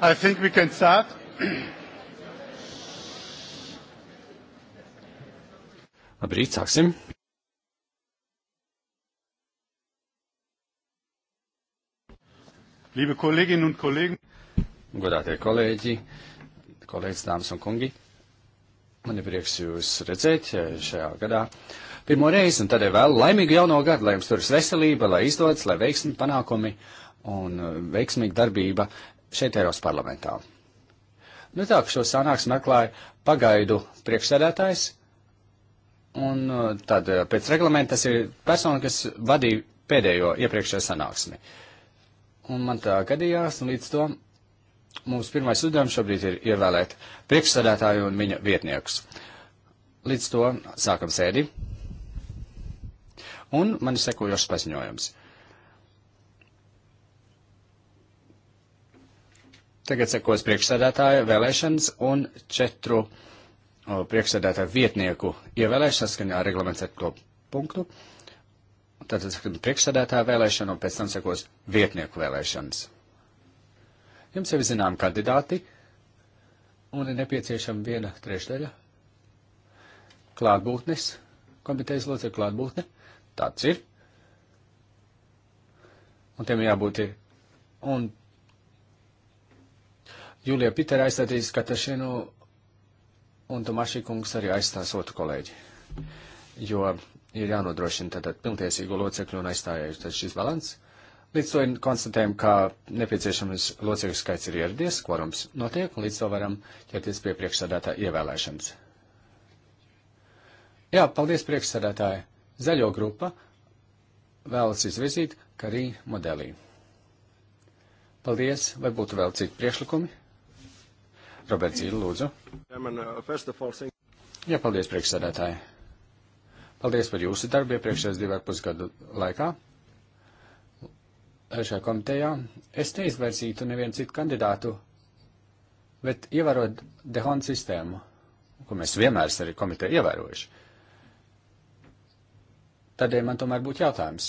I think we can start. Labrīt, sāksim. Liebe Kolleginnen und Kollegen. Godātie kolēģi, kolēģis dāmas un kungi. Man ir prieks jūs redzēt šajā gadā. Pirmo reizi, un tad ir vēl laimīgu jauno gadu, lai jums turas veselība, lai izdodas, lai veiksmi panākumi un uh, veiksmīga darbība šeit Eiros parlamentā. Nu tā, ka šo sanāksmi atklāja pagaidu priekšsēdētājs, un uh, tad uh, pēc reglamenta tas ir persona, kas vadīja pēdējo iepriekšējo sanāksmi. Un man tā gadījās, un līdz to mums pirmais uzdevums šobrīd ir ievēlēt priekšsēdētāju un viņa vietniekus. Līdz to sākam sēdi. Un man ir sekojošs paziņojums. Tagad sekos priekšsēdētāja vēlēšanas un četru priekšsēdētāju vietnieku ievēlēšana saskaņā ar reglamentu punktu. Tātad sekam priekšsēdētāja vēlēšana un pēc tam sekos vietnieku vēlēšanas. Jums jau ir zinām kandidāti un ir nepieciešama viena trešdaļa klātbūtnes, komitejas locekļu klātbūtne. Tāds ir. Un tiem jābūt ir. Un Julija Pitera aizstādīs Katašinu un Tomaši kungs arī aizstās otru kolēģi, jo ir jānodrošina tātad pilntiesīgo locekļu un aizstājēju tad šis balans. Līdz to konstatējam, ka nepieciešams locekļu skaits ir ieradies, kvorums notiek, un līdz to varam ķerties pie priekšsādātā ievēlēšanas. Jā, paldies priekšsādātāji. Zaļo grupa vēlas izvirzīt Karī modelī. Paldies, vai būtu vēl citi priekšlikumi? Roberts Zīle, lūdzu. Uh, Jā, paldies, priekšsēdētāji. Paldies par jūsu darbu iepriekšējos divu ar pusgadu laikā. Šajā komitejā es neizvērsītu nevienu citu kandidātu, bet ievērot Dehon sistēmu, ko mēs vienmēr arī komiteja ievērojuši. Tādēļ man tomēr būtu jautājums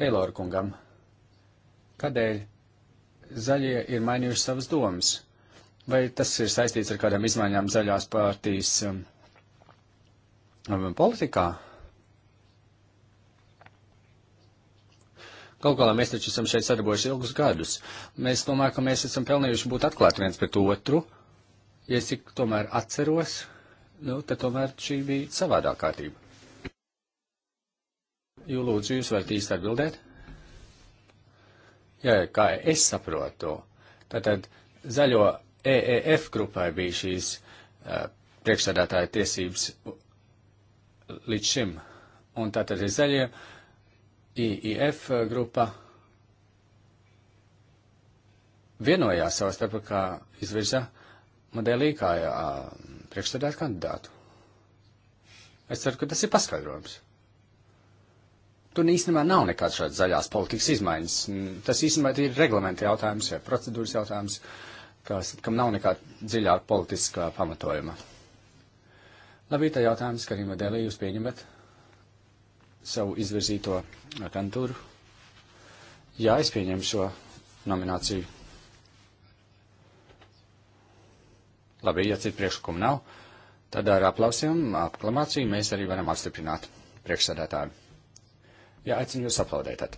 Teilora kungam, kādēļ zaļie ir mainījuši savas domas. Vai tas ir saistīts ar kādām izmaiņām zaļās pārtīs um, um, politikā? Galu galā mēs taču esam šeit sadarbojušies ilgus gadus. Mēs domājam, ka mēs esam pelnījuši būt atklāti viens pret otru. Ja es cik tomēr atceros, nu, tad tomēr šī bija savādā kārtība. Jū, lūdzu, jūs varat īsti atbildēt? Jā, kā es saprotu, tātad zaļo EEF grupai bija šīs uh, priekšsādātāja tiesības līdz šim, un tātad ir zaļie IIF e e grupa vienojās savā starpā, kā izvirza modelī kā uh, priekšsādātāju kandidātu. Es ceru, ka tas ir paskaidrojums. Tur īstenībā nav nekāds šāds zaļās politikas izmaiņas. Tas īstenībā ir reglamenta jautājums vai procedūras jautājums, kas, kam nav nekāda dziļāka politiskā pamatojuma. Labi, tā jautājums, Karīma Dēlī, jūs pieņemat savu izvirzīto kantūru. Jā, es pieņemu šo nomināciju. Labi, ja citu priekšlikumu nav, tad ar aplausiem, aklamāciju mēs arī varam apstiprināt priekšsēdētāju. Jā, aicinu jūs aplaudēt. Tad.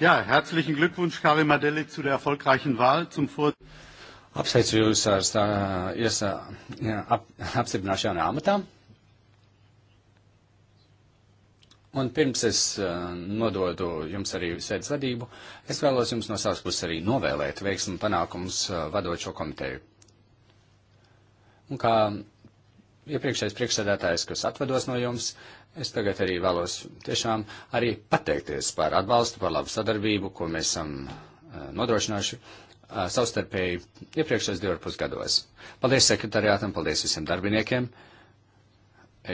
Ja, herzlichen Glückwunsch, Karim Adeli, zu der erfolgreichen Wahl zum Vor. Apsveicu jūs ar stā, ies, jā, ap, apstiprināšanu amatā. Un pirms es eh, nododu jums arī sēdes vadību, es vēlos jums no savas puses arī novēlēt veiksmu panākums eh, vadot šo komiteju. Un kā iepriekšējais priekšsēdētājs, kas atvados no jums, es tagad arī vēlos tiešām arī pateikties par atbalstu, par labu sadarbību, ko mēs esam eh, nodrošinājuši eh, savstarpēji iepriekšējos divi ar pus gados. Paldies sekretariātam, paldies visiem darbiniekiem.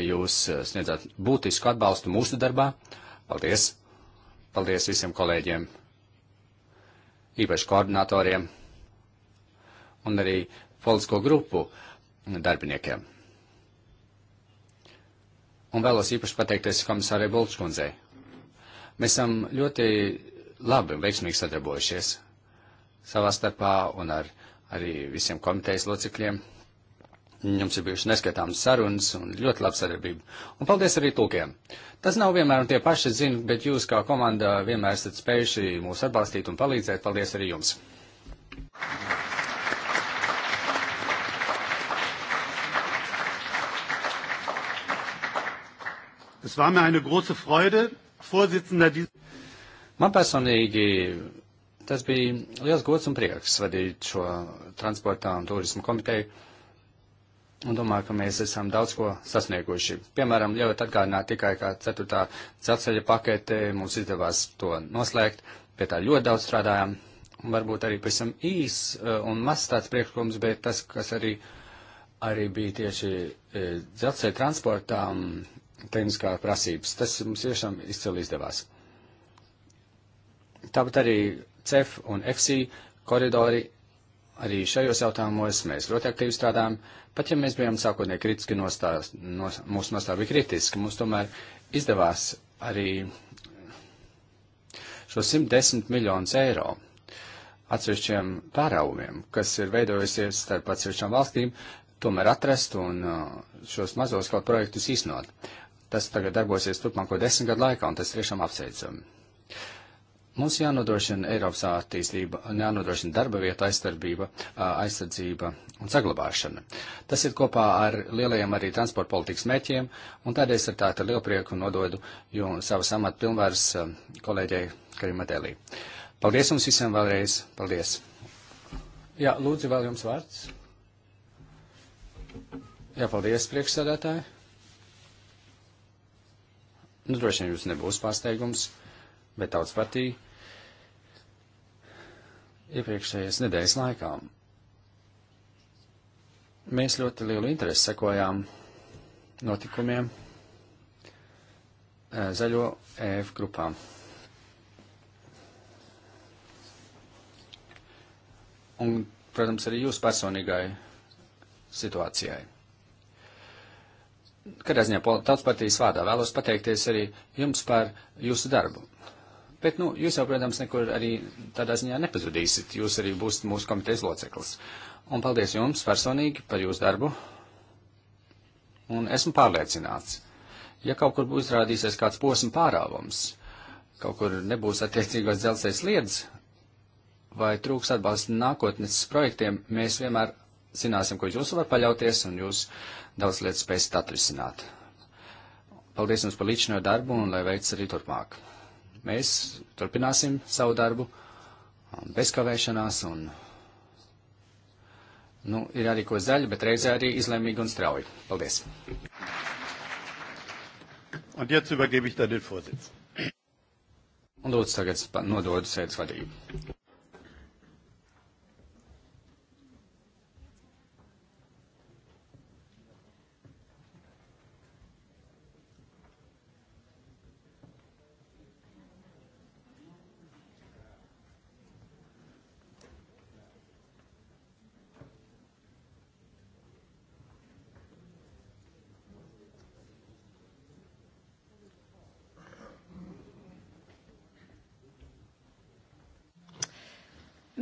Jūs eh, sniedzāt būtisku atbalstu mūsu darbā. Paldies! Paldies visiem kolēģiem, īpaši koordinatoriem un arī politisko grupu uh, darbiniekiem. Un vēlos īpaši pateikties komisārai Bulčkundzei. Mēs esam ļoti labi un veiksmīgi sadarbojušies savā starpā un ar, arī visiem komitejas locekļiem. Jums ir bijuši neskaitāmas sarunas un ļoti laba sadarbība. Un paldies arī tūkiem. Tas nav vienmēr un tie paši zina, bet jūs kā komanda vienmēr esat spējuši mūs atbalstīt un palīdzēt. Paldies arī jums! Thank you. Es war mir eine große Freude, Vorsitzender dieses. Man personīgi tas bija liels gods un prieks vadīt šo transportā un turismu komiteju. Un domāju, ka mēs esam daudz ko sasnieguši. Piemēram, ļaujot atgādināt tikai, kā ceturtā dzelzceļa pakete mums izdevās to noslēgt, pie tā ļoti daudz strādājām. Varbūt arī pavisam īs e, un maz tāds priekšlikums, bet tas, kas arī, arī bija tieši e, dzelzceļa transportā tehniskā prasības. Tas mums tiešām izcili izdevās. Tāpat arī CEF un FC koridori arī šajos jautājumos mēs ļoti aktīvi strādājam. Pat ja mēs bijām sākotnēji kritiski nostās, nos, mūsu nostāja bija kritiski, mums tomēr izdevās arī šo 110 miljonus eiro atsevišķiem pāraumiem, kas ir veidojusies starp atsevišķām valstīm, tomēr atrast un uh, šos mazos kaut projektus iznot tas tagad darbosies turpmāko desmit gadu laikā, un tas tiešām apsveicami. Um, mums jānodrošina Eiropas attīstība, jānodrošina darba vieta aizstarbība, uh, aizsardzība un saglabāšana. Tas ir kopā ar lielajiem arī transporta politikas mēķiem, un tādēļ es ar tādu lielu prieku nododu savu samatu pilnvērs um, kolēģei Karimatēlī. Paldies jums visiem vēlreiz. Paldies. Jā, lūdzu, vēl jums vārds. Jā, paldies, priekšsēdētāji. Nu, droši vien jums nebūs pārsteigums, bet tauts patīk iepriekšējās nedēļas laikā. Mēs ļoti lielu interesi sekojām notikumiem eh, zaļo EF grupā. Un, protams, arī jūsu personīgai situācijai. Kādā ziņā tāds partijas vārdā vēlos pateikties arī jums par jūsu darbu. Bet, nu, jūs jau, protams, nekur arī tādā ziņā nepazudīsiet. Jūs arī būsiet mūsu komitejas loceklis. Un paldies jums personīgi par jūsu darbu. Un esmu pārliecināts, ja kaut kur būs rādīsies kāds posma pārāvums, kaut kur nebūs attiecīgos dzelzceļa sliedas, vai trūks atbalsta nākotnes projektiem, mēs vienmēr zināsim, ko jūs varat paļauties, un jūs daudz lietas spēsit atrisināt. Paldies jums par līdzšino darbu un lai veids arī turpmāk. Mēs turpināsim savu darbu bez kavēšanās un, nu, ir arī ko zaļi, bet reizē arī izlēmīgi un strauji. Paldies! Un jetzt übergebe ich dann den Vorsitz. Un lūdzu tagad nododu sēdes vadību.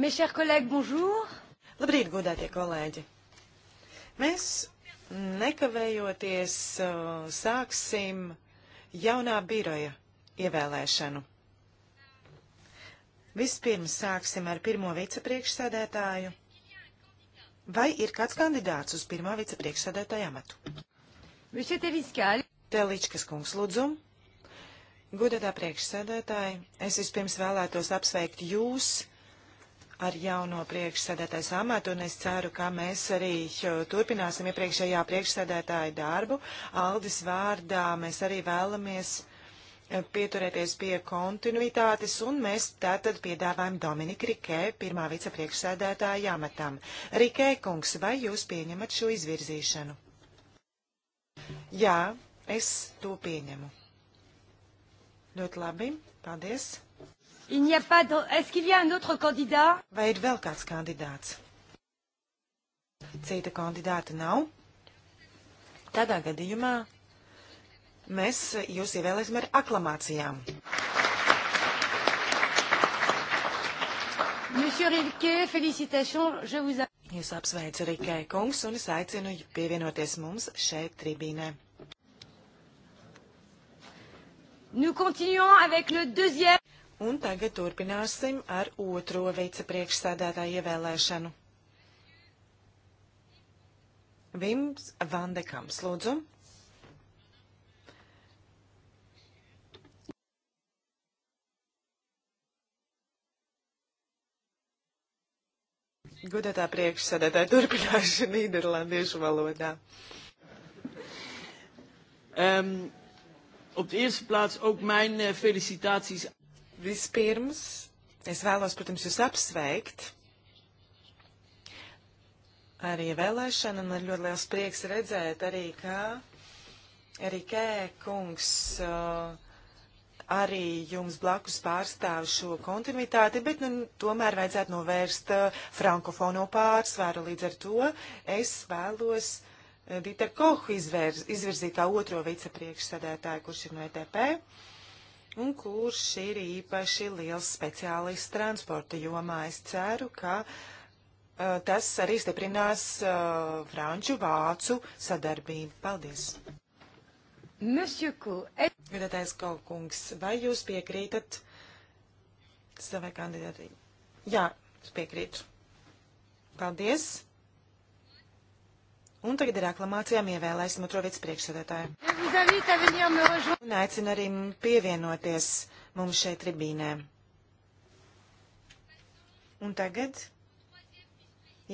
Mes chers collègues, bonjour! Labrīt, godātie kolēģi! Mēs nekavējoties uh, sāksim jaunā biroja ievēlēšanu. Vispirms sāksim ar pirmo vicepriekšsēdētāju. Vai ir kāds kandidāts uz pirmā vicepriekšsēdētāja amatu? Teličkas kungs, lūdzu. Gudatā priekšsēdētāji, es vispirms vēlētos apsveikt jūs ar jauno priekšsēdētāju amatu, un es ceru, ka mēs arī turpināsim iepriekšējā priekšsēdētāja darbu. Aldis vārdā mēs arī vēlamies e, pieturēties pie kontinuitātes, un mēs tātad piedāvājam Dominiku Rikē, pirmā vicepriekšsēdētāja amatam. Rikē, kungs, vai jūs pieņemat šo izvirzīšanu? Jā, es to pieņemu. Ļoti labi, paldies. Vai ir vēl kāds kandidāts? Cita kandidāta nav. Tādā gadījumā mēs jūs ievēlēsim ar aklamācijām. Jūs apsveicu Rikai kungs un es aicinu pievienoties mums šeit tribīnē. Nous continuons avec le deuxième. Un tagad turpināsim ar otro vicepriekšsēdētāju ievēlēšanu. Vims Vandekams, lūdzu. Godātā priekšsēdētāja turpināšu nīderlandiešu valodā. Um, op de eerste plaats ook mijn eh, felicitaties Vispirms es vēlos, protams, jūs apsveikt arī vēlēšana, un man ļoti liels prieks redzēt arī, ka arī Kē kungs uh, arī jums blakus pārstāv šo kontinuitāti, bet nu, tomēr vajadzētu novērst uh, frankofono pārsvaru. Līdz ar to es vēlos uh, Dita Kohu izvirz, izvirzīt kā otro vicepriekšsēdētāju, kurš ir no ETP un kurš ir īpaši liels speciālists transporta jomā. Es ceru, ka uh, tas arī stiprinās uh, franču-vācu sadarbību. Paldies! E- Gadētais Kaukungs, vai jūs piekrītat savai kandidātei? Jā, es piekrītu. Paldies! Un tagad ar aklamācijām ievēlēsim otro vietas priekšsēdētāju. Un aicinu arī pievienoties mums šeit tribīnē. Un tagad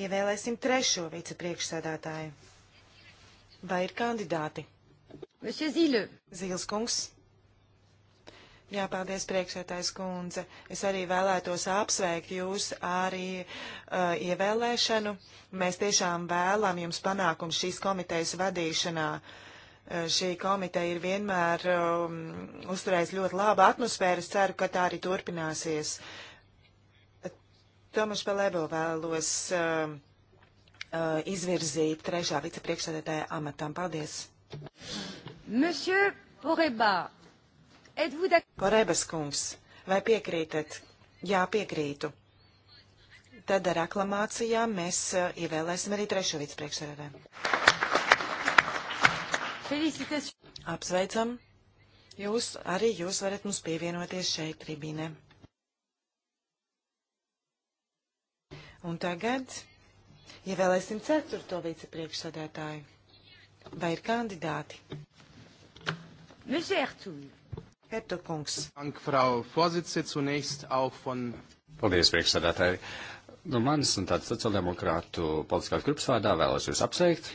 ievēlēsim trešo vietas priekšsēdētāju. Vai ir kandidāti? Zils kungs. Jā, paldies priekšētājs kundze. Es arī vēlētos apsveikt jūs arī uh, ievēlēšanu. Mēs tiešām vēlam jums panākumu šīs komitejas vadīšanā. Uh, šī komiteja ir vienmēr um, uzturējusi ļoti labu atmosfēru. Es ceru, ka tā arī turpināsies. Tomaš Pelebo vēlos uh, uh, izvirzīt trešā vicepriekšsēdētāja amatam. Paldies! Monsieur Poreba, Korebas kungs, vai piekrītat? Jā, piekrītu. Tad ar aklamācijām mēs uh, ievēlēsim arī trešo vicepriekšsēdētāju. Apsveicam! Jūs arī jūs varat mums pievienoties šeit tribīnē. Un tagad ievēlēsim ja ceturto vicepriekšsēdētāju. Vai ir kandidāti? Mēs ērtumi. Hertokungs. Paldies, priekšsēdētāji. No nu, manis un tāds sociāldemokrātu politiskās grupas vārdā vēlos jūs apsveikt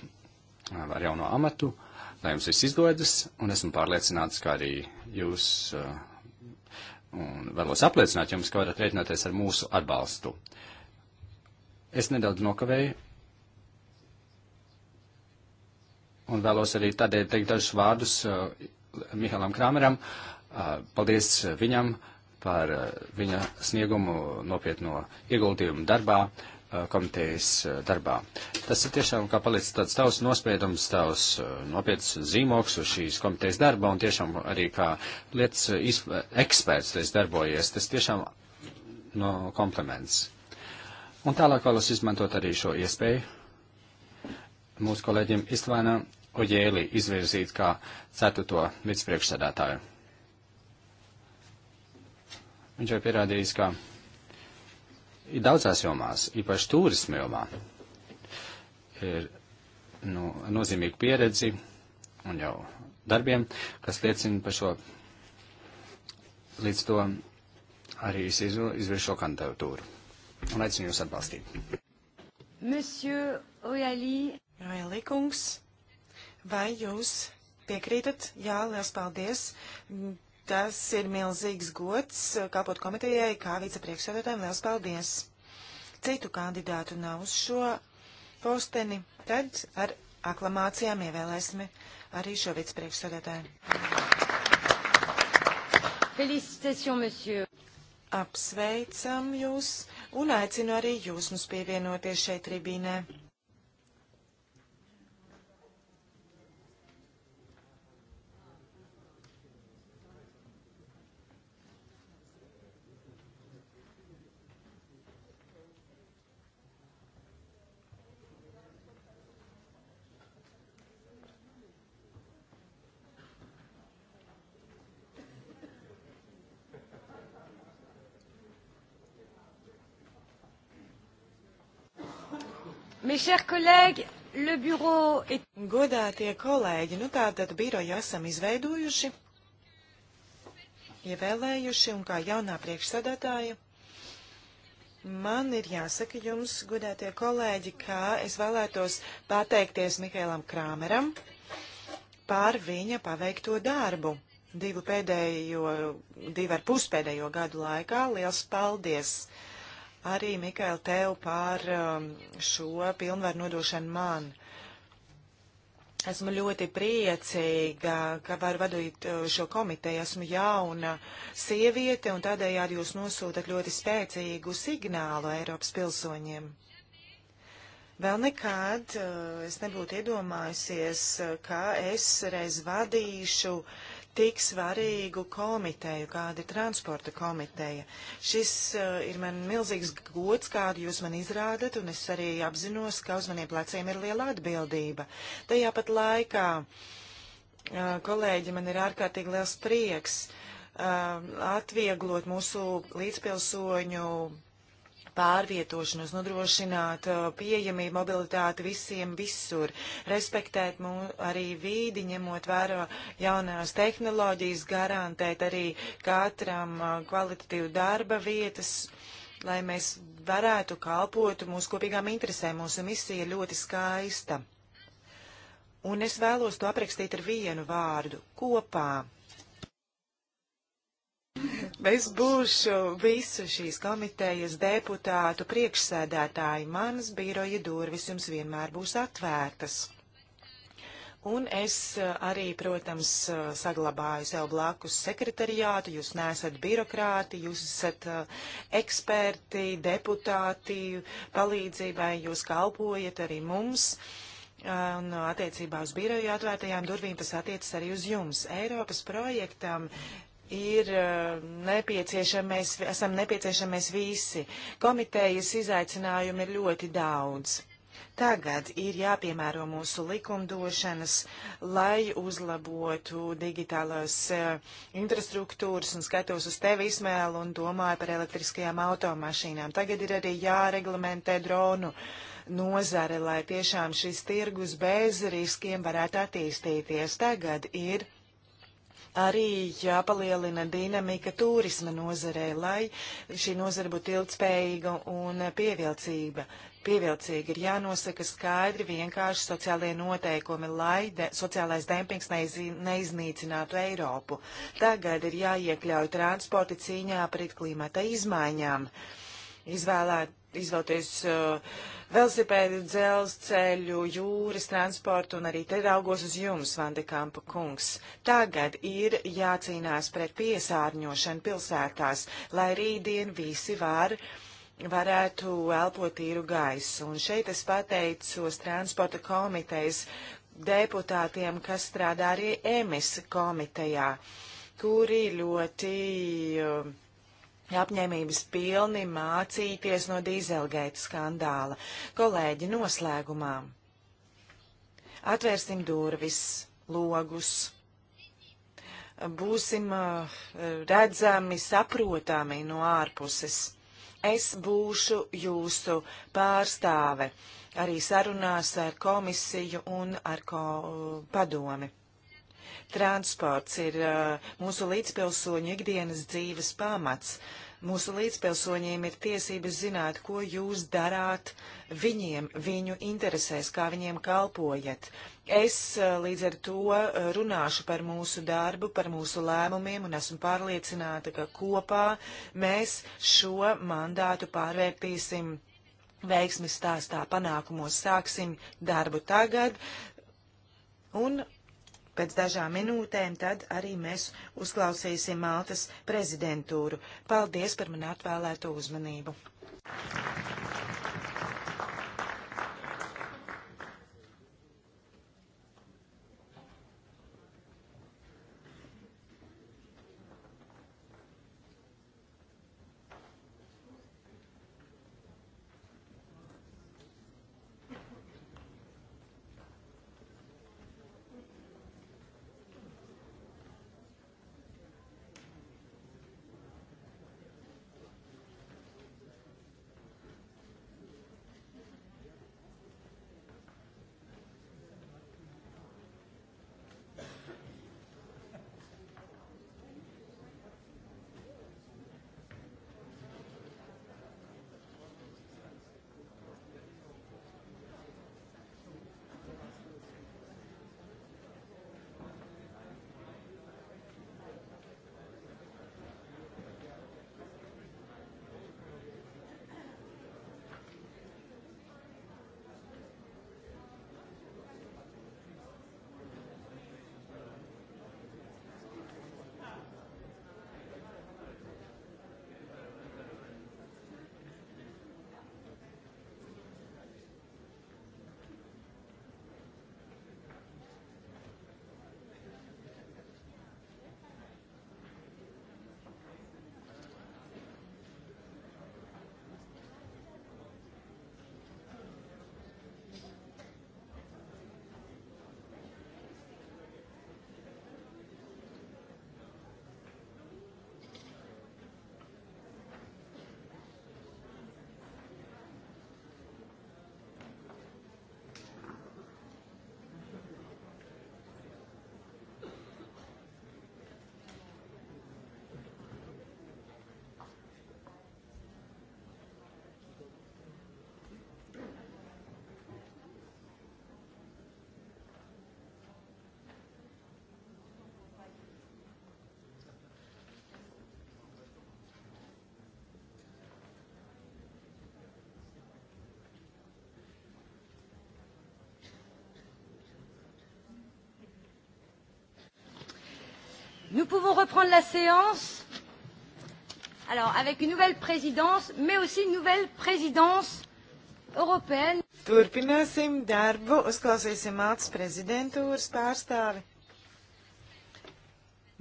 ar jauno amatu, lai jums viss izdodas, un esmu pārliecināts, ka arī jūs un vēlos apliecināt jums, ka varat rēķināties ar mūsu atbalstu. Es nedaudz nokavēju un vēlos arī tādēļ teikt dažus vārdus uh, Mihālam Krāmeram, Uh, paldies uh, viņam par uh, viņa sniegumu nopietno ieguldījumu darbā, komitejas darbā. Tas ir tiešām kā palicis tāds tavs nospiedums, tavs nopietns zīmoks uz šīs komitejas darba un tiešām arī kā lietas eksperts tu esi darbojies. Tas tiešām no komplements. Un tālāk vēlos izmantot arī šo iespēju mūsu kolēģim Istvānam Oģēli izvirzīt kā ceturto vicepriekšsēdētāju. Viņš jau pierādījis, ka ir daudzās jomās, īpaši turismu jomā, ir nu, nozīmīga pieredzi un jau darbiem, kas liecina par šo līdz to arī es izviršu šo kandidatūru. Un aicinu jūs atbalstīt. Monsieur Ojalī. Ojalī kungs, vai jūs piekrītat? Jā, liels paldies. Tas ir milzīgs gods kalpot komitejai kā vicepriekšsēdētājiem. Liels paldies! Citu kandidātu nav uz šo posteni, tad ar aklamācijām ievēlēsim arī šo vicepriekšsēdētāju. Felicitācijas, monsieur! Apsveicam jūs un aicinu arī jūs mums pievienoties šeit tribīnē. Mes chers collègues, le bureau est... Godātie kolēģi, nu tātad biroju esam izveidojuši, ievēlējuši un kā jaunā priekšsēdētāja. Man ir jāsaka jums, godātie kolēģi, ka es vēlētos pateikties Mihēlam Krāmeram par viņa paveikto darbu. Divu pēdējo, divu ar puspēdējo gadu laikā liels paldies! Uh, arī, Mikael, tev par um, šo pilnvaru nodošanu man. Esmu ļoti priecīga, ka varu vadīt uh, šo komiteju. Esmu jauna sieviete un tādējādi jūs nosūtat ļoti spēcīgu signālu Eiropas pilsoņiem. Vēl nekad uh, es nebūtu iedomājusies, uh, ka es reiz vadīšu uh, tik svarīgu komiteju, kāda ir transporta komiteja. Šis uh, ir man milzīgs gods, kādu jūs man izrādat, un es arī apzinos, ka uz maniem pleciem ir liela atbildība. Tajā pat laikā, uh, kolēģi, man ir ārkārtīgi liels prieks uh, atvieglot mūsu līdzpilsoņu pārvietošanos, nodrošināt uh, pieejamību, mobilitāti visiem visur, respektēt arī vīdi, ņemot vērā jaunās tehnoloģijas, garantēt arī katram uh, kvalitatīvu darba vietas lai mēs varētu kalpot mūsu kopīgām interesēm. Mūsu misija ir ļoti skaista. Un es vēlos to aprakstīt ar vienu vārdu - kopā. Es būšu visu šīs komitejas deputātu priekšsēdētāji. Manas biroja durvis jums vienmēr būs atvērtas. Un es eh, arī, protams, eh, saglabāju sev blakus sekretariātu. Jūs neesat birokrāti, jūs esat eh, eksperti, deputāti, palīdzībai jūs kalpojat arī mums. Un attiecībā uz biroju atvērtajām durvīm tas attiecas arī uz jums. Eiropas projektam ir eh, nepieciešami, mēs esam nepieciešami mēs visi. Komitejas izaicinājumi ir ļoti daudz. Tagad ir jāpiemēro mūsu likumdošanas, lai uzlabotu digitālās eh, infrastruktūras un skatos uz tevi, Ismēlu, un domāju par elektriskajām automašīnām. Tagad ir arī jāreglamentē dronu nozare, lai tiešām šis tirgus bez riskiem varētu attīstīties. Tagad ir arī jāpalielina dinamika turisma nozarē, lai šī nozara būtu ilgspējīga un pievilcīga. Pievilcīgi ir jānosaka skaidri vienkārši sociālie noteikumi, lai de sociālais dempings neiz neiznīcinātu Eiropu. Tagad ir jāiekļauj transporti cīņā pret klimata izmaiņām. Uh, izvēlēt, izvēlēties uh, velosipēdu, dzelzceļu, jūras transportu un arī te raugos uz jums, Vandekampa kungs. Tagad ir jācīnās pret piesārņošanu pilsētās, lai rītdien visi var varētu elpot tīru gaisu. Un šeit es pateicos transporta komitejas deputātiem, kas strādā arī emis komitejā, kuri ļoti uh, apņēmības pilni mācīties no dīzelgeita skandāla. Kolēģi, noslēgumā atvērsim durvis, logus, būsim eh, redzami, saprotami no ārpuses. Es būšu jūsu pārstāve arī sarunās ar komisiju un ar ko, padomi. Transports ir uh, mūsu līdzpilsoņu ikdienas dzīves pamats. Mūsu līdzpilsoņiem ir tiesības zināt, ko jūs darāt viņiem, viņu interesēs, kā viņiem kalpojat. Es uh, līdz ar to uh, runāšu par mūsu darbu, par mūsu lēmumiem un esmu pārliecināta, ka kopā mēs šo mandātu pārvērtīsim. Veiksmi stāstā panākumos sāksim darbu tagad, un Pēc dažām minūtēm tad arī mēs uzklausīsim Maltas prezidentūru. Paldies par man atvēlēto uzmanību! Nous pouvons reprendre la séance alors, avec une nouvelle présidence, mais aussi une nouvelle présidence européenne. Turpināsim darbu, uzklausīsim Maltas prezidentūras pārstāvi,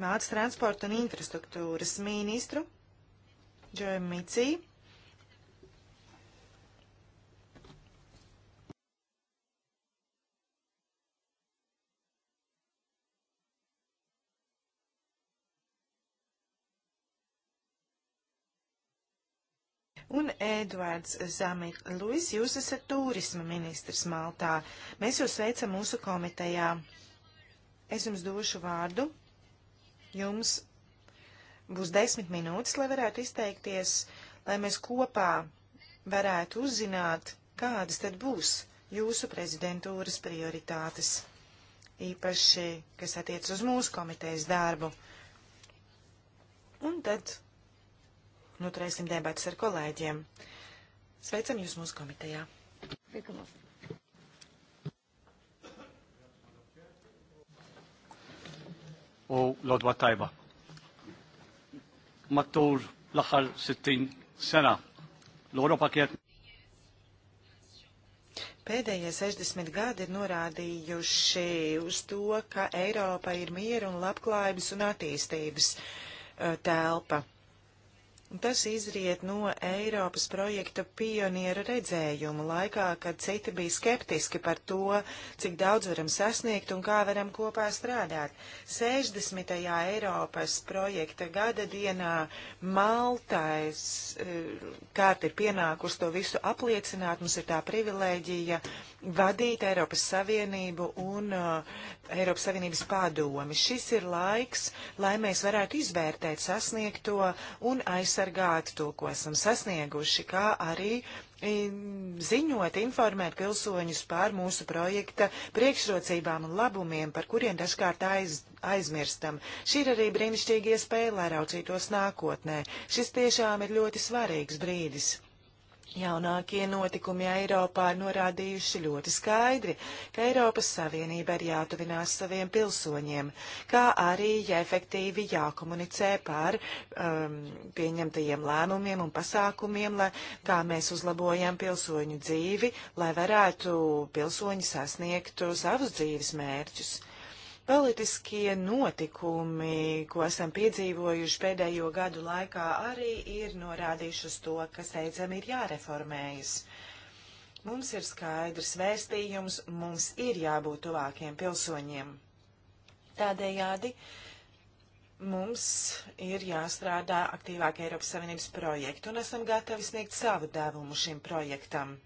Maltas transporta un infrastruktūras ministru Džoju Miciju. tagad vārds Zamir Luis, jūs esat turisma ministrs Maltā. Mēs jūs sveicam mūsu komitejā. Es jums došu vārdu. Jums būs desmit minūtes, lai varētu izteikties, lai mēs kopā varētu uzzināt, kādas tad būs jūsu prezidentūras prioritātes, īpaši, kas attiec uz mūsu komitejas darbu. Un tad noturēsim nu, debatas ar kolēģiem. Sveicam jūs mūsu komitejā. Vikamus. u l-odwa tajba. Mattur l-axar 60 sena l-Europa kienet. Pēdējie 60 gadi ir norādījuši uz to, ka Eiropa ir miera un labklājības un attīstības eh, telpa. Un tas izriet no Eiropas projekta pionieru redzējuma laikā, kad citi bija skeptiski par to, cik daudz varam sasniegt un kā varam kopā strādāt. 60. Eiropas projekta gada dienā Maltais eh, kārt ir pienākus to visu apliecināt. Mums ir tā privilēģija vadīt Eiropas Savienību un uh, Eiropas Savienības padomi. Šis ir laiks, lai mēs varētu izvērtēt sasniegto un aizsākt aizsargāt to, ko esam sasnieguši, kā arī ziņot, informēt pilsoņus par mūsu projekta priekšrocībām un labumiem, par kuriem dažkārt aiz, aizmirstam. Šī ir arī brīnišķīga iespēja, lai raucītos nākotnē. Šis tiešām ir ļoti svarīgs brīdis. Jaunākie notikumi Eiropā ir norādījuši ļoti skaidri, ka Eiropas Savienība ir jātuvinās saviem pilsoņiem, kā arī efektīvi jākomunicē par um, pieņemtajiem lēmumiem un pasākumiem, lai, kā mēs uzlabojam pilsoņu dzīvi, lai varētu pilsoņi sasniegt savus dzīves mērķus. Politiskie notikumi, ko esam piedzīvojuši pēdējo gadu laikā, arī ir norādījuši uz to, ka steidzami ir jāreformējas. Mums ir skaidrs vēstījums, mums ir jābūt tuvākiem pilsoņiem. Tādējādi mums ir jāstrādā aktīvāk Eiropas Savienības projektu, un esam gatavi sniegt savu devumu šim projektam.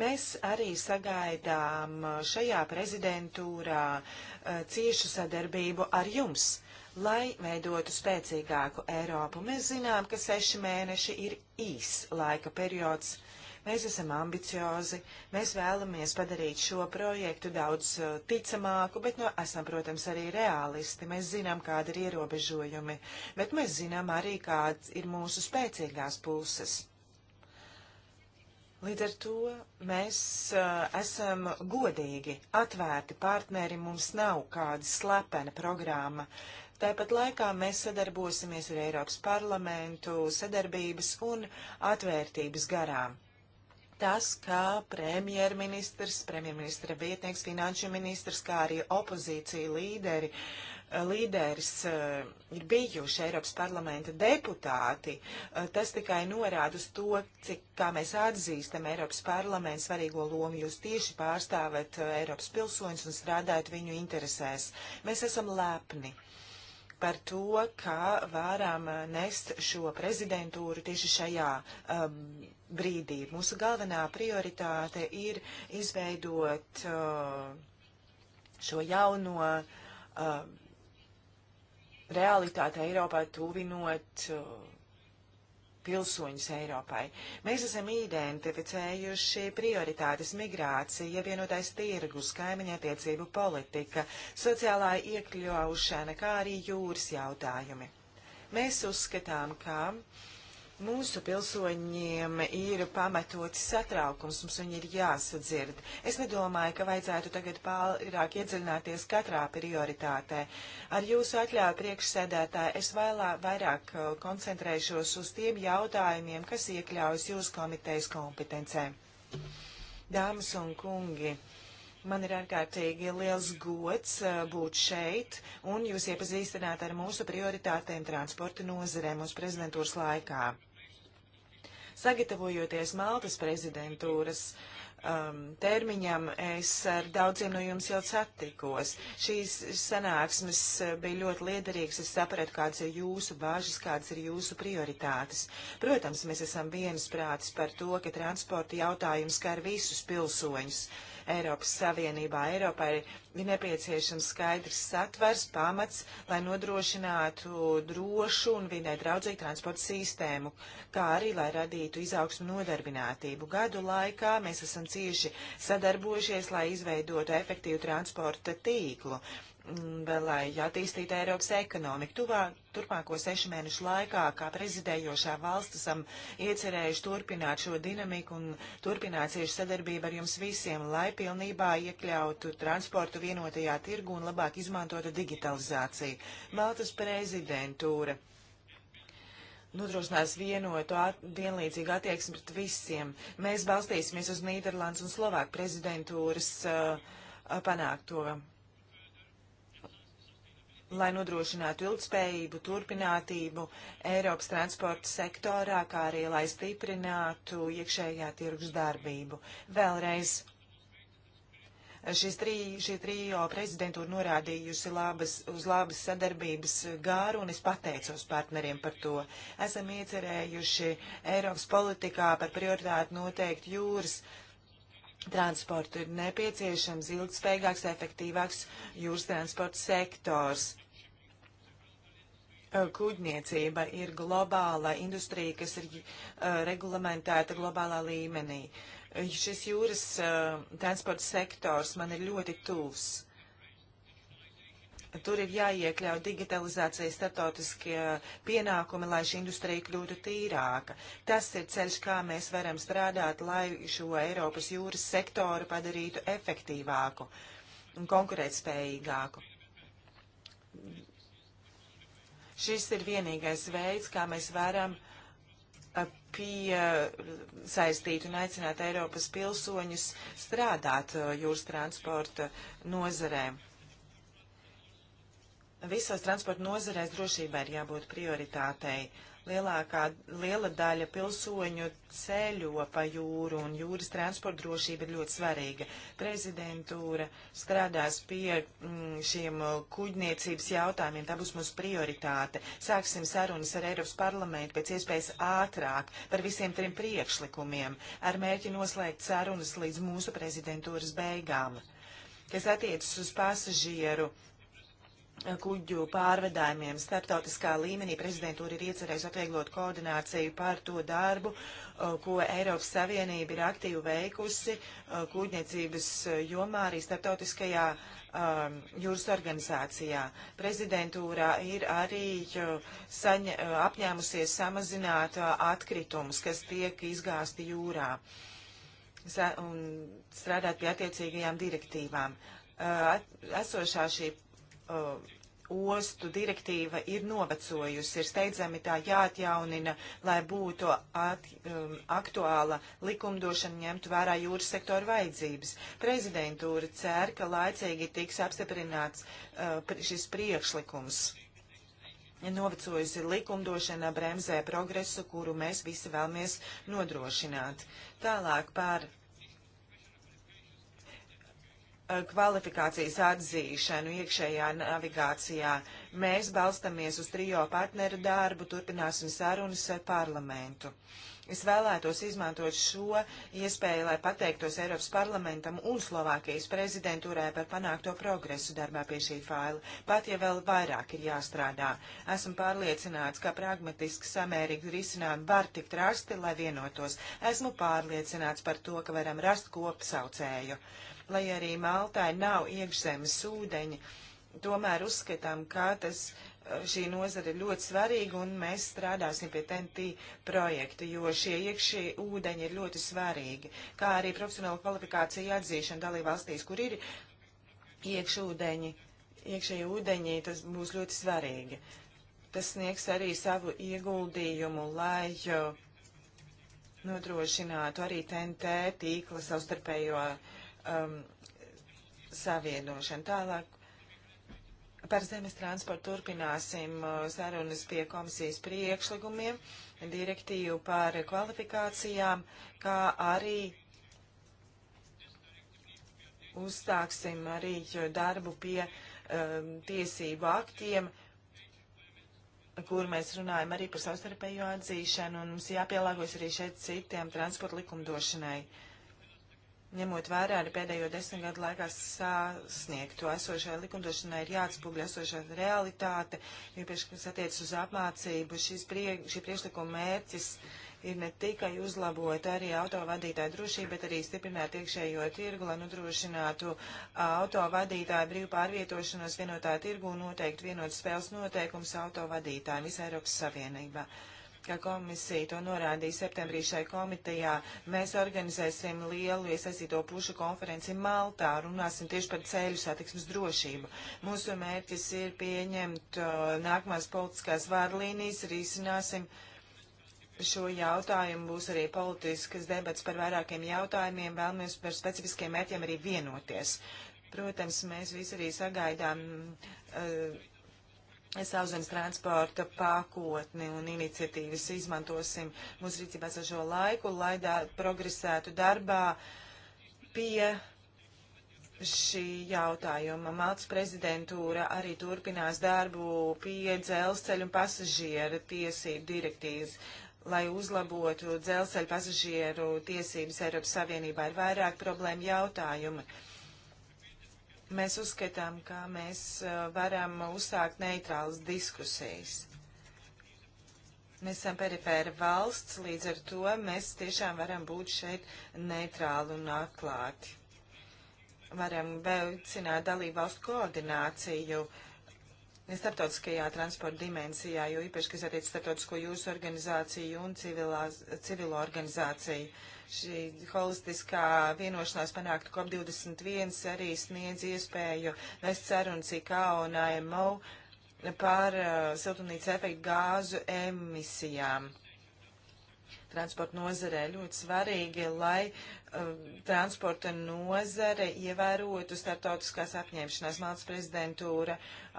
Mēs arī sagaidām uh, šajā prezidentūrā uh, ciešu sadarbību ar jums, lai veidotu spēcīgāku Eiropu. Mēs zinām, ka seši mēneši ir īs laika periods. Mēs esam ambiciozi, mēs vēlamies padarīt šo projektu daudz uh, ticamāku, bet no, nu, esam, protams, arī realisti. Mēs zinām, kāda ir ierobežojumi, bet mēs zinām arī, kāds ir mūsu spēcīgās puses. Līdz ar to mēs uh, esam godīgi, atvērti partneri, mums nav kāda slepena programma. Tāpat laikā mēs sadarbosimies ar Eiropas parlamentu sadarbības un atvērtības garām. Tas, kā premjerministrs, premjerministra vietnieks, finanšu ministrs, kā arī opozīcija līderi uh, līderis eh, ir bijuši Eiropas parlamenta deputāti, eh, tas tikai norāda uz to, cik kā mēs atzīstam Eiropas parlamentu svarīgo lomu. Jūs tieši pārstāvat eh, Eiropas pilsoņus un strādājat viņu interesēs. Mēs esam lepni par to, kā varam nest šo prezidentūru tieši šajā um, brīdī. Mūsu galvenā prioritāte ir izveidot uh, šo jauno uh, realitāti Eiropā tuvinot uh, pilsoņus Eiropai. Mēs esam identificējuši prioritātes migrācija, vienotais tirgus, kaimiņa attiecību politika, sociālā iekļaušana, kā arī jūras jautājumi. Mēs uzskatām, ka Mūsu pilsoņiem ir pamatots satraukums, mums viņi ir jāsadzird. Es nedomāju, ka vajadzētu tagad pārāk iedziļināties katrā prioritātē. Ar jūsu atļauju priekšsēdētāji es vēlā, vairāk uh, koncentrēšos uz tiem jautājumiem, kas iekļaujas jūsu komitejas kompetencē. Dāmas un kungi, man ir ārkārtīgi liels gods uh, būt šeit un jūs iepazīstināt ar mūsu prioritātēm transporta nozarē mūsu prezidentūras laikā. Sagatavojoties Maltas prezidentūras um, termiņam, es ar daudziem no jums jau satikos. Šīs sanāksmes uh, bija ļoti liederīgas. Es sapratu, kādas ir jūsu bāžas, kādas ir jūsu prioritātes. Protams, mēs esam viensprātis par to, ka transporta jautājums skar visus pilsoņus. Uh, Eiropas Savienībā. Eiropai ir nepieciešams skaidrs satvers, pamats, lai nodrošinātu drošu un vidē draudzīgu transporta sistēmu, kā arī, lai radītu izaugsmu nodarbinātību. Gadu laikā mēs esam cieši sadarbojušies, lai izveidotu efektīvu transporta tīklu. Uh, Mm, vēl, lai attīstītu Eiropas ekonomiku. Tuvā, turpmāko sešu mēnešu laikā, kā prezidējošā valsts, esam iecerējuši turpināt šo dinamiku un turpināt cieši sadarbību ar jums visiem, lai pilnībā iekļautu transportu vienotajā tirgu un labāk izmantotu digitalizāciju. Maltas prezidentūra nodrošinās vienotu at, vienlīdzīgu attieksmi pret visiem. Mēs balstīsimies uz Nīderlandes un Slovāku prezidentūras uh, panākto lai nodrošinātu ilgspējību, turpinātību Eiropas transporta sektorā, kā arī lai stiprinātu iekšējā tirgus darbību. Vēlreiz šis trī, šī trijo prezidentūra norādījusi labas, uz labas sadarbības gāru, un es pateicos partneriem par to. Esam iecerējuši Eiropas politikā par prioritāti noteikt jūras transportu ir nepieciešams ilgspējīgāks, efektīvāks jūras transporta sektors. Kuģniecība ir globāla industrija, kas ir uh, reglamentēta globālā līmenī. Šis jūras uh, transporta sektors man ir ļoti tuvs. Tur ir jāiekļauj digitalizācija startautiskie pienākumi, lai šī industrija kļūtu tīrāka. Tas ir ceļš, kā mēs varam strādāt, lai šo Eiropas jūras sektoru padarītu efektīvāku un konkurētspējīgāku. Šis ir vienīgais veids, kā mēs varam piesaistīt un aicināt Eiropas pilsoņus strādāt jūras transporta nozarēm Visās transporta nozarēs drošībai ir jābūt prioritātei. Lielākā liela daļa pilsoņu ceļo pa jūru, un jūras transporta drošība ir ļoti svarīga. Prezidentūra strādās pie mm, šiem uh, kuģniecības jautājumiem, tā būs mūsu prioritāte. Sāksim sarunas ar Eiropas parlamentu pēc iespējas ātrāk par visiem trim priekšlikumiem, ar mērķi noslēgt sarunas līdz mūsu prezidentūras beigām. Kas attiecas uz pasažieru kuģu pārvedājumiem. Starptautiskā līmenī prezidentūra ir iecerējusi atvieglot koordināciju par to darbu, uh, ko Eiropas Savienība ir aktīvi veikusi uh, kuģniecības uh, jomā arī starptautiskajā um, jūras organizācijā. Prezidentūrā ir arī saņa, apņēmusies samazināt atkritumus, kas tiek izgāsti jūrā un strādāt pie attiecīgajām direktīvām. Esošā šī uh, ostu direktīva ir novecojusi, ir steidzami tā jāatjaunina, lai būtu at, um, aktuāla likumdošana ņemt vērā jūras sektora vajadzības. Prezidentūra cer, ka laicīgi tiks apstiprināts uh, šis priekšlikums. Novecojusi likumdošana bremzē progresu, kuru mēs visi vēlamies nodrošināt. Tālāk par Eh, kvalifikācijas atzīšanu iekšējā navigācijā. Mēs balstamies uz trijo partneru darbu, turpināsim sarunas ar parlamentu. Es vēlētos izmantot šo iespēju, lai pateiktos Eiropas parlamentam un Slovākijas prezidentūrai par panākto progresu darbā pie šī faila, pat ja vēl vairāk ir jāstrādā. Esmu pārliecināts, ka pragmatiski samērīgi risinājumi var tikt rasti, lai vienotos. Esmu pārliecināts par to, ka varam rast kopsaucēju lai arī Maltai nav iekšzemes ūdeņa. Tomēr uzskatām, ka tas, eh, šī nozara ir ļoti svarīga, un mēs strādāsim pie TNT projekta, jo šie iekšie ūdeņi ir ļoti svarīgi, kā arī profesionāla kvalifikācija atzīšana dalībvalstīs, kur ir iekšūdeņi, iekšēji ūdeņi, tas būs ļoti svarīgi. Tas sniegs arī savu ieguldījumu, lai eh, nodrošinātu arī TNT tīkla savstarpējo uh, um, savienošanu. Tālāk Par zemes transportu turpināsim uh, sarunas pie komisijas priekšlikumiem, direktīvu par kvalifikācijām, kā arī uzstāksim arī darbu pie um, tiesību aktiem, kur mēs runājam arī par savstarpējo atzīšanu, un mums jāpielāgojas arī šeit citiem transporta likumdošanai. Uh, ņemot vērā arī pēdējo desmit gadu laikā sasniegto esošajā likumdošanā, ir jāatspūgļa esošā realitāte, jo priekš, kas attiecas uz apmācību, prie, šī priekšlikuma mērķis ir ne tikai uzlabot arī autovadītāju drošību, bet arī stiprināt iekšējo tirgu, lai nodrošinātu autovadītāju brīvu pārvietošanos vienotā tirgu un noteikti vienotas spēles noteikums autovadītājiem visā Eiropas Savienībā. Uh, kā komisija to norādīja septembrī šai komitejā, mēs organizēsim lielu iesaistīto pušu konferenci Maltā, runāsim tieši par ceļu satiksmes drošību. Mūsu mērķis ir pieņemt o, uh, nākamās politiskās vārlīnijas, risināsim šo jautājumu, būs arī politiskas debats par vairākiem jautājumiem, vēlamies par specifiskiem mērķiem arī vienoties. Protams, mēs visi arī sagaidām. Uh, sauszemes transporta pakotni un iniciatīvas izmantosim mūsu rīcībā sažo laiku, lai dā, progresētu darbā pie šī jautājuma. Maltas prezidentūra arī turpinās darbu pie dzelzceļu un pasažieru tiesību direktīvas. Lai uzlabotu dzelzceļu pasažieru tiesības Eiropas Savienībā, ir vairāk problēma jautājumi. Uh, Mēs uzskatām, ka mēs uh, varam uzsākt neitrālas diskusijas. Mēs esam perifēra valsts, līdz ar to mēs tiešām varam būt šeit neitrāli un atklāti. Varam veicināt dalību valstu koordināciju starptautiskajā transporta dimensijā, jo īpaši, kas attiec starptautisko jūsu organizāciju un civilās, civilo organizāciju. Uh, šī holistiskā vienošanās panāktu COP21 arī sniedz iespēju vest sarunas IKAO un AMO par uh, siltumnīca efektu gāzu emisijām. Transporta nozarē ļoti svarīgi, lai uh, transporta nozare ievērotu startautiskās apņemšanās. Maltas prezidentūra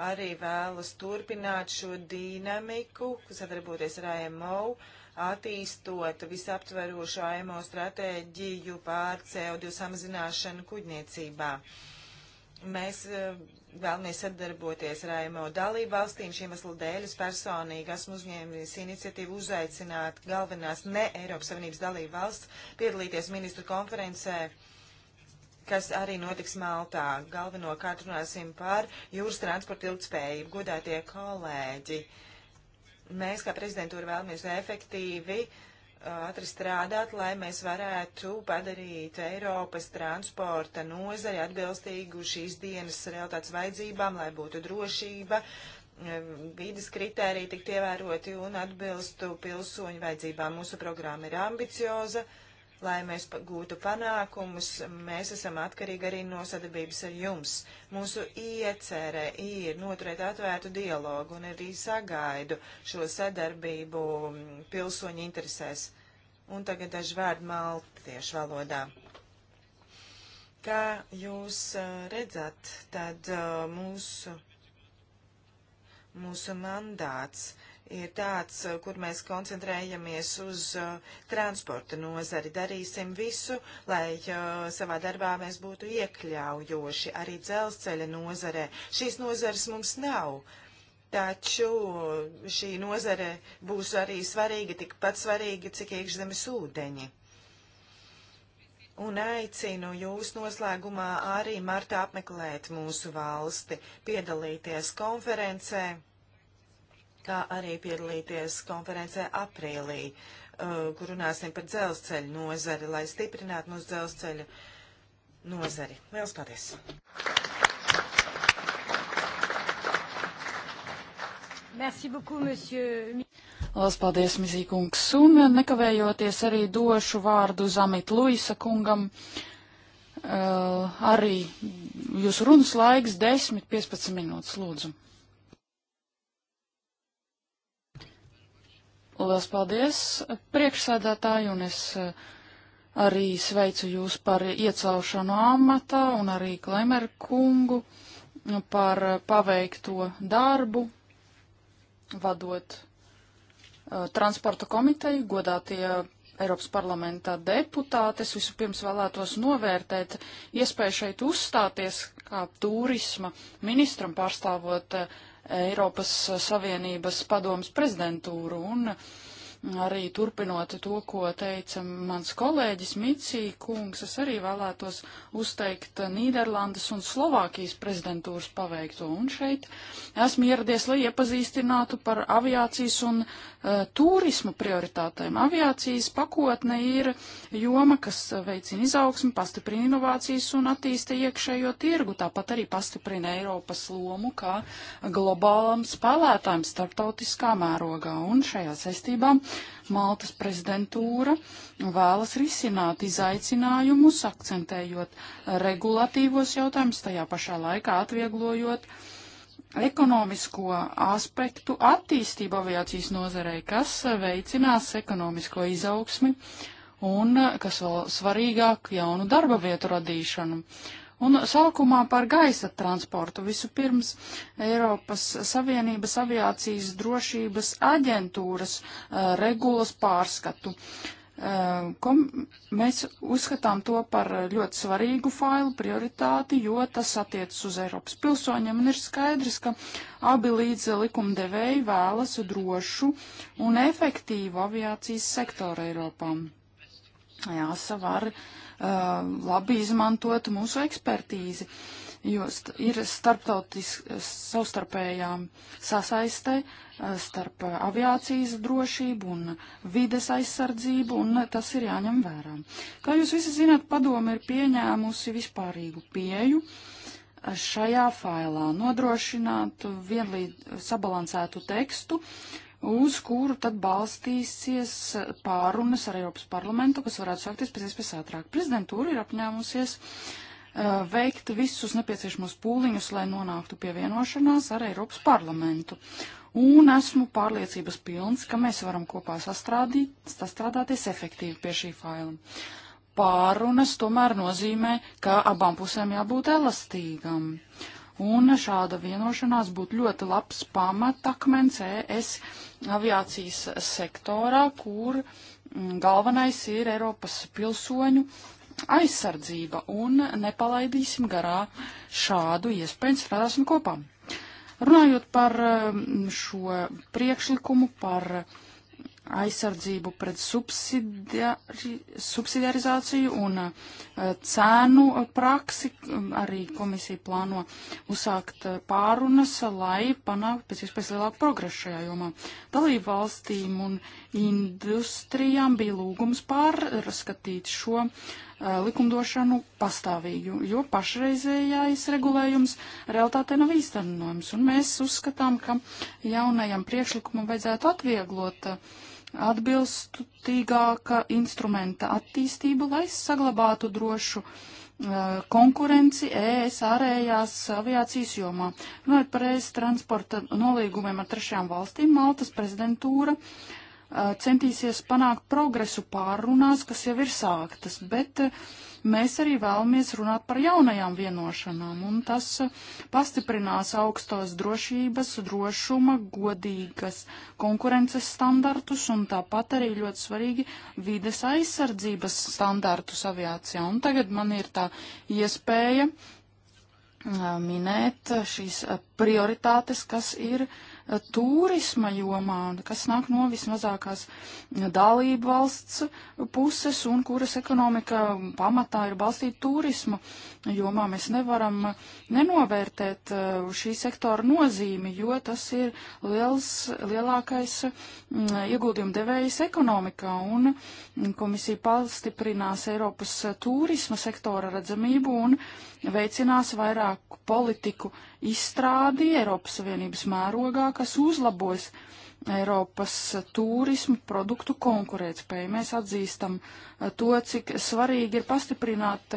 arī vēlas turpināt šo dinamiku, sadarboties ar AMO, uh, attīstot visaptverošo AMO stratēģiju pār CO2 samazināšanu kuģniecībā. Mēs e, vēlamies sadarboties ar AMO dalību valstīm. Šiem aslu dēļ es personīgi esmu uzņēmis iniciatīvu uzaicināt galvenās ne Eiropas Savienības dalību valsts piedalīties ministru konferencē kas arī notiks Maltā. Galvenokārt runāsim par jūras transporta ilgspējību. Godātie kolēģi! Uh, Mēs, kā prezidentūra, vēlamies efektīvi ātri uh, strādāt, lai mēs varētu padarīt Eiropas transporta nozari atbilstīgu šīs dienas realitātes vajadzībām, lai būtu drošība, uh, vīdes kritēriji tiktu ievēroti un atbilstu pilsoņu vajadzībām. Mūsu programma ir ambicioza. Uh, lai mēs gūtu panākumus, mēs esam atkarīgi arī no sadarbības ar jums. Mūsu iecerē ir noturēt atvērtu dialogu un arī sagaidu šo sadarbību pilsoņu interesēs. Un tagad daži vārdi maltiešu valodā. Kā jūs redzat, tad mūsu, mūsu mandāts ir tāds, eh, kur mēs koncentrējamies uz uh, transporta nozari. Darīsim visu, lai uh, savā darbā mēs būtu iekļaujoši arī dzelzceļa nozarē. Šīs nozares mums nav. Taču šī nozare būs arī svarīga, tikpat svarīga, cik iekšzemes ūdeņi. Un aicinu jūs noslēgumā arī martā apmeklēt mūsu valsti, piedalīties konferencē kā arī piedalīties konferencē aprīlī, uh, kur runāsim par dzelzceļu nozari, lai stiprinātu mūsu dzelzceļu nozari. Lielas paldies! Merci beaucoup, monsieur. Lielas paldies, Mizīkungs, un nekavējoties arī došu vārdu Zamit Luisa kungam. Uh, arī jūsu runas laiks 10-15 minūtes, lūdzu. Lielas paldies priekšsēdētāji, un es eh, arī sveicu jūs par iecelšanu amatā un arī Klemeru kungu par paveikto darbu, vadot uh, transporta komiteju, godātie Eiropas parlamentā deputātes. Vispirms vēlētos novērtēt iespēju šeit uzstāties kā turisma ministram pārstāvot uh, Eiropas Savienības padomas prezidentūru, un arī turpinot to, ko teica mans kolēģis Micī kungs, es arī vēlētos uzteikt Nīderlandes un Slovākijas prezidentūras paveikto. Un šeit esmu ieradies, lai iepazīstinātu par aviācijas un uh, turismu prioritātēm. Aviācijas pakotne ir joma, kas veicina izaugsmu, pastiprina inovācijas un attīsta iekšējo tirgu, tāpat arī pastiprina Eiropas lomu kā globālam spēlētājam starptautiskā mērogā. Un šajā saistībā Maltas prezidentūra vēlas risināt izaicinājumus, akcentējot regulatīvos jautājumus, tajā pašā laikā atvieglojot ekonomisko aspektu attīstību aviācijas nozarei, kas veicinās ekonomisko izaugsmi un, kas vēl svarīgāk, jaunu darba vietu radīšanu. Uh, Un sākumā par gaisa transportu. Vispirms Eiropas Savienības aviācijas drošības aģentūras uh, regulas pārskatu. Uh, kom, mēs uzskatām to par ļoti svarīgu failu prioritāti, jo tas attiecas uz Eiropas pilsoņiem un ir skaidrs, ka abi līdz likumdevēji vēlas drošu un efektīvu aviācijas sektoru Eiropā. Jāsa var uh, Um, labi izmantot mūsu ekspertīzi, jo ir starptautiski savstarpējā sasaiste uh, starp aviācijas drošību un vides aizsardzību, un tas ir jāņem vērā. Kā jūs visi zināt, padome ir pieņēmusi vispārīgu pieju uh, šajā failā nodrošināt vienlīdz sabalansētu tekstu, uh, uz kuru tad balstīsies pārunas ar Eiropas parlamentu, kas varētu sākties pēc iespējas ātrāk. Prezidentūra ir apņēmusies uh, veikt visus nepieciešamos pūliņus, lai nonāktu pie vienošanās ar Eiropas parlamentu. Un esmu pārliecības pilns, ka mēs varam kopā sastrādāties efektīvi pie šī faila. Pārunas tomēr nozīmē, ka abām pusēm jābūt elastīgam. Uh, un šāda vienošanās būtu ļoti labs pamatakmens ES aviācijas sektorā, kur mm, galvenais ir Eiropas pilsoņu aizsardzība, un nepalaidīsim garā šādu iespēju strādāsim kopā. Runājot par mm, šo priekšlikumu, par uh, aizsardzību pret subsidiari, subsidiarizāciju un eh, cēnu eh, praksi. Um, arī komisija plāno uzsākt eh, pārunas, lai panāktu pēc iespējas lielāku progresu šajā jomā. Dalību valstīm un industrijām bija lūgums pārskatīt šo likumdošanu pastāvīgu, jo pašreizējais regulējums realitāte nav īstenojams. Un mēs uzskatām, ka jaunajam priekšlikumam vajadzētu atvieglot uh, atbilstīgāka instrumenta attīstību, lai saglabātu drošu uh, konkurenci ES ārējās aviācijas jomā. Runājot par ES transporta nolīgumiem ar trešajām valstīm, Maltas prezidentūra uh, centīsies panākt progresu pārrunās, kas jau ir sāktas, bet uh, mēs arī vēlamies runāt par jaunajām vienošanām, un tas pastiprinās augstos drošības, drošuma, godīgas konkurences standartus, un tāpat arī ļoti svarīgi vides aizsardzības standartus aviācijā. Un tagad man ir tā iespēja uh, minēt šīs uh, prioritātes, kas ir uh, turisma jomā, kas nāk no vismazākās dalību valsts puses un kuras ekonomika pamatā ir balstīta turisma jomā mēs nevaram nenovērtēt uh, šī sektora nozīmi, jo tas ir liels, lielākais mm, ieguldījuma devējs ekonomikā, un komisija pastiprinās Eiropas turisma sektora redzamību un veicinās vairāku politiku izstrādi Eiropas Savienības mērogā, kas uzlabos uh, Eiropas turismu produktu konkurētspēju. Mēs atzīstam eh, to, cik svarīgi ir pastiprināt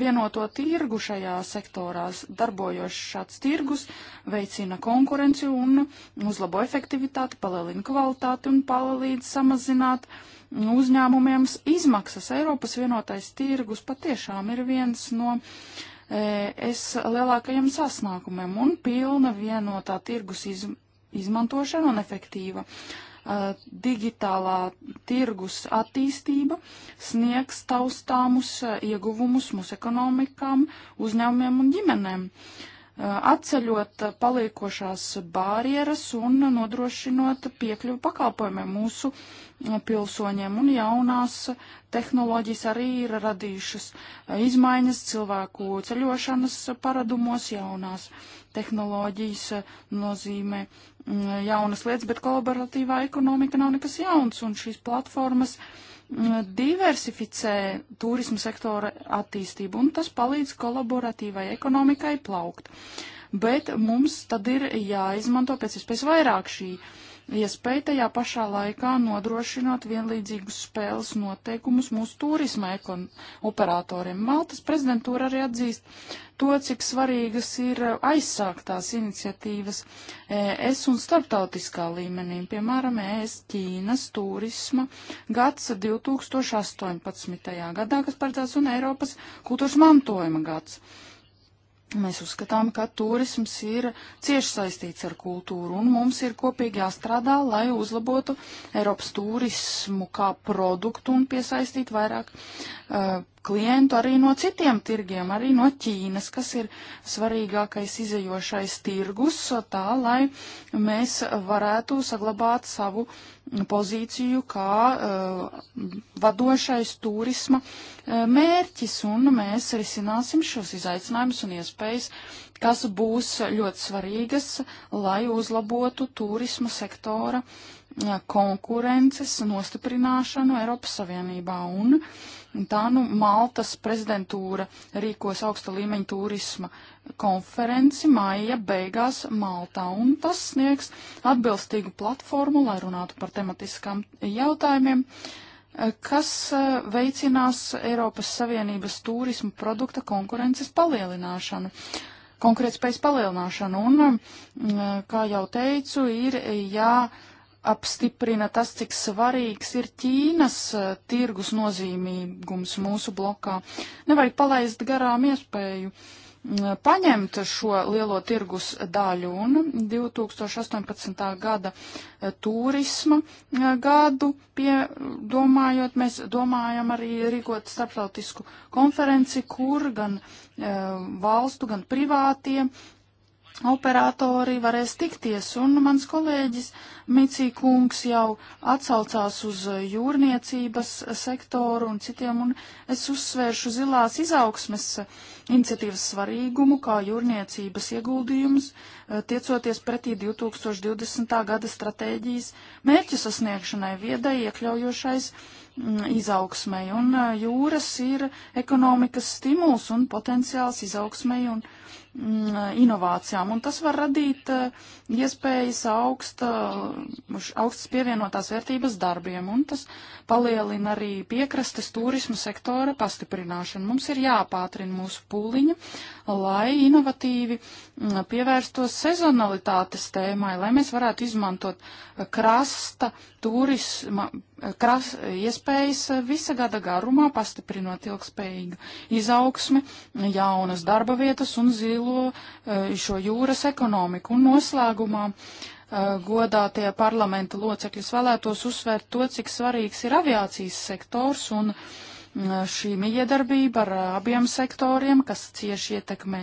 vienoto tirgu šajā sektorā. Darbojošs šāds tirgus veicina konkurenci un uzlabo efektivitāti, palielina kvalitāti un palīdz samazināt uzņēmumiem izmaksas. Eiropas vienotais tirgus patiešām ir viens no eh, es lielākajiem sasnākumiem un pilna vienotā tirgus izmaksas izmantošana un efektīva uh, digitālā tirgus attīstība sniegs taustāmus uh, ieguvumus mūsu ekonomikām, uzņēmumiem un ģimenēm, uh, atceļot paliekošās bārieras un nodrošinot piekļuvu pakalpojumiem mūsu uh, pilsoņiem. Un jaunās tehnoloģijas arī ir radījušas uh, izmaiņas cilvēku ceļošanas paradumos, jaunās tehnoloģijas nozīmē mm, jaunas lietas, bet kolaboratīvā ekonomika nav nekas jauns, un šīs platformas mm, diversificē turismu sektora attīstību, un tas palīdz kolaboratīvai ekonomikai plaukt. Bet mums tad ir jāizmanto pēc iespējas vairāk šī uh, iespēja tajā pašā laikā nodrošināt vienlīdzīgus spēles noteikumus mūsu turisma operatoriem. Maltas prezidentūra arī atzīst to, cik svarīgas ir aizsāktās iniciatīvas e, ES un starptautiskā līmenī, piemēram, e, ES Ķīnas turisma gads 2018. gadā, kas paredzēts un Eiropas kultūras mantojuma gads. Mēs uzskatām, ka turisms ir cieši saistīts ar kultūru, un mums ir kopīgi jāstrādā, lai uzlabotu Eiropas turismu kā produktu un piesaistītu vairāk uh, klientu arī no citiem tirgiem, arī no Ķīnas, kas ir svarīgākais izejošais tirgus, tā lai mēs varētu saglabāt savu pozīciju kā uh, vadošais turisma uh, mērķis, un mēs risināsim šos izaicinājumus un iespējas, kas būs ļoti svarīgas, lai uzlabotu turisma sektora uh, konkurences nostiprināšanu Eiropas Savienībā. Un, uh, Tā nu Maltas prezidentūra rīkos augsta līmeņa turisma konferenci maija beigās Maltā, un tas sniegs atbilstīgu platformu, lai runātu par tematiskām jautājumiem, kas e, veicinās Eiropas Savienības turismu produkta konkurences palielināšanu konkurētspējas palielināšanu. Un, e, kā jau teicu, ir jā. Ja jāapstiprina tas, cik svarīgs ir Ķīnas eh, tirgus nozīmīgums mūsu blokā. Nevajag palaist garām iespēju mm, paņemt šo lielo tirgus daļu un 2018. gada eh, turisma eh, gadu, piedomājot, mēs domājam arī rīkot starptautisku konferenci, kur gan valstu, gan privātie operatori varēs tikties, un mans kolēģis Micī kungs jau atsaucās uz jūrniecības sektoru un citiem, un es uzsvēršu zilās izaugsmes iniciatīvas svarīgumu kā jūrniecības ieguldījums, eh, tiecoties pretī 2020. gada stratēģijas mērķu sasniegšanai viedai iekļaujošais mm, izaugsmai, un eh, jūras ir ekonomikas stimuls un potenciāls izaugsmai un izaugsmai Mm, inovācijām, un tas var radīt eh, iespējas augsta, eh, augstas pievienotās vērtības darbiem, un tas palielina arī piekrastes turismu sektora pastiprināšanu. Mums ir jāpātrina mūsu pūliņa, lai inovatīvi mm, pievērstos sezonalitātes tēmai, lai mēs varētu izmantot eh, krasta turisma eh, kras, iespējas eh, visa gada garumā, pastiprinot ilgspējīgu izaugsmi, jaunas darba vietas un zilo šo jūras ekonomiku. Un noslēgumā godātie parlamenta locekļi vēlētos uzsvērt to, cik svarīgs ir aviācijas sektors un uh, Mm, šī miedarbība ar abiem sektoriem, kas cieši ietekmē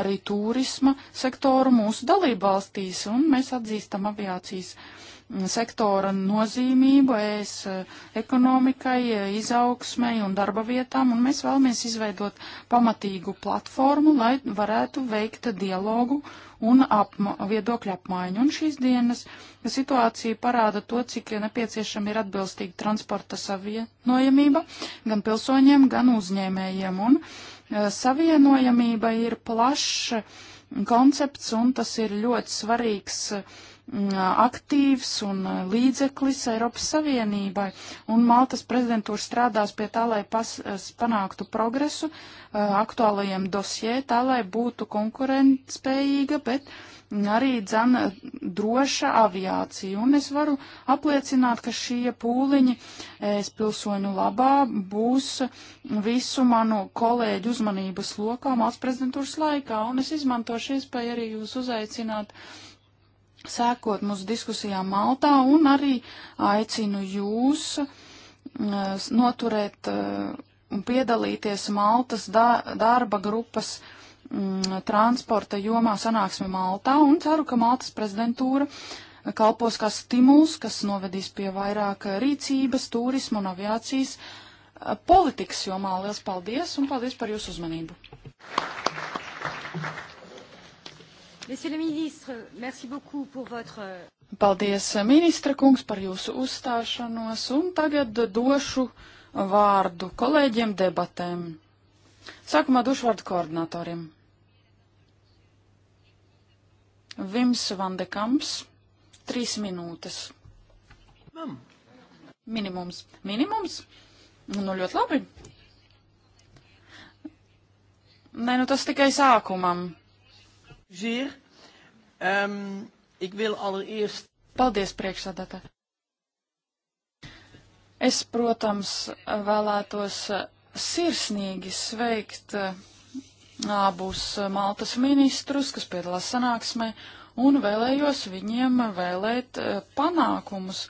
arī turisma sektoru mūsu dalību valstīs, un mēs atzīstam aviācijas mm, sektora nozīmību ES ekonomikai, izaugsmai un darba vietām, un mēs vēlamies izveidot pamatīgu platformu, lai varētu veikt dialogu uh, un apma, viedokļa apmaiņu. Un šīs dienas situācija parāda to, cik nepieciešama ir atbilstīga transporta savienojamība gan pilsoņiem, gan uzņēmējiem. Un e, savienojamība ir plašs koncepts, un tas ir ļoti svarīgs aktīvs un līdzeklis Eiropas Savienībai, un Maltas prezidentūra strādās pie tā, lai pas, panāktu progresu aktuālajiem dosjē, tā, lai būtu konkurentspējīga, bet arī dzan droša aviācija. Un es varu apliecināt, ka šie pūliņi es pilsoņu labā būs visu manu kolēģu uzmanības lokā Maltas prezidentūras laikā, un es izmantošu iespēju arī jūs uzaicināt. Uh, sēkot mūsu diskusijām Maltā un arī aicinu jūs mm, noturēt mm, un piedalīties Maltas darba grupas mm, transporta jomā sanāksmi Maltā un ceru, ka Maltas prezidentūra kalpos kā stimuls, kas novedīs pie vairāk rīcības, turismu un aviācijas politikas jomā. Liels paldies un paldies par jūsu uzmanību! Thank you. Paldies, eh, ministra kungs, par jūsu uzstāšanos, un tagad došu vārdu kolēģiem debatēm. Sākumā došu vārdu koordinatoriem. Vims Vandekams, trīs minūtes. Mam. Minimums. Minimums? Nu, nu, ļoti labi. Nē, nu tas tikai sākumam. Zeer. Um, ik wil allereerst. Paldies, priekšsādātā. Es, protams, vēlētos eh, sirsnīgi sveikt eh, abus eh, Maltas ministrus, kas piedalās sanāksmē, un vēlējos viņiem vēlēt panākumus.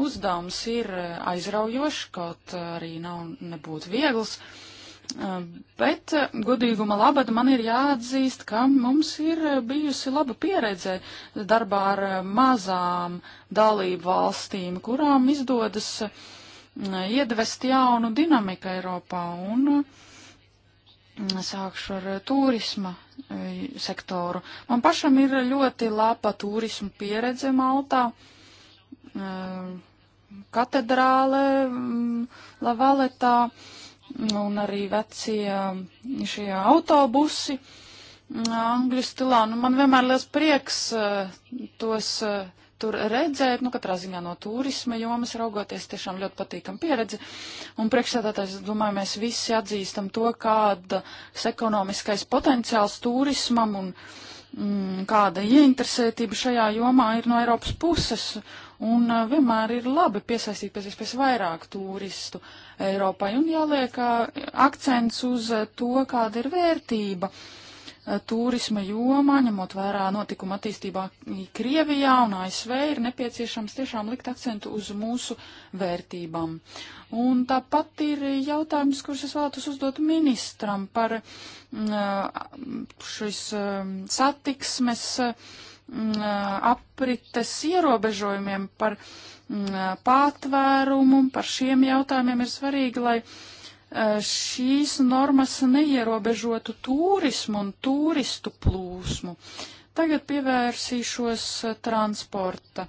Uzdevums ir aizraujošs, kaut arī nav nebūtu viegls. Uh, Bet godīguma labad man ir jāatzīst, ka mums ir bijusi laba pieredze darbā ar mazām dalību valstīm, kurām izdodas iedvest jaunu dinamiku Eiropā. Un sākšu ar turisma sektoru. Man pašam ir ļoti laba turisma pieredze Maltā katedrāle, Lavaletā, un arī vecie um, šie autobusi mm, angļu stilā. Nu, man vienmēr liels prieks uh, tos uh, tur redzēt, nu, katrā ziņā no turisma jomas raugoties, tiešām ļoti patīkam pieredzi. Un priekšsēdētājs, domāju, mēs visi atzīstam to, kādas ekonomiskais potenciāls turismam un mm, kāda ieinteresētība šajā jomā ir no Eiropas puses. Un uh, vienmēr ir labi piesaistīt pēc iespējas vairāk turistu Eiropai un jāliek akcents uz to, kāda ir vērtība turisma jomā, ņemot vērā notikuma attīstībā Krievijā un ASV, ir nepieciešams tiešām likt akcentu uz mūsu vērtībām. Un tāpat ir jautājums, kurus es vēlētos uzdot ministram par šis satiksmes. Uh, Mm, aprites ierobežojumiem, par mm, pātvērumu, par šiem jautājumiem ir svarīgi, lai šīs normas neierobežotu turismu un turistu plūsmu. Tagad pievērsīšos transporta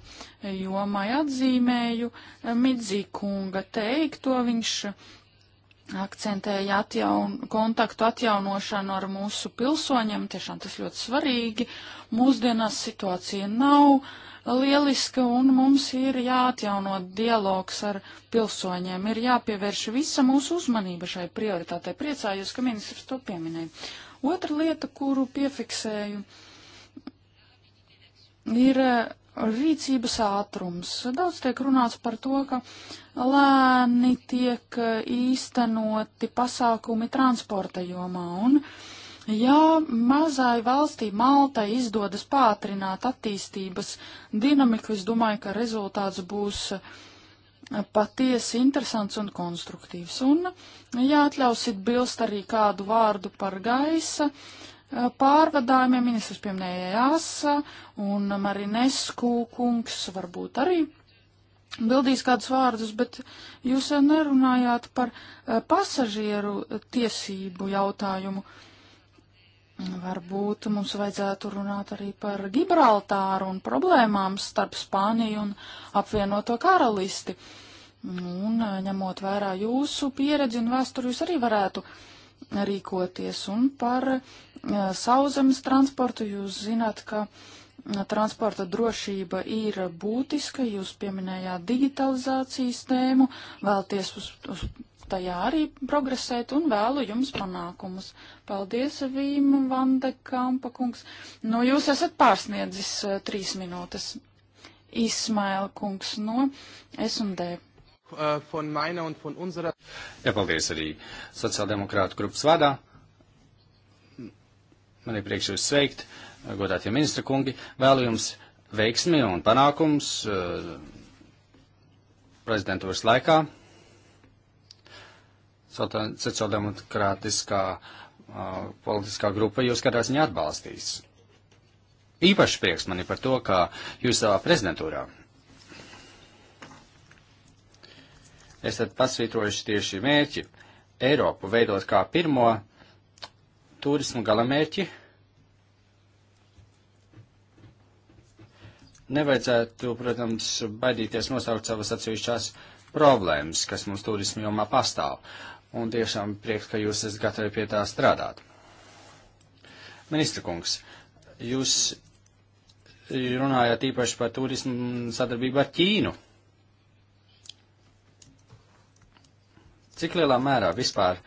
jomai atzīmēju Midzīkunga teikto. Viņš akcentēja atjaun, kontaktu atjaunošanu ar mūsu pilsoņiem. Tiešām tas ļoti svarīgi. Mūsdienās situācija nav lieliska un mums ir jāatjauno dialogs ar pilsoņiem. Ir jāpievērš visa mūsu uzmanība šai prioritātei. Priecājos, ka ministrs to pieminēja. Otra lieta, kuru piefiksēju, ir rīcības ātrums. Daudz tiek runāts par to, ka lēni tiek eh, īstenoti pasākumi transporta jomā. Un, ja mazai valstī Maltai izdodas pātrināt attīstības dinamiku, es domāju, ka rezultāts būs eh, patiesi interesants un konstruktīvs. Un, ja atļausit bilst arī kādu vārdu par gaisa, uh, Eh, pārvadājumiem. Ministrs pieminēja Jāsa un Marinesku kungs varbūt arī bildīs kādus vārdus, bet jūs nerunājāt par eh, pasažieru tiesību jautājumu. Varbūt mums vajadzētu runāt arī par Gibraltāru un problēmām starp Spāniju un apvienoto karalisti. Un eh, ņemot vērā jūsu pieredzi un vēsturi, jūs arī varētu uh, rīkoties. Un par eh, sauzemes transportu jūs zināt, ka eh, transporta drošība ir būtiska. Jūs pieminējāt digitalizācijas tēmu, vēlties uz, uz tajā arī progresēt un vēlu jums panākumus. Paldies, Vīma Vanda Kampa kungs. Nu, jūs esat pārsniedzis eh, trīs minūtes. Ismaila kungs no S&D uh, von meiner un von unserer. Jā, paldies arī sociāldemokrātu grupas vadā. Man ir prieks jūs sveikt, godātie ministra kungi. Vēlu jums veiksmi un panākums uh, prezidentūras laikā. Sociāldemokrātiskā uh, politiskā grupa jūs kādā ziņā atbalstīs. Īpaši prieks man ir par to, ka jūs savā prezidentūrā esat pasvītrojuši tieši mērķi Eiropu veidot kā pirmo turismu galamērķi. Nevajadzētu, protams, baidīties nosaukt savas atsevišķās problēmas, kas mums turismu jomā pastāv. Un tiešām prieks, ka jūs esat gatavi pie tā strādāt. Ministra kungs, jūs runājāt īpaši par turismu sadarbību ar Ķīnu. Cik lielā mērā vispār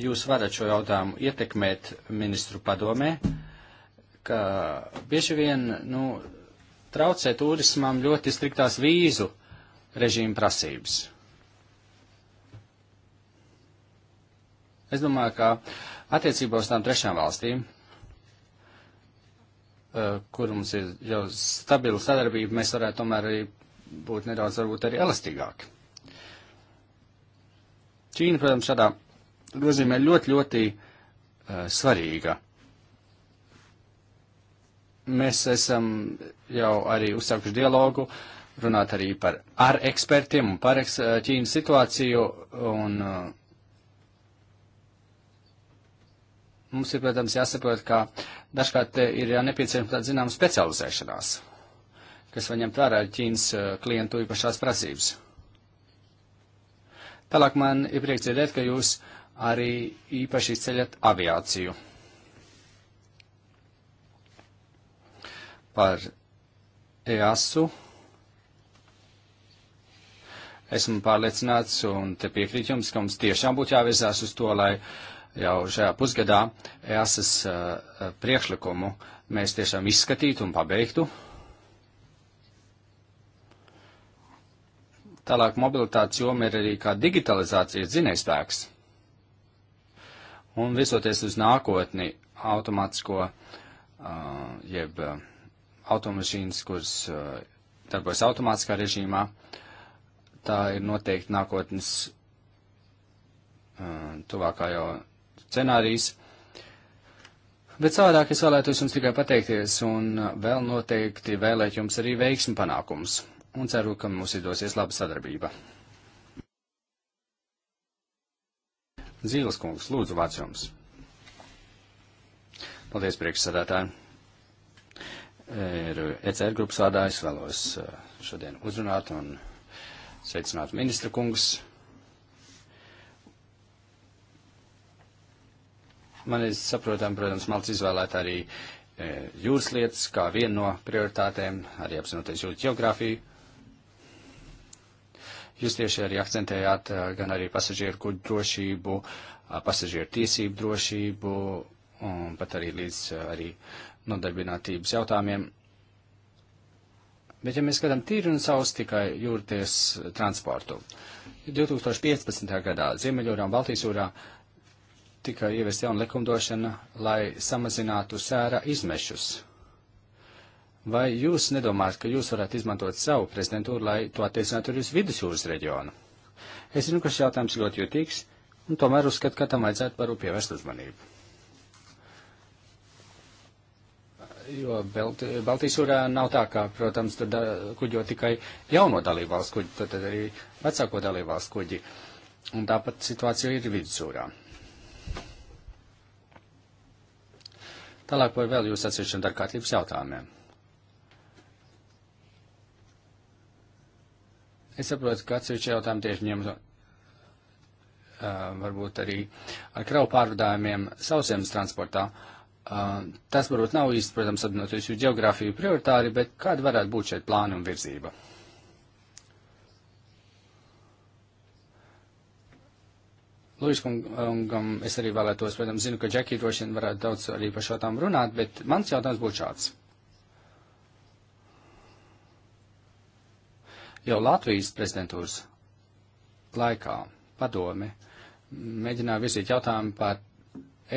jūs varat šo jautājumu ietekmēt ministru padomē, ka bieži vien, nu, traucē turismam ļoti striktās vīzu režīmu prasības? Es domāju, ka attiecībā uz tām trešām valstīm, eh, kur mums ir jau stabila sadarbība, mēs varētu tomēr arī būt nedaudz varbūt arī elastīgāki. Ķīna, protams, šādā nozīmē ļoti, ļoti uh, svarīga. Mēs esam jau arī uzsākuši dialogu, runāt arī par ar ekspertiem un par eks, eh, Ķīnas situāciju. Un, uh, mums ir, protams, jāsaprot, ka dažkārt ir nepieciešama tāda zināma specializēšanās, kas var ņemt vērā Ķīnas klientu īpašās prasības. Tālāk man ir prieks dzirdēt, ka jūs arī īpaši izceļat aviāciju. Par EASU esmu pārliecināts un te piekrīt jums, ka mums tiešām būtu jāvirzās uz to, lai jau šajā pusgadā EASAS uh, priekšlikumu mēs tiešām izskatītu un pabeigtu. Tālāk mobilitātes joma ir arī kā digitalizācijas zinājspēks. Un visoties uz nākotni automātisko, uh, jeb uh, automašīnas, kuras uh, darbojas automātiskā režīmā, tā ir noteikti nākotnes uh, tuvākā jau scenārijs. Bet savādāk es vēlētos jums tikai pateikties un vēl noteikti vēlēt jums arī veiksmi panākums un ceru, ka mums izdosies laba sadarbība. Zīles kungs, lūdzu, vārds jums. Paldies, priekšsādātāji. Ir ECR grupas vārdā, es vēlos eh, šodien uzrunāt un sveicināt ministra kungus. Man ir saprotam, protams, malts izvēlēt arī eh, jūras lietas kā vienu no prioritātēm, arī apzinoties jūras geogrāfiju. Jūs tieši arī akcentējāt eh, gan arī pasažieru kuģu drošību, pasažieru tiesību drošību un pat arī līdz arī nodarbinātības jautājumiem. Bet ja mēs skatām tīri un savus tikai jūrties transportu, 2015. gadā Ziemeļūrā un Baltijas jūrā tika ieviest jauna likumdošana, lai samazinātu sēra izmešus Vai jūs nedomājat, ka jūs varētu izmantot savu prezidentūru, lai to attiecinātu arī uz vidusjūras reģionu? Es zinu, ka šis jautājums ļoti jūtīgs, un tomēr uzskatu, ka tam vajadzētu varu pievērst uzmanību. Jo Belt, Baltijas jūrā nav tā, ka, protams, tur da, kuģo tikai jauno dalību valsts kuģi, tad arī vecāko dalību valsts kuģi. Un tāpat situācija ir vidusjūrā. Tālāk par vēl jūsu atsevišķiem darbkārtības jautājumiem. Es saprotu, ka atsevišķi jautājumi tieši ņem uh, varbūt arī ar kravu pārvadājumiem sausiemas transportā. Uh, tas varbūt nav īsti, protams, apvienoties uz geogrāfiju prioritāri, bet kāda varētu būt šeit plāna un virzība? Lūdzu, kungam, es arī vēlētos, protams, zinu, ka Džekija droši vien varētu daudz arī par šo tām runāt, bet mans jautājums būtu šāds. Jau Latvijas prezidentūras laikā padome mēģināja virzīt jautājumu par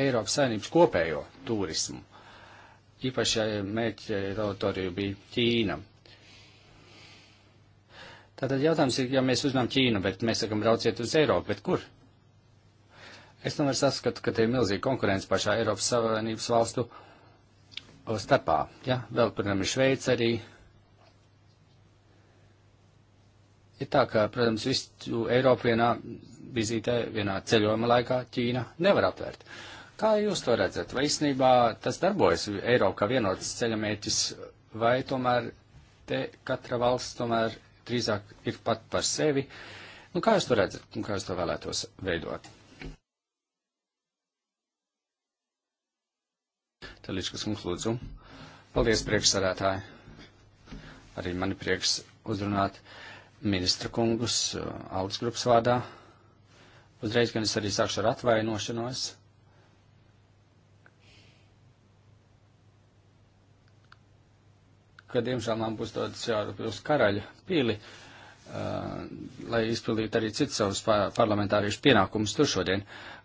Eiropas saimnības kopējo turismu. Īpašai mērķi teritoriju bija Ķīna. Tātad jautājums ir, ja mēs uzņemam Ķīnu, bet mēs sakam brauciet uz Eiropu, bet kur? Es tomēr saskatu, ka te ir milzīga konkurence pašā Eiropas Savienības valstu starpā. Ja? Vēl, protams, ir Šveica arī, Ir tā, ka, protams, visu Eiropu vienā vizītē, vienā ceļojuma laikā Ķīna nevar aptvērt. Kā jūs to redzat? Vai īstenībā tas darbojas Eiropā kā vienots ceļamērķis, vai tomēr te katra valsts tomēr drīzāk ir pat par sevi? Nu, kā jūs to redzat un kā jūs to vēlētos veidot? Teliškas mums lūdzu. Paldies, priekšsarētāji. Arī mani prieks uzrunāt. Uh, ministra kungus uh, Aldis grupas vārdā. Uzreiz gan es arī sākšu ar atvainošanos. ka, diemžēl, man būs dodas uz karaļa pili, uh, lai izpildītu arī citus savus parlamentāriešu pienākumus tur šodien,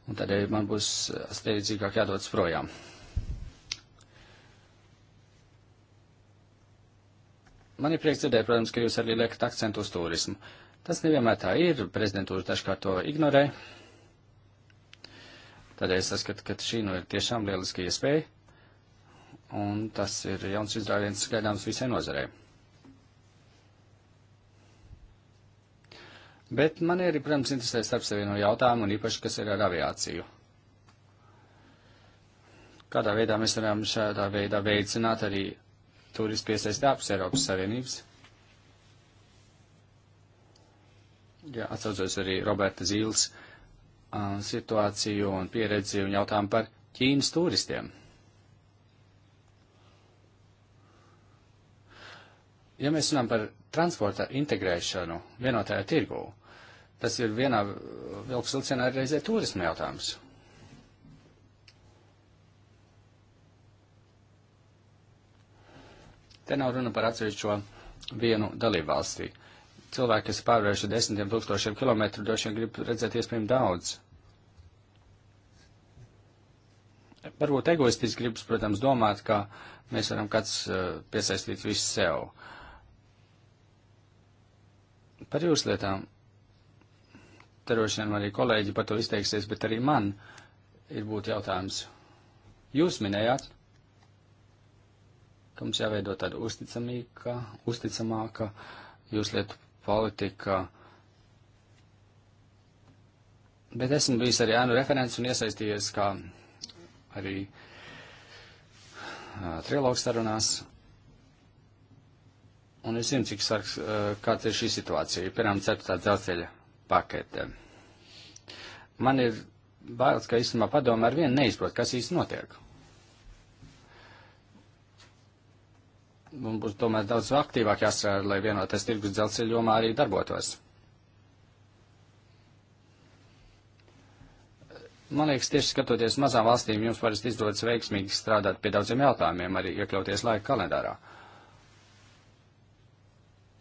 un tādēļ man būs steidzīgāk jādodas projām. Uh, Man ir prieks dzirdēt, protams, ka jūs arī liekat akcentu uz turismu. Tas nevienmēr tā ir, prezidentūra dažkārt to ignorē. Tādēļ es saskatu, ka šī nu ir tiešām lieliska iespēja, un tas ir jauns izrāviens gaidāms visai nozarei. Bet man ir, protams, interesē starp sevi no jautājumu, un īpaši, kas ir ar aviāciju. Kādā veidā mēs varam šādā veidā veicināt arī turis piesaistīt ārpus Eiropas Savienības. Jā, atsaucos arī Roberta Zīles uh, situāciju un pieredzi un jautājumu par Ķīnas turistiem. Ja mēs runājam par transporta integrēšanu vienotajā tirgū, tas ir vienā vilks vilcienā reizē turismu jautājums. Te nav runa par atsevišķo vienu dalībvalstī. Cilvēki, kas pārvērši desmitiem tūkstošiem kilometru, droši vien grib redzēt iespējami daudz. Varbūt egoistiski gribas, protams, domāt, ka mēs varam kāds eh, piesaistīt visu sev. Par jūsu lietām, te droši vien arī kolēģi par to izteiksies, bet arī man ir būtu jautājums. Jūs minējāt, ka mums jāveido tāda uzticamīga, uzticamāka jūslietu politika. Bet esmu bijis arī ēnu referents un iesaistījies kā arī uh, trilogu sarunās. Un es zinu, cik sargs, uh, kāds ir šī situācija. Pirmām ceturtā dzelceļa pakete. Man ir bailes, ka īstenībā padoma ar vienu neizprot, kas īsti notiek. mums būs tomēr daudz aktīvāk jāstrādā, lai vienotais tirgus dzelzceļa jomā arī darbotos. Man liekas, tieši skatoties mazām valstīm, jums parasti izdodas veiksmīgi strādāt pie daudziem jautājumiem, arī iekļauties laika kalendārā.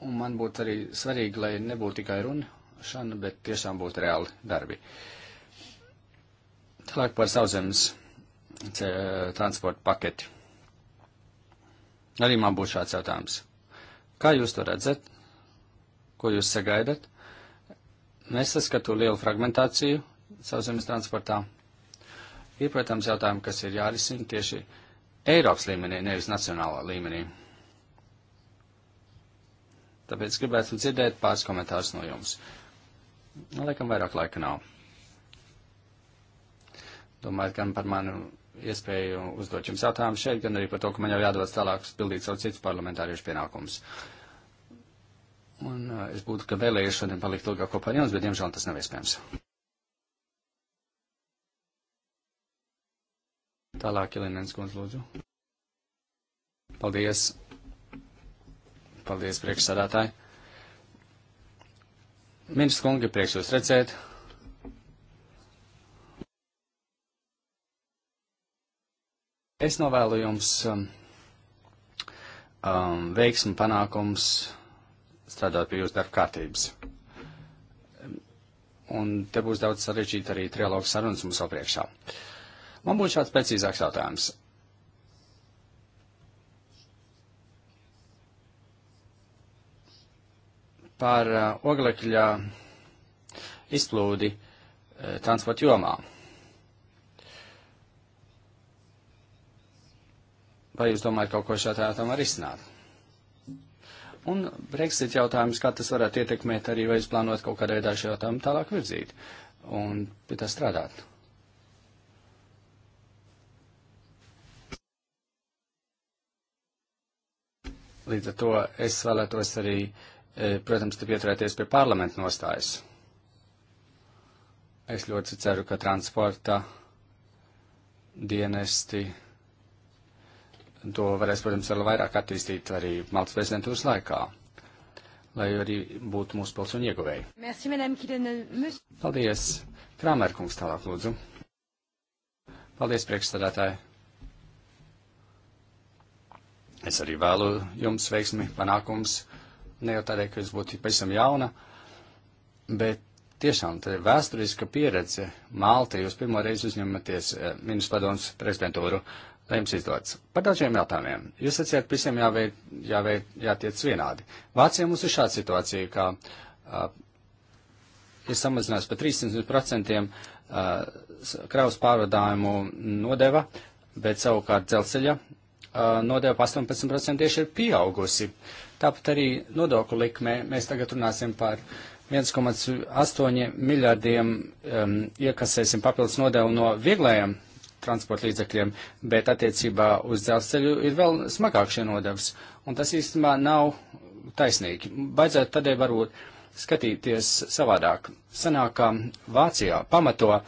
Un man būtu arī svarīgi, lai nebūtu tikai runšana, bet tiešām būtu reāli darbi. Tālāk par sauszemes transporta paketi. Arī man būs šāds jautājums. Kā jūs to redzat? Ko jūs sagaidat? Nesaskatu lielu fragmentāciju sauszemes transportā. Ir, protams, jautājumi, kas ir jārisina tieši Eiropas līmenī, nevis nacionālā līmenī. Tāpēc gribētu dzirdēt pāris komentārus no jums. Laikam vairāk laika nav. Domājot gan par manu iespēju uzdot jums jautājumu šeit, gan arī par to, ka man jau jādodas tālāk pildīt savu citu parlamentāriešu pienākumus. Un uh, es būtu, ka vēlējies šodien palikt ilgāk kopā ar jums, bet diemžēl tas nav iespējams. Tālāk, Elinēns Kundz, lūdzu. Paldies. Paldies, priekšsādātāji. Ministrs kungi, prieks jūs redzēt. Es novēlu jums um, um, veiksmu panākums strādāt pie jūsu darba kārtības. Un te būs daudz sarežģīti arī trialogu sarunas mums vēl priekšā. Man būtu šāds precīzāks jautājums. par uh, oglekļa izplūdi uh, transporta jomā. Vai jūs domājat kaut ko šādā jautājumā var izsnāt? Un Brexit jautājums, kā tas varētu ietekmēt arī, vai jūs plānojat kaut kādā veidā šo jautājumu tālāk virzīt un pie tā strādāt? Līdz ar to es vēlētos arī, e, protams, te pieturēties pie parlamenta nostājas. Es ļoti ceru, ka transporta dienesti to varēs, protams, vēl vairāk attīstīt arī Maltas prezidentūras laikā, lai arī būtu mūsu pilsoņu ieguvēji. Merci, madame, Kilene, Paldies! Krāmerkungs tālāk lūdzu. Paldies, priekšstādātāji! Es arī vēlu jums veiksmi, panākums, ne jau tādēļ, ka jūs būtu pavisam jauna, bet tiešām tā ir vēsturiska pieredze. Malta, jūs pirmo reizi uzņematies eh, ministru padomus prezidentūru. Uh, lai jums izdodas. Par dažiem jautājumiem. Jūs sacījāt, visiem jāveid, jāveid, jātiec vienādi. Vācijā mums ir šāda situācija, ka uh, ir samazinās par 300% uh, kravas pārvadājumu nodeva, bet savukārt dzelceļa uh, nodeva pa 18% tieši ir pieaugusi. Tāpat arī nodokļu likmē mēs tagad runāsim par 1,8 miljārdiem um, iekasēsim papildus nodevu no vieglajiem transporta līdzekļiem, bet attiecībā uz dzelzceļu ir vēl smagāk šie nodevs. Un tas īstenībā nav taisnīgi. Baidzētu tādēļ varbūt skatīties savādāk. Sanākā Vācijā pamato uh,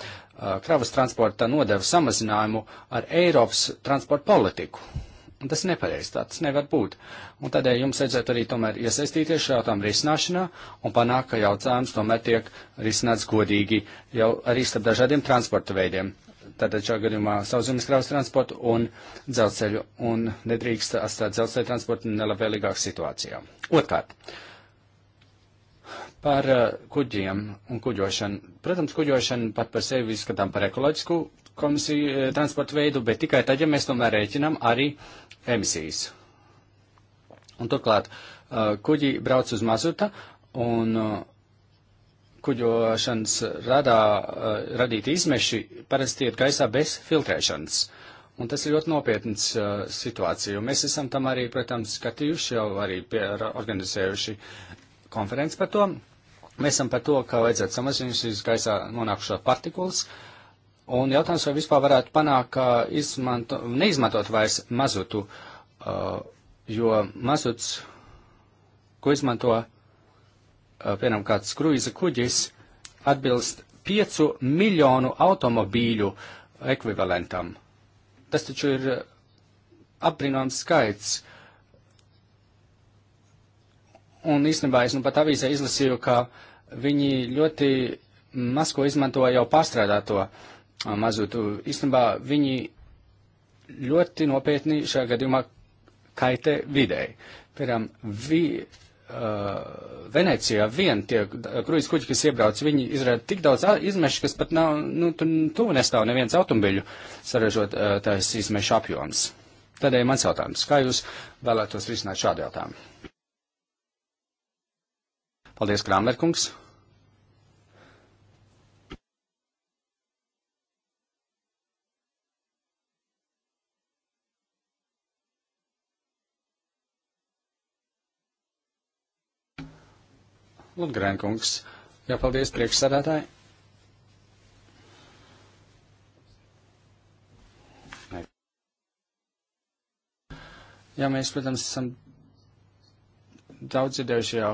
kravas transporta nodevu samazinājumu ar Eiropas transporta politiku. Un tas ir nepareizi, tāds nevar būt. Un tādēļ jums vajadzētu arī tomēr iesaistīties šajā jautājuma risināšanā un panākt, ka jautājums tomēr tiek risināts godīgi jau arī starp dažādiem transporta veidiem tātad šā gadījumā sauszemes kravas transportu un dzelzceļu, un nedrīkst atstāt dzelzceļu transportu nelabvēlīgāk situācijā. Otkārt, par eh, kuģiem un kuģošanu. Protams, kuģošana pat par sevi izskatām par ekoloģisku komisiju eh, transportu veidu, bet tikai tad, ja mēs tomēr rēķinam arī emisijas. Un turklāt, eh, kuģi brauc uz mazuta, un uh, kuģošanas radā, eh, radīti izmeši parasti iet gaisā bez filtrēšanas. Un tas ir ļoti nopietns uh, situācija. Mēs esam tam arī, protams, skatījuši, jau arī pie, organizējuši konferenci par to. Mēs esam par to, ka vajadzētu samazināt šīs gaisā nonākušās partikulas. Un jautājums, vai vispār varētu panākt, ka izmanto, neizmantot vairs mazutu, uh, jo mazuts, ko izmanto piemēram, eh, kāds kruīza kuģis atbilst 5 miljonu automobīļu ekvivalentam. Tas taču ir eh, apbrīnojams skaits. Un īstenībā es nu pat avīzē izlasīju, ka viņi ļoti maz ko izmanto jau pārstrādāto eh, mazutu. Īstenībā viņi ļoti nopietni šajā gadījumā kaitē videi. Piemēram, vi, uh, Venecijā vien tie uh, kruīz kuģi, kas iebrauc, viņi izrāda tik daudz izmešu, kas pat nav, nu, tur tuvu nestāv neviens automobiļu saražot uh, tās izmešu apjoms. Tādēļ mans jautājums, kā jūs vēlētos risināt šādu jautājumu? Paldies, Krāmerkungs! Lundgrēnkungs. Jā, paldies priekšsādātāji. Jā, mēs, protams, esam daudz dzirdējuši jau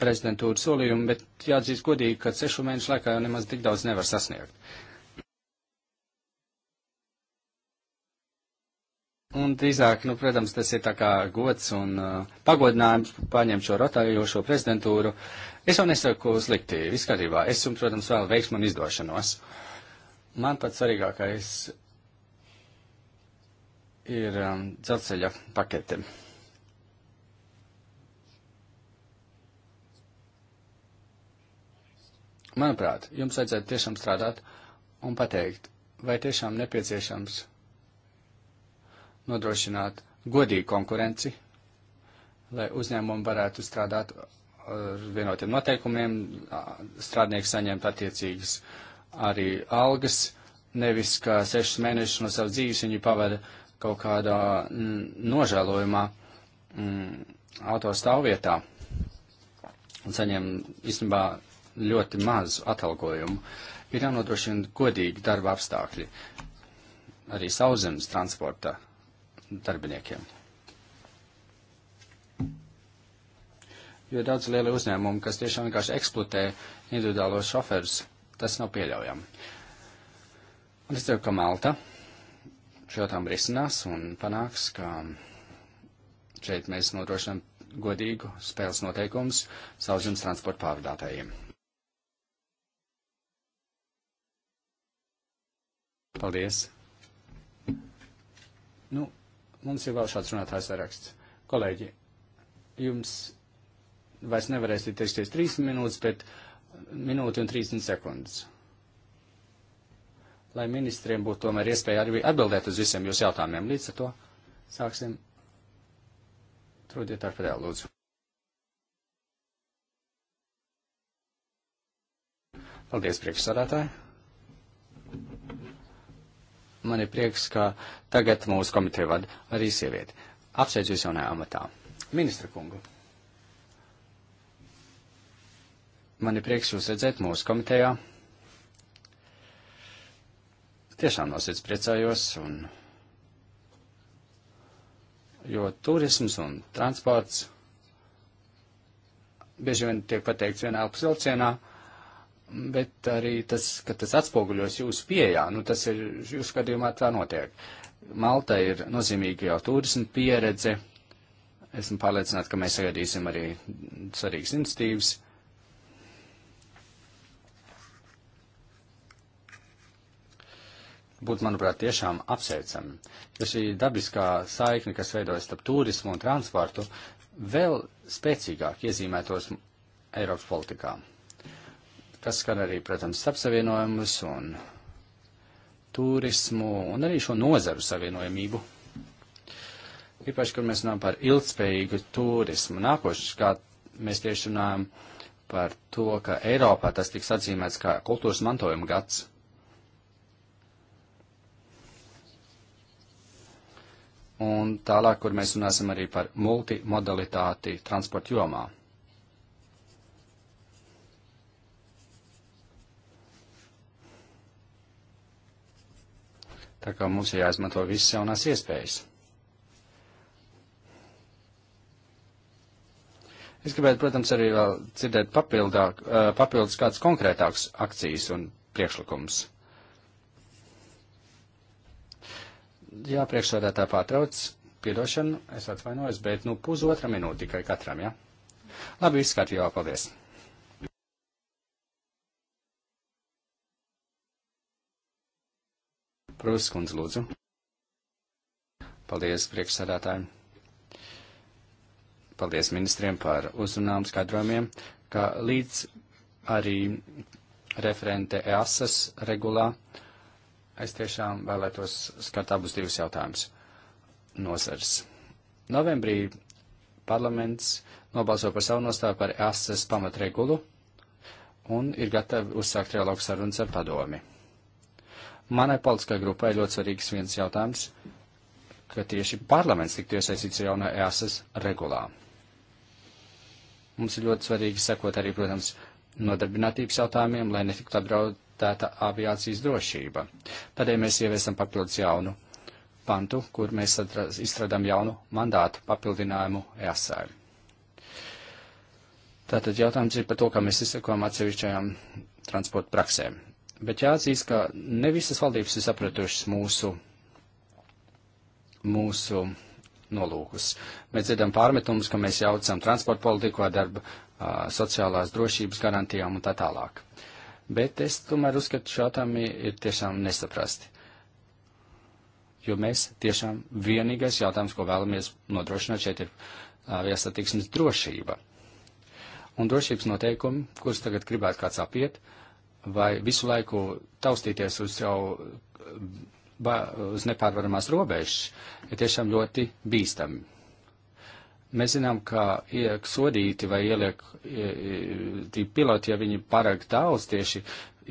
prezidentūras solījumu, bet jāatzīst godīgi, ka sešu mēnešu laikā jau nemaz tik daudz nevar sasniegt. Un drīzāk, nu, protams, tas ir tā kā gods un uh, pagodinājums paņemt šo rotējošo prezidentūru. Es jau nesaku slikti, viskārtībā. Es, un, protams, vēl veiksmu un izdošanos. Man pats svarīgākais ir um, dzelceļa pakete. Manuprāt, jums vajadzētu tiešām strādāt un pateikt, vai tiešām nepieciešams nodrošināt godīgu konkurenci, lai uzņēmumi varētu strādāt uh, ar vienotiem noteikumiem, strādnieki saņemt attiecīgas arī algas, nevis ka sešus mēnešus no savas dzīves viņi pavada kaut kādā mm, nožēlojumā mm, autostāvvietā un saņem īstenībā ļoti mazu atalgojumu. Ir jānodrošina godīgi darba apstākļi arī sauszemes transporta darbiniekiem. Jo daudz liela uzņēmuma, kas tiešām vienkārši eksploatē individuālos šoferus, tas nav pieļaujami. Un es ceru, ka Malta šo jautājumu risinās un panāks, ka šeit mēs nodrošinām godīgu spēles noteikumus sauszemes transporta pārvadātājiem. Paldies! Nu, Mums ir vēl šāds runātājs saraksts. Kolēģi, jums vairs nevarēsiet teikties 3 minūtes, bet minūti un 30 sekundes. Lai ministriem būtu tomēr iespēja arī atbildēt uz visiem jūsu jautājumiem. Līdz ar to sāksim. Trūdiet ar pēdējo lūdzu. Paldies, priekšsādātāji! man ir prieks, ka tagad mūsu komiteju vada arī sievieti. Apsveicu jūs jaunajā amatā. Ministra kungu. Man ir prieks jūs redzēt mūsu komitejā. Tiešām no sirds priecājos, un, jo turisms un transports bieži vien tiek pateikts vienā apsilcienā, bet arī tas, ka tas atspoguļos jūsu pieejā, nu tas ir, jūsu skatījumā tā notiek. Malta ir nozīmīga jau turismu pieredze. Esmu pārliecināts, ka mēs sagaidīsim arī svarīgas institīvas. Būtu, manuprāt, tiešām apsveicami, ja šī dabiskā saikne, kas veidojas starp turismu un transportu, vēl spēcīgāk iezīmētos Eiropas politikām kas skar arī, protams, starpsavienojumus un turismu un arī šo nozaru savienojamību. Īpaši, kad mēs runājam par ilgspējīgu turismu, nākošais, kā mēs tieši runājam par to, ka Eiropā tas tiks atzīmēts kā kultūras mantojuma gads. Un tālāk, kur mēs runāsim arī par multimodalitāti transporta jomā. Tā kā mums ir jāizmanto visas jaunās iespējas. Es gribētu, protams, arī vēl dzirdēt papildāk, eh, papildus kāds konkrētāks akcijas un priekšlikums. Jā, priekšsādātā pārtrauc, piedošanu, es atvainojos, bet nu pusotra minūte tikai katram, jā? Ja? Labi, viss kārtībā, paldies! Prūs kundze, lūdzu. Paldies priekšsādātājiem. Paldies ministriem par uzrunām skaidrojumiem, ka līdz arī referente EASAS regulā es tiešām vēlētos skart abus divus jautājumus nozars. Novembrī parlaments nobalso par savu nostāju par EASAS pamatregulu un ir gatavi uzsākt trialogu sarunas ar padomi. Manai politiskai grupai ļoti svarīgs viens jautājums, ka tieši parlaments tiktu iesaistīts jaunā EASAS regulā. Mums ir ļoti svarīgi sekot arī, protams, nodarbinātības jautājumiem, lai netiktu apdraudēta aviācijas drošība. Tādēļ mēs ieviesam papildus jaunu pantu, kur mēs izstrādām jaunu mandātu papildinājumu EASAI. E. Tātad jautājums ir par to, kā mēs izsekojam atsevišķajām transporta praksēm. Bet jāatzīst, ka ne visas valdības ir sapratušas mūsu, mūsu nolūkus. Mēs dzirdam pārmetumus, ka mēs jaucam transporta politiku, darba, sociālās drošības garantijām un tā tālāk. Bet es tomēr uzskatu, šādami ir tiešām nesaprasti. Jo mēs tiešām vienīgais jautājums, ko vēlamies nodrošināt šeit, ir viesatiksmes drošība. Un drošības noteikumi, kurus tagad gribētu kāds apiet, uh, vai visu laiku taustīties uz jau ba, uz nepārvaramās robežas, ir tiešām ļoti bīstami. Mēs zinām, ka iek sodīti vai ieliek tie piloti, ja viņi pārāk daudz tieši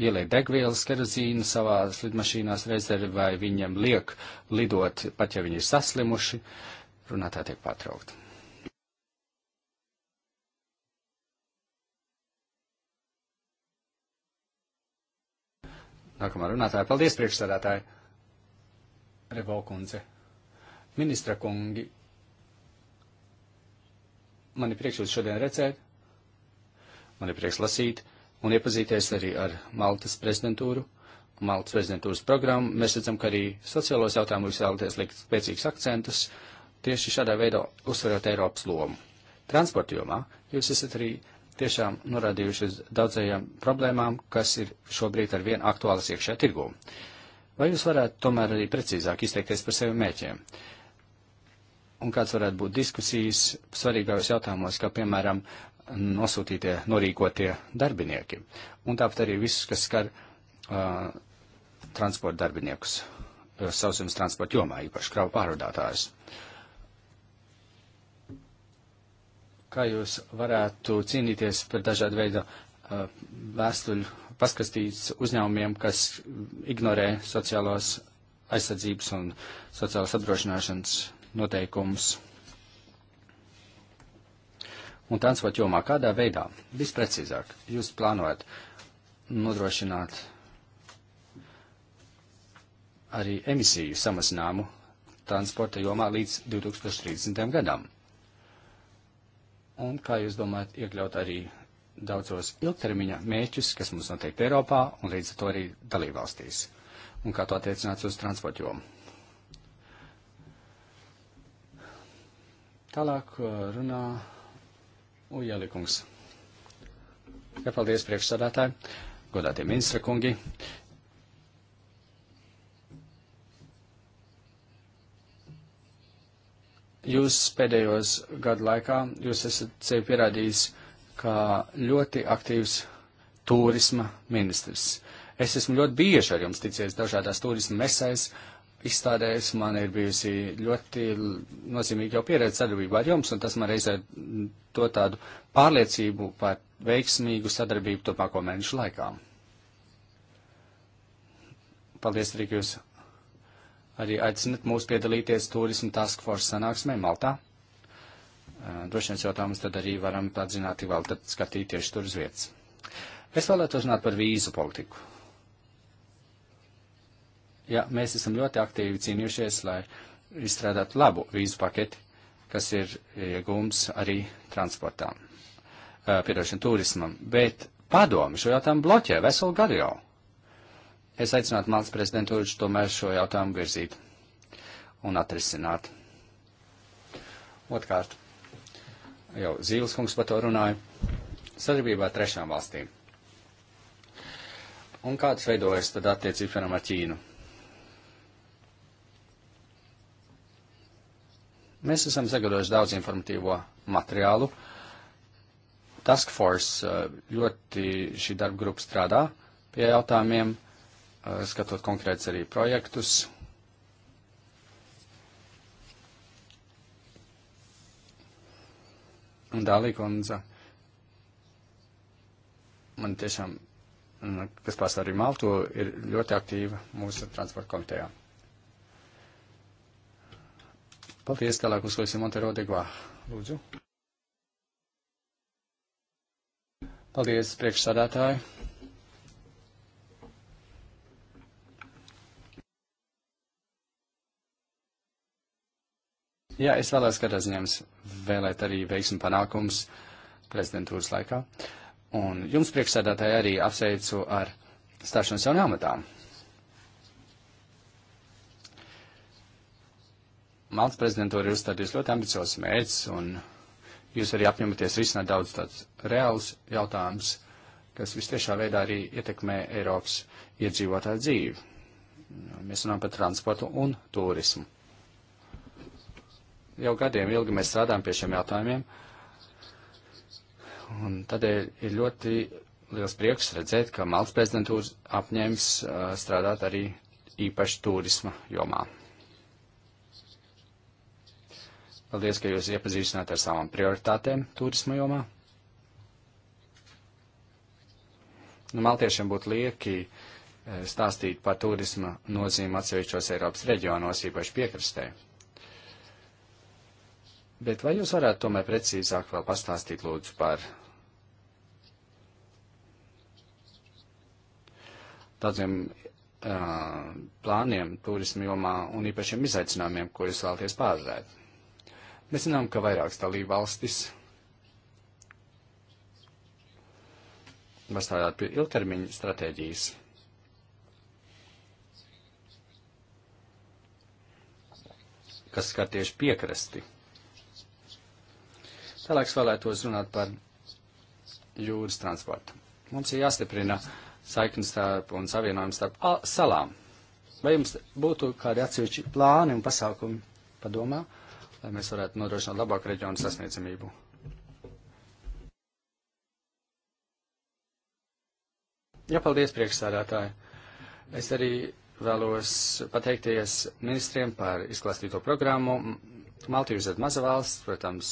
ieliek degvielas kerozīnu savā lidmašīnās rezervi vai viņiem liek lidot, pat ja viņi ir saslimuši, runātā tiek pārtraukta. Nākamā runātāja. Paldies, priekšsēdētāji. Revolkundze. Ministra kungi, man ir prieks jūs šodien redzēt, man ir prieks lasīt un iepazīties arī ar Maltas prezidentūru, Maltas prezidentūras programmu. Mēs redzam, ka arī sociālos jautājumus jūs vēlaties likt spēcīgs akcentus, tieši šādā veidā uzsverot Eiropas lomu. Transporta jomā jūs esat arī tiešām norādījuši uz daudzajām problēmām, kas ir šobrīd ar vienu aktuālas iekšē tirgū. Vai jūs varētu tomēr arī precīzāk izteikties par sevi mērķiem? Un kāds varētu būt diskusijas svarīgākos jautājumos, kā piemēram nosūtītie, norīkotie darbinieki, un tāpat arī visus, kas skar uh, transporta darbiniekus, sausums transporta jomā, īpaši kravu pārvadātājus. Uh, kā jūs varētu cīnīties par dažādu veidu uh, vēstuļu paskastīts uzņēmumiem, kas ignorē sociālās aizsardzības un sociālās apdrošināšanas noteikumus. Un transporta jomā kādā veidā, visprecīzāk, jūs plānojat nodrošināt arī emisiju samazinājumu transporta jomā līdz 2030. gadam? Un kā jūs domājat, iekļaut arī daudzos ilgtermiņa mērķus, kas mums noteikti Eiropā un līdz ar to arī dalībvalstīs? Un kā to attiecināt uz transporta jomu? Tālāk uh, runā Ujelikungs. Jā, paldies priekšsādātāji, godātie ministra kungi. Jūs pēdējos gadu laikā jūs esat sevi pierādījis kā ļoti aktīvs turisma ministrs. Es esmu ļoti bieži ar jums ticies dažādās turisma mesēs, izstādēs. Man ir bijusi ļoti nozīmīga jau pieredze sadarbībā ar jums, un tas man reizē to tādu pārliecību par veiksmīgu sadarbību turpmāko mēnešu laikā. Paldies arī, ka jūs arī aicinat mūs piedalīties turismu task force sanāksmē Maltā. Droši vien jautājumus tad arī varam padzināt, vēl tad skatīt tieši tur uz vietas. Es vēlētos runāt par vīzu politiku. Ja, mēs esam ļoti aktīvi cīnījušies, lai izstrādātu labu vīzu paketi, kas ir iegūms arī transportām, piedošana turismam, bet padomi šo jautājumu bloķē veselu gadu jau. Es aicinātu Maltas prezidentūru tomēr šo jautājumu virzīt un atrisināt. Otkārt, jau Zīles kungs par to runāja, sadarbībā ar trešām valstīm. Un kāds veidojas tad attiecības vienam ar Ķīnu? Mēs esam sagatavojuši daudz informatīvo materiālu. Task Force eh, ļoti šī darba grupa strādā pie jautājumiem Eh, skatot konkrēts arī projektus. Un Dālī kundze, man tiešām, mm, kas pārstāv arī Maltu, ir ļoti aktīva mūsu transporta komitejā. Paldies, tālāk uzklausīsim Montero Degvā. Lūdzu. Paldies, priekšsādātāji. Jā, es vēlēs katrā ziņā vēlēt arī veiksmu panākums prezidentūras laikā. Un jums priekšsēdētāji arī apsveicu ar stāšanos jaunā amatā. Maltas prezidentūra ir uzstādījusi ļoti ambiciozus mērķus, un jūs arī apņematies risināt daudz tādus reālus jautājumus, kas vistiešā veidā arī ietekmē Eiropas iedzīvotāju dzīvi. Mēs runājam par transportu un turismu jau gadiem ilgi mēs strādājam pie šiem jautājumiem. Un tādēļ ir ļoti liels prieks redzēt, ka Maltas prezidentūras apņēmis uh, strādāt arī īpaši turisma jomā. Paldies, ka jūs iepazīstināt ar savām prioritātēm turisma jomā. Nu, maltiešiem būtu lieki stāstīt par turisma nozīmi atsevišķos Eiropas reģionos, īpaši piekrastē. Bet vai jūs varētu tomēr precīzāk vēl pastāstīt lūdzu par tādiem uh, plāniem turismu jomā un īpašiem izaicinājumiem, ko jūs vēlaties pārvarēt? Mēs zinām, ka vairākas dalība valstis var strādāt pie ilgtermiņa stratēģijas. kas skar tieši piekrasti. Tālāk es vēlētos runāt par jūras transportu. Mums ir jāstiprina saiknes starp un savienojums starp salām. Vai jums būtu kādi atsevišķi plāni un pasākumi padomā, lai mēs varētu nodrošināt labāku reģionu sasniedzamību? Jā, paldies, priekšsādātāji. Es arī vēlos pateikties ministriem par izklāstīto programmu. Malta jūs esat maza valsts, protams,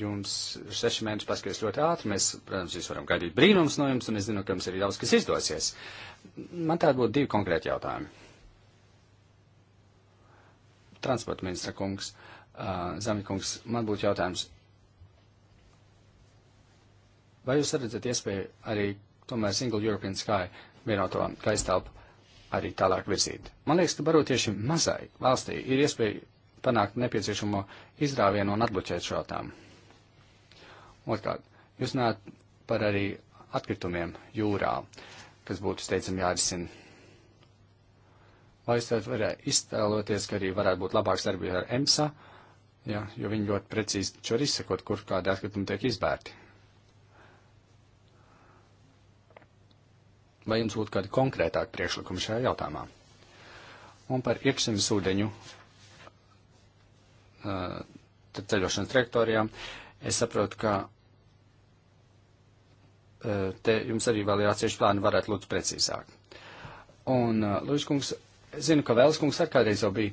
jums seši mēneši paskatās ļoti ātri, mēs, protams, jūs varam gaidīt brīnums no jums, un es zinu, ka jums arī daudz kas izdosies. Man tādi būtu divi konkrēti jautājumi. Transporta ministra kungs, uh, Zamikungs, man būtu jautājums, vai jūs redzat iespēju arī tomēr Single European Sky vienoto gaistelpu arī tālāk virzīt? Man liekas, ka varbūt tieši mazai valstī ir iespēja panākt nepieciešamo izrāvienu un atbloķēt šo jautājumu. Otrkārt, jūs runājat par arī atkritumiem jūrā, kas būtu, teicam, jārisina. Vai es tad varētu iztēloties, ka arī varētu būt labāks darbība ar EMSA, ja, jo viņi ļoti precīzi šo izsakot, kur kādi atkritumi tiek izbērti? Vai jums būtu kādi konkrētāki priekšlikumi šajā jautājumā? Un par iekšzemes ūdeņu ceļošanas trajektorijām. Es saprotu, ka te jums arī vēl ir atsevišķi plāni, varētu lūdzu precīzāk. Un, Lūdzu, kungs, zinu, ka Vēles kungs ar kādreiz jau bija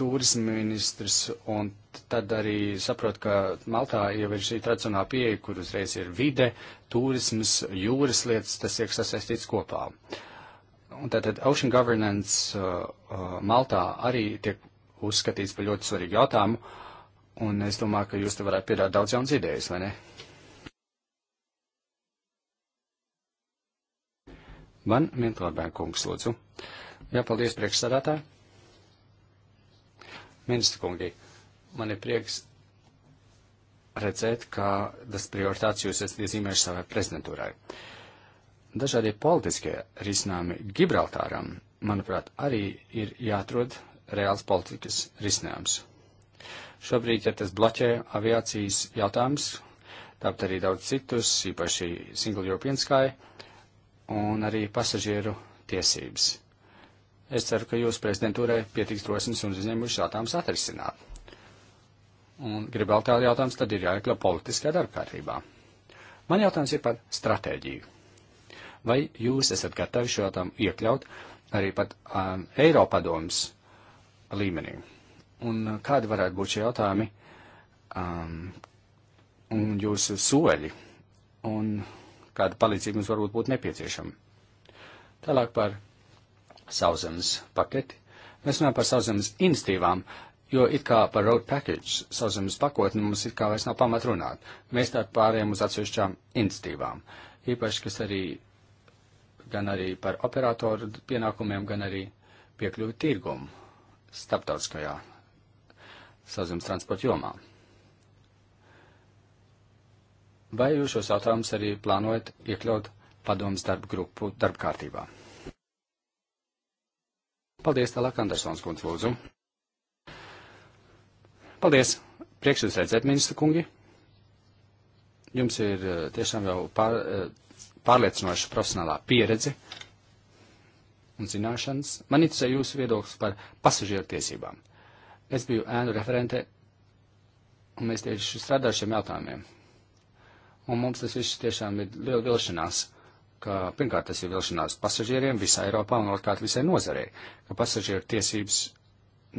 turisma ministrs, un tad arī saprot, ka Maltā jau ir šī tradicionāla pieeja, kur uzreiz ir vide, turismas, jūras lietas, tas tiek sasaistīts kopā. Un tātad Ocean Governance uh, uh, Maltā arī tiek uzskatīts par ļoti svarīgu jautājumu, un es domāju, ka jūs te varētu piedāt daudz jaunas idejas, vai ne? Man Mintlārbēn kungs, lūdzu. Jā, paldies priekšsādātāji. Ministra kungi, man ir prieks redzēt, ka tas prioritāts jūs esat iezīmējuši savai prezidentūrai. Dažādie politiskie risinājumi Gibraltāram, manuprāt, arī ir jāatrod reāls politikas risinājums. Šobrīd, ja tas bloķē aviācijas jautājums, tāpat arī daudz citus, īpaši Single European Sky un arī pasažieru tiesības. Es ceru, ka jūs prezidentūrai pietiks drosmes un uzņēmuši jautājumus atrisināt. Un grib vēl tādu jautājumu, tad ir jāiekļau politiskā darbkārtībā. Man jautājums ir par stratēģiju. Vai jūs esat gatavi šo jautājumu iekļaut arī pat um, Eiropadomas līmenī. Un uh, kādi varētu būt šie jautājumi um, un jūsu soļi un kāda palīdzība mums varbūt būtu nepieciešama? Tālāk par sauszemes paketi. Mēs runājam par sauszemes institīvām, jo it kā par road package sauszemes pakotni mums it kā vairs nav pamat runāt. Mēs tā pārējām uz atsevišķām institīvām. Īpaši, kas arī gan arī par operatoru pienākumiem, gan arī piekļuvi tirgumu starptautiskajā sazemes transporta jomā. Vai jūs šos jautājumus arī plānojat iekļaut padomas darba grupu darba kārtībā? Paldies, tālāk Andersons kundz lūdzu. Paldies, prieks jūs redzēt, ministra kungi. Jums ir eh, tiešām jau pār, eh, pārliecinoša profesionālā pieredze un zināšanas. Man interesē jūsu viedoklis par pasažieru tiesībām. Es biju ēnu referente, un mēs tieši strādājam šiem jautājumiem. Un mums tas viss tiešām ir liela vilšanās, ka pirmkārt tas ir vilšanās pasažieriem visā Eiropā un otrkārt visai nozarei, ka pasažieru tiesības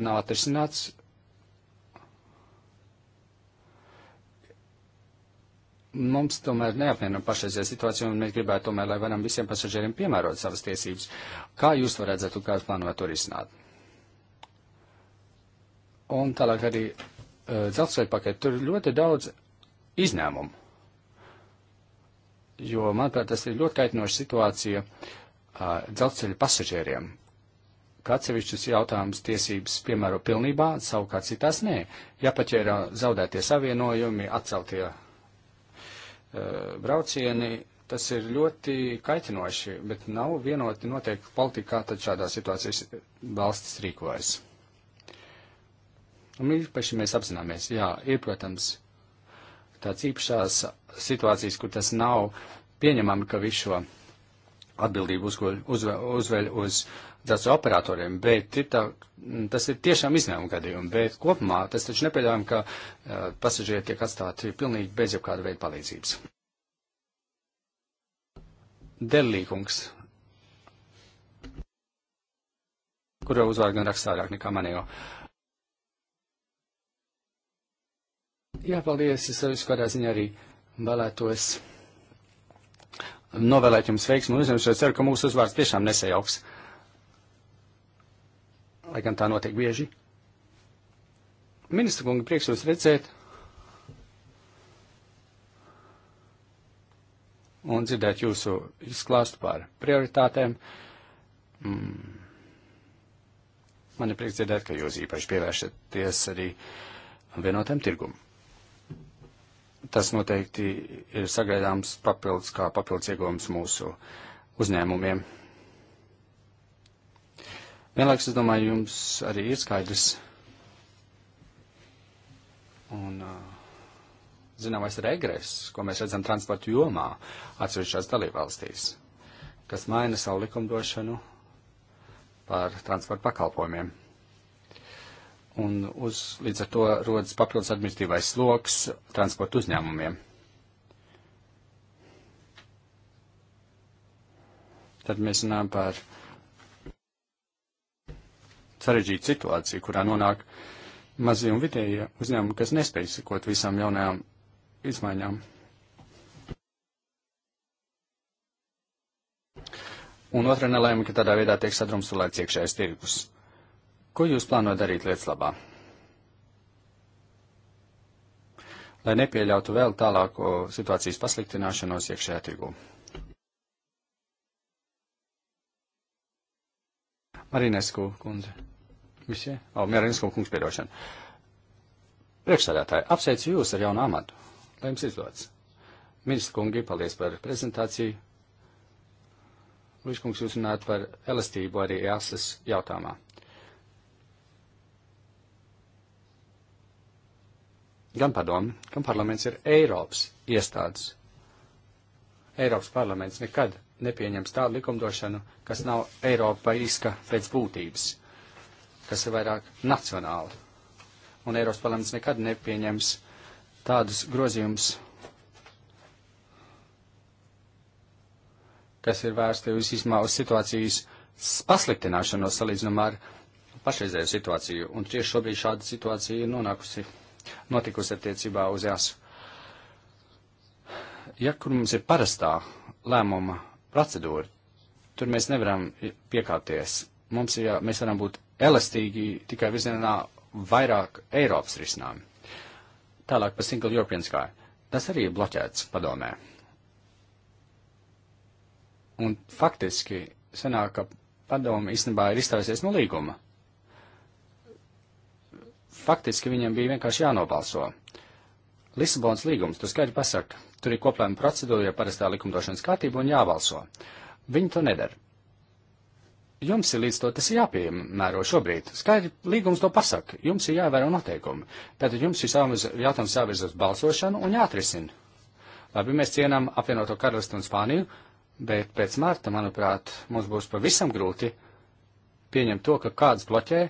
nav atrisināts mums tomēr neapmienam pašreizējā situācija, un mēs gribētu tomēr, lai varam visiem pasažieriem piemērot savas tiesības. Kā jūs to redzētu, kā plānojat to risināt? Un tālāk arī uh, dzelzceļa paketi. Tur ir ļoti daudz izņēmumu. Jo, manuprāt, tas ir ļoti kaitinoša situācija uh, dzelzceļa pasažieriem, ka atsevišķus jautājumus tiesības piemēro pilnībā, savukārt citās nē. Ja pat ir zaudētie savienojumi, atceltie Eh, braucieni, tas ir ļoti kaitinoši, bet nav vienoti noteikti politika, kā tad šādā situācijā eh, valstis rīkojas. Un īpaši mēs apzināmies, jā, ir, protams, tāds īpašās situācijas, kur tas nav pieņemami, ka visu šo atbildību uzveļ uz, uz, uz datu operatoriem, bet ir tā, tas ir tiešām izņēmuma gadījumi, bet kopumā tas taču nepieļaujam, ka uh, pasažieri tiek atstāti pilnīgi bez jebkāda veida palīdzības. Derlīkungs, kura uzvārdu gan rakstā vairāk nekā manējo. Jā, paldies, es arī kādā ziņā arī vēlētos novēlēt jums veiksmu un uzņemšos. Ceru, ka mūsu uzvārds tiešām nesajauks. Lai gan tā notiek bieži. Ministra kungi, prieks jūs redzēt un dzirdēt jūsu izklāstu par prioritātēm. Mm. Man ir prieks dzirdēt, ka jūs īpaši pievēršaties arī vienotiem tirgumam tas noteikti ir sagaidāms papildus kā papildus ieguvums mūsu uzņēmumiem. Vienlaiks, es domāju, jums arī ir skaidrs. Un, zināmais regress, ko mēs redzam transporta jomā atsevišķās dalībvalstīs, kas maina savu likumdošanu par transporta pakalpojumiem un uz, līdz ar to rodas papildus administratīvais sloks transporta uzņēmumiem. Tad mēs runājam par sarežģītu situāciju, kurā nonāk mazie un vidējie uzņēmumi, kas nespēj sekot visām jaunajām izmaiņām. Un otra nelēma, ka tādā veidā tiek sadrumstalēts iekšējais tirgus. Ko jūs plānojat darīt lietas labā? Lai nepieļautu vēl tālāko situācijas pasliktināšanos iekšējā tirgū. Marinesku kundze. Visie? O, oh, Marinesku kungs piedošana. Priekšsādātāji, apsveicu jūs ar jaunu amatu. Lai jums izdodas. Ministra kungi, paldies par prezentāciju. Luis kungs, jūs runājat par elastību arī jāsas e jautājumā. gan padomi, gan parlaments ir Eiropas iestādes. Eiropas parlaments nekad nepieņems tādu likumdošanu, kas nav Eiropaiska pēc būtības, kas ir vairāk nacionāla. Un Eiropas parlaments nekad nepieņems tādus grozījumus, kas ir vērsti uz, izmā, uz situācijas pasliktināšanos salīdzinām ar pašreizēju situāciju. Un tieši šobrīd šāda situācija ir nonākusi notikusi attiecībā uz jāsu. Ja kur mums ir parastā lēmuma procedūra, tur mēs nevaram piekāpties. Mums ir, ja, mēs varam būt elastīgi tikai virzienā vairāk Eiropas risinājumu. Tālāk par Single European Sky. Tas arī ir bloķēts padomē. Un faktiski sanāk, ka padomu īstenībā ir izstājusies no līguma faktiski viņiem bija vienkārši jānobalso. Lisabonas līgums, tur skaidri pasaka, tur ir koplēma procedūra, ja parastā likumdošanas kārtība un jābalso. Viņi to nedara. Jums ir līdz to tas jāpiemēro šobrīd. Skaidri līgums to pasaka, jums ir jāievēro noteikumi. Tātad jums šis jautājums jāvirz uz balsošanu un jāatrisina. Labi, mēs cienām apvienoto karalistu un Spāniju, bet pēc marta, manuprāt, mums būs pavisam grūti pieņemt to, ka kāds bloķē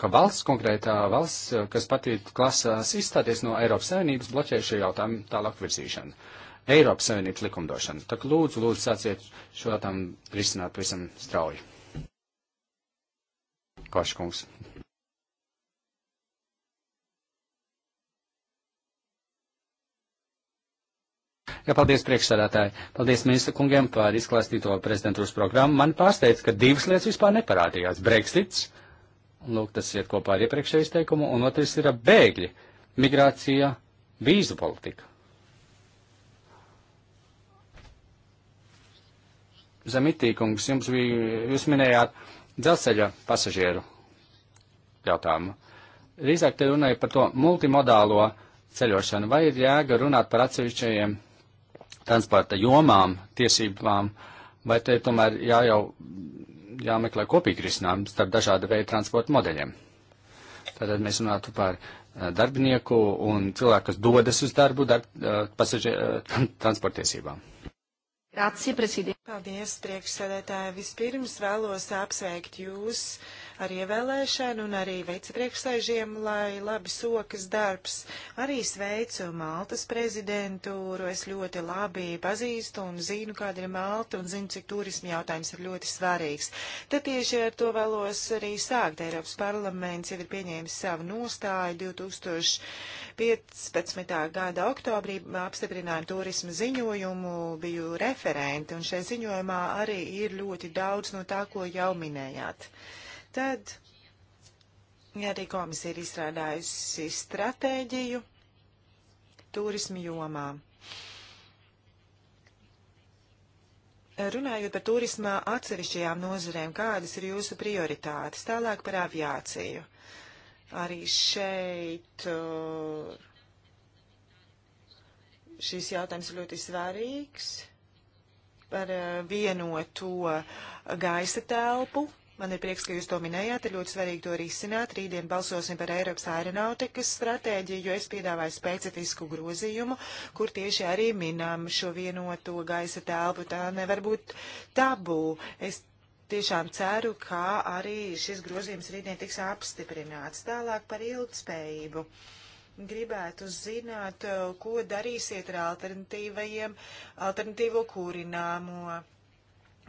ka valsts konkrētā valsts, kas patīk klasās izstāties no Eiropas Savienības, bloķē šo jautājumu tālāk virzīšanu. Eiropas Savienības likumdošana. Tā kā lūdzu, lūdzu, sāciet šo jautājumu risināt pavisam strauji. Koškungs. Jā, paldies priekšsādātāji. Paldies ministra kungiem par izklāstīto prezidentūras programmu. Man pārsteidz, ka divas lietas vispār neparādījās. Brexits lūk, tas iet kopā ar iepriekšēju izteikumu, un otrs ir bēgļi, migrācija, vīzu politika. Zemitīkungs, jums bija, jūs minējāt dzelzceļa pasažieru jautājumu. Rīzāk te runāja par to multimodālo ceļošanu. Vai ir jēga runāt par atsevišķajiem transporta jomām, tiesībām, vai te tomēr jā jau jāmeklē kopīgi risinājums starp dažāda veida transporta modeļiem. Tātad mēs runātu par eh, darbinieku un cilvēku, kas dodas uz darbu, darb, eh, pasažieru eh, transportiesībām. Paldies, priekšsēdētāji. Vispirms vēlos apsveikt jūs ar ievēlēšanu un arī vicepriekšsēžiem, lai labi sokas darbs. Arī sveicu Maltas prezidentūru, es ļoti labi pazīstu un zinu, kāda ir Malta un zinu, cik turismu jautājums ir ļoti svarīgs. Tad tieši ar to vēlos arī sākt. Eiropas parlaments jau ir pieņēmis savu nostāju 2015. gada oktobrī apstiprinājumu turismu ziņojumu, biju referenti un šajā ziņojumā arī ir ļoti daudz no tā, ko jau minējāt. Uh, Tad ja arī komisija ir izstrādājusi stratēģiju turismu jomā. Runājot par turismā atsevišķajām nozarēm, kādas ir jūsu prioritātes? Tālāk par aviāciju. Arī šeit uh, šis jautājums ir ļoti svarīgs par uh, vienoto gaisa telpu, Man ir prieks, ka jūs to minējāt, ir ļoti svarīgi to risināt. Rītdien balsosim par Eiropas aeronautikas stratēģiju, jo es piedāvāju specifisku grozījumu, kur tieši arī minam šo vienoto gaisa telpu. Tā nevar būt tabū. Es tiešām ceru, ka arī šis grozījums rītdien tiks apstiprināts. Tālāk par ilgspējību gribētu zināt, ko darīsiet ar alternatīvajiem, alternatīvo kūrināmo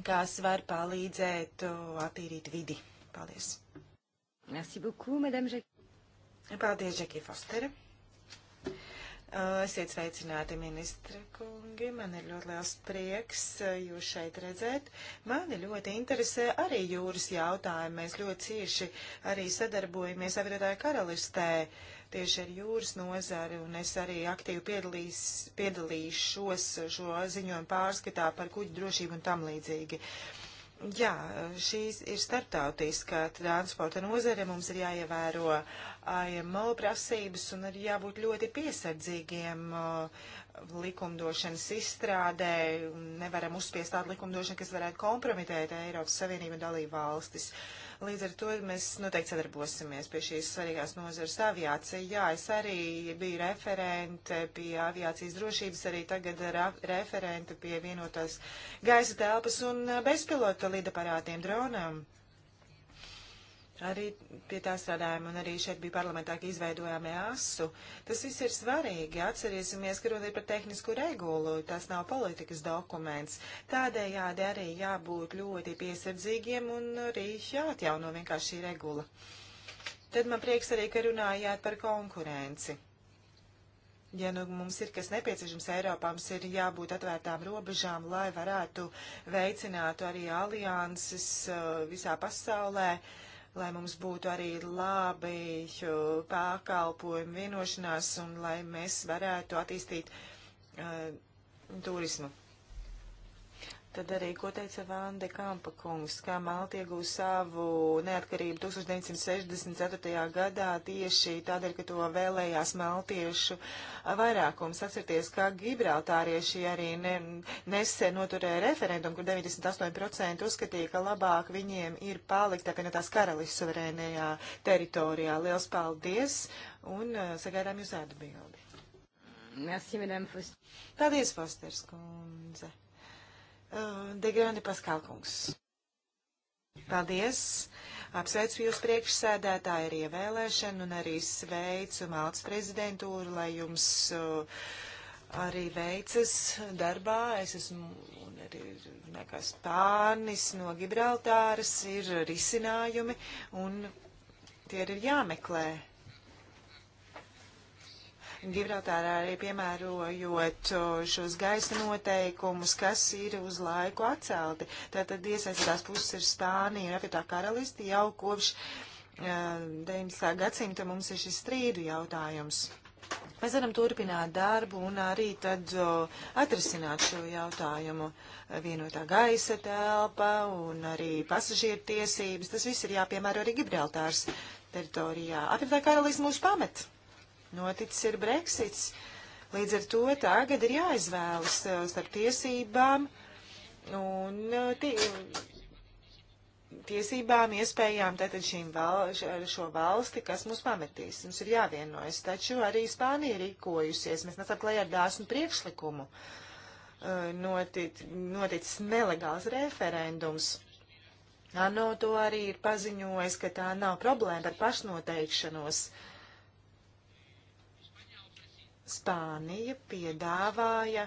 kas var palīdzēt attīrīt vidi. Paldies! Merci beaucoup, Madame Jacques. Paldies, Džekija Fostere. Esiet sveicināti, ministra kungi. Man ir ļoti liels prieks jūs šeit redzēt. Mani ļoti interesē arī jūras jautājumi. Mēs ļoti cieši arī sadarbojamies Savienotāju karalistē. Uh, tieši ar jūras nozari, un es arī aktīvi piedalīs, piedalīšos šo ziņojumu pārskatā par kuģu drošību un tam līdzīgi. Jā, šīs ir starptautiskā transporta nozare, mums ir jāievēro IMO prasības un arī jābūt ļoti piesardzīgiem uh, likumdošanas izstrādē, nevaram uzspiest tādu likumdošanu, kas varētu kompromitēt Eiropas Savienību dalību valstis. Uh, Līdz ar to mēs noteikti sadarbosimies pie šīs svarīgās nozares aviācija. Jā, es arī biju referente pie aviācijas drošības, arī tagad referente pie vienotās gaisa telpas un bezpilota lidaparātiem dronām arī pie tā strādājam, un arī šeit bija parlamentā, ka izveidojām EASU. Tas viss ir svarīgi. Atcerēsimies, ka runa ir par tehnisku regulu, tas nav politikas dokuments. Tādējādi arī jābūt ļoti piesardzīgiem un arī jāatjauno vienkārši šī regula. Tad man prieks arī, ka runājāt par konkurenci. Ja nu mums ir kas nepieciešams Eiropā, mums ir jābūt atvērtām robežām, lai varētu veicināt arī alianses uh, visā pasaulē. Uh, lai mums būtu arī labi pakalpojumi vienošanās un lai mēs varētu attīstīt uh, turismu tad arī, ko teica Vande Kampa kungs, kā Malta iegūst savu neatkarību 1964. gadā tieši tādēļ, ka to vēlējās maltiešu vairākums. Atcerieties, kā Gibraltārieši arī ne, nesen noturēja referendumu, kur 98% uzskatīja, ka labāk viņiem ir palikt apvienotās karalists suverēnajā teritorijā. Liels paldies un eh, sagaidām jūs atbildi. Merci, Madame Foster. Paldies, Fosters kundze. Eh, Degani Paskalkungs. Paldies! Apsveicu jūs priekšsēdētāju ar ievēlēšanu un arī sveicu Maltas prezidentūru, lai jums uh, arī veicas darbā. Es esmu un arī nekā spānis no Gibraltāras, ir risinājumi un tie ir jāmeklē. Gibraltārā arī piemērojot šos gaisa noteikumus, kas ir uz laiku atcelti. Tātad iesaistītās puses ir Spānija un Afrikā karalisti jau kopš uh, e, 19. gadsimta mums ir šis strīdu jautājums. Mēs varam turpināt darbu un arī tad o, atrisināt šo jautājumu. Vienotā gaisa telpa un arī pasažieru tiesības, tas viss ir jāpiemēro arī Gibraltārs teritorijā. Afrikā karalīs mūs pamet. Noticis ir Brexits. Līdz ar to tagad ir jāizvēlas eh, starp tiesībām un eh, tie, tiesībām, iespējām tātad šīm val, šo valsti, kas mūs pametīs. Mums ir jāvienojas. Taču arī Spānija rīkojusies. Mēs nesat klajā ar dāsnu priekšlikumu. Eh, notic, noticis nelegāls referendums. ANO to arī ir paziņojis, ka tā nav problēma ar pašnoteikšanos. Uh, Spānija piedāvāja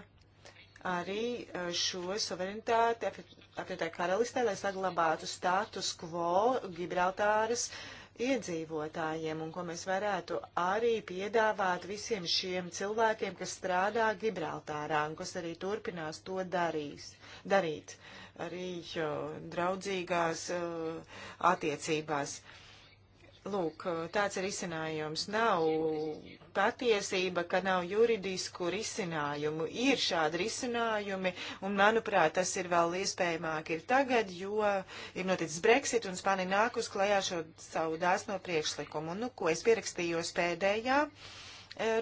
arī eh, šo suverenitāti apvienotā karalistē, lai saglabātu status quo Gibraltāras iedzīvotājiem, un ko mēs varētu arī piedāvāt visiem šiem cilvēkiem, kas strādā Gibraltārā, un kas arī turpinās to darīs, darīt, arī jo, draudzīgās uh, attiecībās. Uh, Lūk, tāds ir izcinājums. Nav patiesība, ka nav juridisku risinājumu. Ir šādi risinājumi, un, manuprāt, tas ir vēl iespējamāk ir tagad, jo ir noticis Brexit, un Spānija nāk uz klajā šo savu dāsno priekšlikumu. Un, nu, ko es pierakstījos pēdējā? Uh,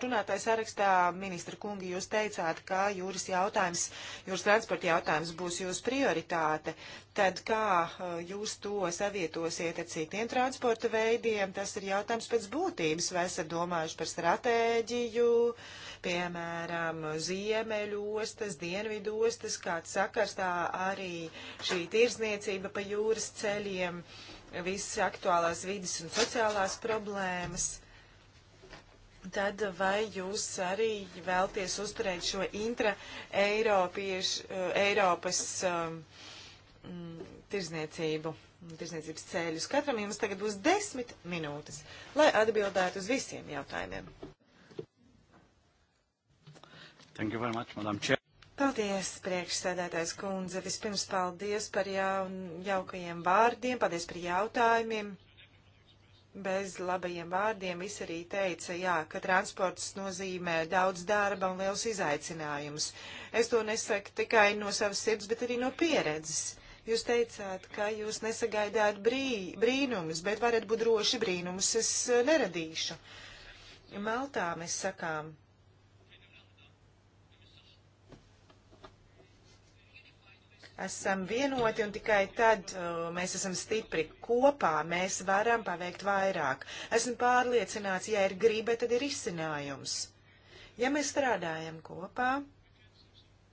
runātājs sarakstā, ministra kungi, jūs teicāt, ka jūras jautājums, jūras transporta jautājums būs jūsu prioritāte. Tad kā uh, jūs to savietosiet ar citiem transporta veidiem? Tas ir jautājums pēc būtības. Vai esat domājuši par stratēģiju, piemēram, ziemeļostas, dienvidostas, kāds sakars tā arī šī tirzniecība pa jūras ceļiem, visas aktuālās vidas un sociālās problēmas? Tad vai jūs arī vēlties uzturēt šo intra-Eiropas eh, um, ehm, mm, tirzniecību, tirzniecības ceļus? Katram jums tagad būs desmit minūtes, lai atbildētu uz visiem jautājumiem. Thank you very much, Madam Chair. Paldies, priekšsēdētājs kundze. Vispirms paldies par jaun, jaukajiem vārdiem, paldies par jautājumiem bez labajiem vārdiem visi arī teica, jā, ka transports nozīmē daudz darba un liels izaicinājums. Es to nesaku tikai no savas sirds, bet arī no pieredzes. Jūs teicāt, ka jūs nesagaidāt brī, brīnumus, bet varat būt droši brīnumus es eh, neradīšu. Maltā mēs sakām, esam vienoti un tikai tad uh, mēs esam stipri. Kopā mēs varam paveikt vairāk. Esmu pārliecināts, ja ir griba, tad ir izcinājums. Ja mēs strādājam kopā,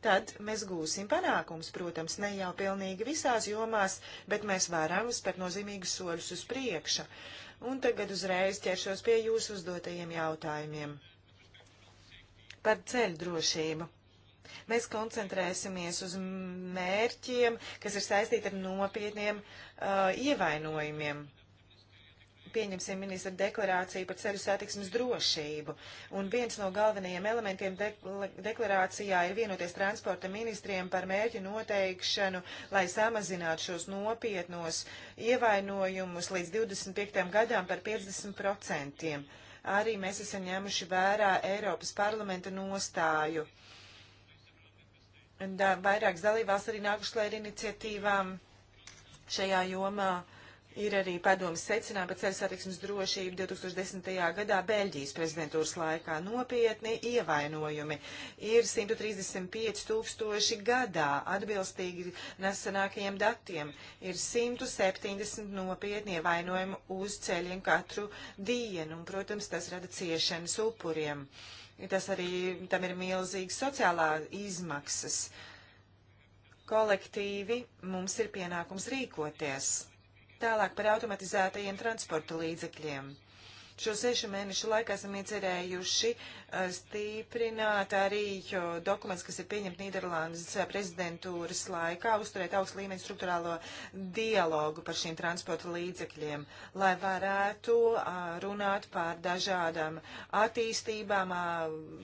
tad mēs gūsim panākums, protams, ne jau pilnīgi visās jomās, bet mēs varam spērt nozīmīgus soļus uz priekšu. Un tagad uzreiz ķeršos pie jūsu uzdotajiem jautājumiem. Par ceļu drošību. Mēs koncentrēsimies uz mērķiem, kas ir saistīti ar nopietniem uh, ievainojumiem. Pieņemsim ministra deklarāciju par ceļu satiksmes drošību. Un viens no galvenajiem elementiem dekla deklarācijā ir vienoties transporta ministriem par mērķu noteikšanu, lai samazinātu šos nopietnos ievainojumus līdz 25. gadām par 50%. Arī mēs esam ņēmuši vērā Eiropas parlamenta nostāju. Uh, Da, vairākas dalībās arī nākušas lai ar iniciatīvām šajā jomā. Ir arī padomas secinājumi par ceļu satiksmes drošību 2010. gadā Beļģijas prezidentūras laikā nopietni ievainojumi. Ir 135 tūkstoši gadā atbilstīgi nesenākajiem datiem. Ir 170 nopietni ievainojumi uz ceļiem katru dienu. Un, protams, tas rada ciešanas upuriem. Uh, tas arī tam ir milzīgas sociālā izmaksas. Kolektīvi mums ir pienākums rīkoties. Tālāk par automatizētajiem transporta līdzekļiem. Šo sešu mēnešu laikā esam iecerējuši eh, stiprināt arī dokumentus, kas ir pieņemti Nīderlandes prezidentūras laikā, uzturēt augstu līmeni struktūrālo dialogu par šiem transporta līdzekļiem, lai varētu runāt par dažādām attīstībām,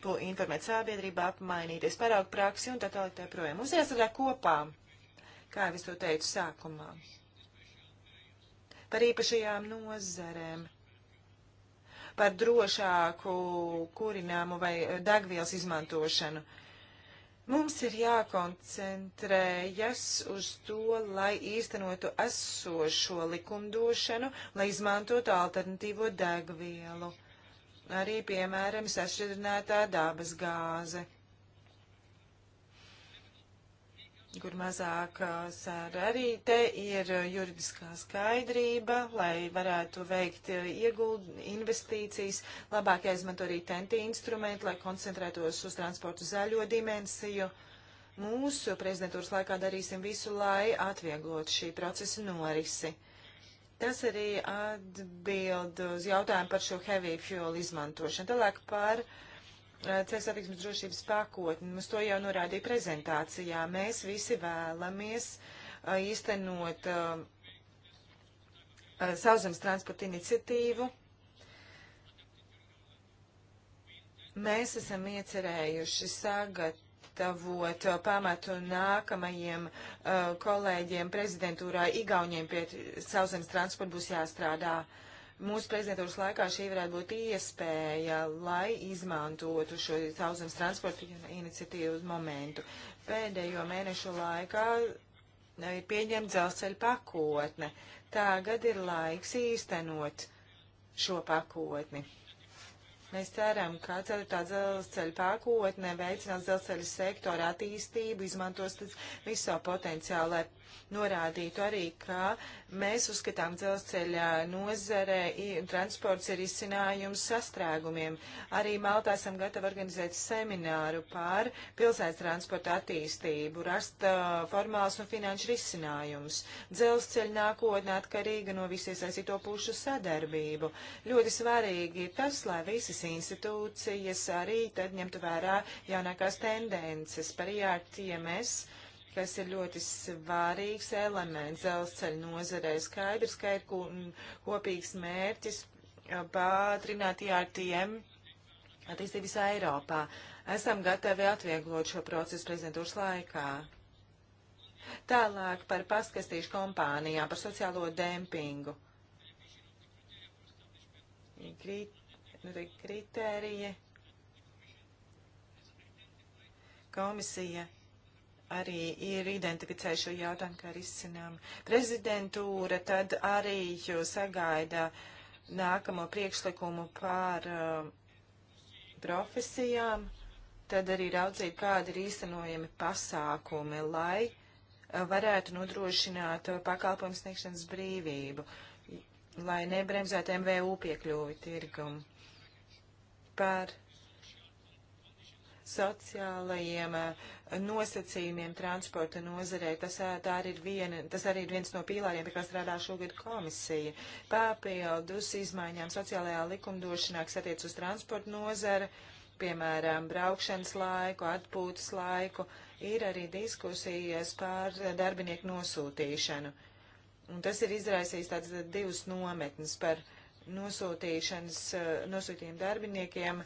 to informēt sabiedrību, apmainīties paraugu praksi un tā tālāk tā projām. Mums jāsadā kopā, kā jau es to teicu sākumā par īpašajām nozarēm par drošāku kurināmu vai degvielas izmantošanu. Mums ir jākoncentrējas uz to, lai īstenotu esošo likumdošanu, lai izmantotu alternatīvo degvielu. Arī, piemēram, sašķidrinātā dabas gāze. kur mazākās arī te ir juridiskā skaidrība, lai varētu veikt ieguld, investīcijas, labāk jāizmanto arī tenti instrumenti, lai koncentrētos uz transportu zaļo dimensiju. Mūsu prezidentūras laikā darīsim visu, lai atvieglot šī procesa norisi. Tas arī atbild uz jautājumu par šo heavy fuel izmantošanu. Tālāk par uh, Ceļu eh, satiksmes drošības pakotni. Mums to jau norādīja prezentācijā. Mēs visi vēlamies eh, īstenot eh, sauszemes transporta iniciatīvu. Mēs esam iecerējuši sagatavot pamatu nākamajiem kolēģiem prezidentūrā Igauņiem pie sauszemes transporta būs jāstrādā. Uh, mūsu prezidentūras laikā šī varētu būt iespēja, lai izmantotu šo sauszemes transporta iniciatīvas momentu. Pēdējo mēnešu laikā e, ir pieņemta dzelzceļa pakotne. Tagad ir laiks īstenot šo pakotni. Mēs ceram, ka ceturtā dzelzceļa pakotne veicinās dzelzceļa sektora attīstību, izmantos visu potenciālu, lai norādītu arī, ka mēs uzskatām dzelzceļa nozare, transports ir izcinājums sastrēgumiem. Arī Maltā esam gatavi organizēt semināru par pilsētas transporta attīstību, rast uh, formāls un finanšu risinājums. Dzelzceļa nākotnē atkarīga no visies aizsīto pušu sadarbību. Ļoti svarīgi ir tas, lai visas institūcijas arī tad ņemtu vērā jaunākās tendences par IRTMS. Ja kas ir ļoti svarīgs elements dzelzceļa nozarē. Skaidrs, ka ir kopīgs mērķis pātrināt IRTM attīstības Eiropā. Esam gatavi atvieglot šo procesu prezidentūras laikā. Tālāk par paskastīšu kompānijām, par sociālo dempingu. Krit, nu, kritērija. Komisija arī ir identificējuši šo jautājumu, kā arī izcinām. Prezidentūra tad arī sagaida nākamo priekšlikumu par uh, profesijām, tad arī raudzīt, kādi ir īstenojami pasākumi, lai uh, varētu nodrošināt uh, pakalpojumu sniegšanas brīvību, lai nebremzētu MVU piekļuvi tirgumu. Par sociālajiem eh, nosacījumiem transporta nozarē. Tas, eh, arī viena, tas arī ir viens no pīlāriem, pie kā strādā šogad komisija. Papildus izmaiņām sociālajā likumdošanā, kas attiec uz transporta nozara, piemēram, braukšanas laiku, atpūtas laiku, ir arī diskusijas par darbinieku nosūtīšanu. Un tas ir izraisījis tāds eh, divus nometnes par uh, nosūtīšanas, eh, nosūtījumu darbiniekiem.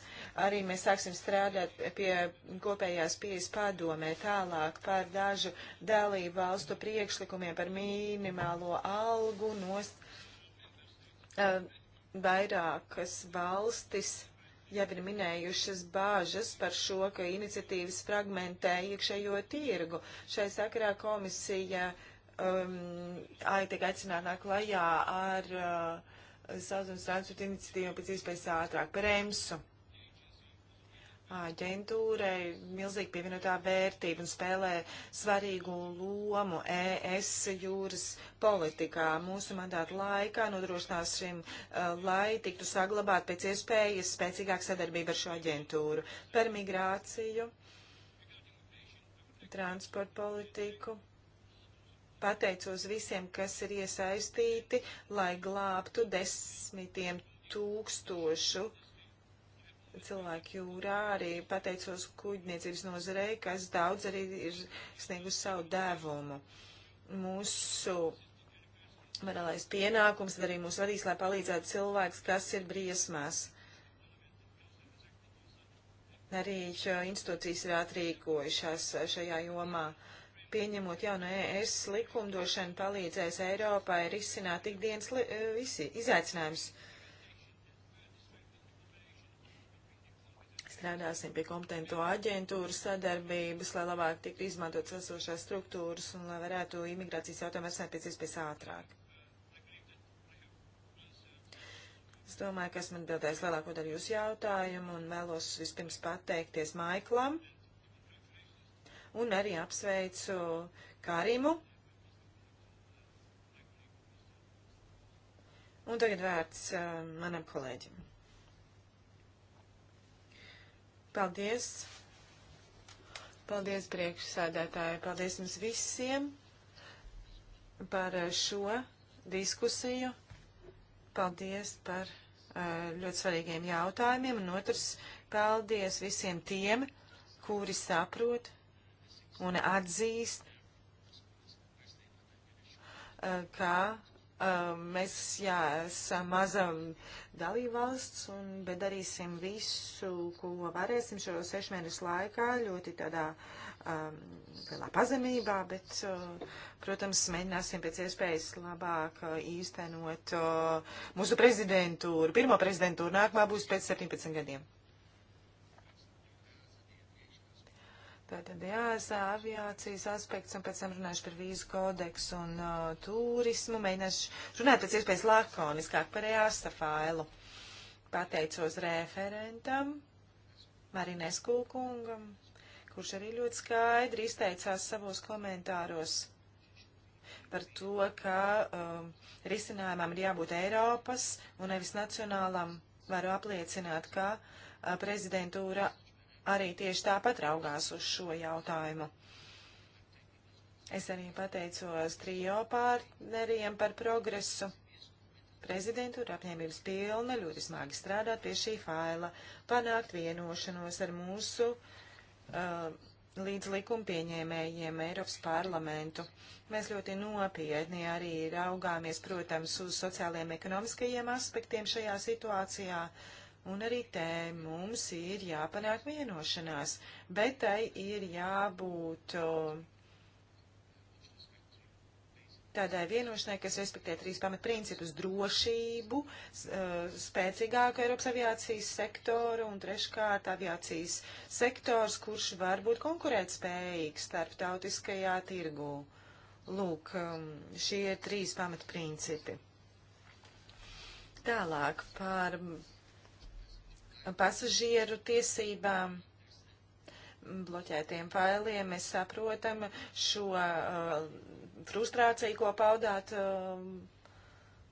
Arī mēs sāksim strādāt pie kopējās pieejas padomē tālāk par dažu dalību valstu priekšlikumiem par minimālo algu nos eh, vairākas valstis jau ir minējušas bāžas par šo, ka iniciatīvas fragmentē iekšējo tirgu. Šai sakarā komisija um, tiek aicināta klajā ar uh, sauzemes transporta iniciatīva pēc iespējas ātrāk par EMSU. Aģentūrai milzīgi pievienotā vērtība un spēlē svarīgu lomu ES jūras politikā. Mūsu mandāta laikā nodrošināsim, eh, lai tiktu saglabāt pēc iespējas spēcīgāk sadarbība ar šo aģentūru par migrāciju, transportpolitiku pateicos visiem, kas ir iesaistīti, lai glābtu desmitiem tūkstošu cilvēku jūrā. Arī pateicos kuģniecības nozarei, kas daudz arī ir sniegusi savu devumu. Mūsu morālais pienākums arī mūs vadīs, lai palīdzētu cilvēks, kas ir briesmās. Arī uh, institūcijas ir atrīkojušās uh, šajā jomā. Uh, pieņemot jaunu ES likumdošanu, palīdzēs Eiropai risināt ikdienas e, visi izaicinājums. Strādāsim pie kompetento aģentūru sadarbības, lai labāk tiktu izmantotas esošās struktūras un lai varētu imigrācijas jautājumu atsākt pēc iespējas ātrāk. Es domāju, ka esmu atbildējis lielāko daļu jūsu jautājumu un vēlos vispirms pateikties Maiklam un arī apsveicu Karimu. Un tagad vērts uh, manam kolēģim. Paldies! Paldies priekšsēdētāji, paldies jums visiem par uh, šo diskusiju. Paldies par uh, ļoti svarīgiem jautājumiem. Un otrs, paldies visiem tiem, kuri saprot, un atzīst, ka mēs jā, esam maza dalībvalsts, un, bet darīsim visu, ko varēsim šo sešu mēnešu laikā, ļoti tādā um, lielā pazemībā, bet, uh, protams, mēģināsim pēc iespējas labāk uh, īstenot uh, mūsu prezidentūru. Pirmo prezidentūru nākamā būs pēc 17 gadiem. Tātad jāsā aviācijas aspekts, un pēc tam runāšu par vīzu kodeksu un uh, turismu. Mēģināšu runāt pēc iespējas lakoniskāk par jāsā e failu. Pateicos referentam, Marines Kūkungam, kurš arī ļoti skaidri izteicās savos komentāros par to, ka um, risinājumam ir jābūt Eiropas un nevis nacionālam. Varu apliecināt, ka uh, prezidentūra arī tieši tāpat raugās uz šo jautājumu. Es arī pateicos trijo partneriem par progresu. Prezidentūra apņēmības pilna ļoti smagi strādāt pie šī faila, panākt vienošanos ar mūsu uh, līdz likuma pieņēmējiem Eiropas parlamentu. Mēs ļoti nopietni arī raugāmies, protams, uz sociālajiem ekonomiskajiem aspektiem šajā situācijā. Uh, Un arī te mums ir jāpanāk vienošanās, bet tai ir jābūt um, tādai vienošanai, kas respektē trīs pamatprincipus - drošību, uh, spēcīgāku Eiropas aviācijas sektoru un treškārt aviācijas sektors, kurš var būt konkurētspējīgs starptautiskajā tirgū. Lūk, um, šie trīs pamatprincipi. Tālāk par pasažieru tiesībām bloķētiem failiem. Mēs saprotam šo uh, frustrāciju, ko paudāt uh,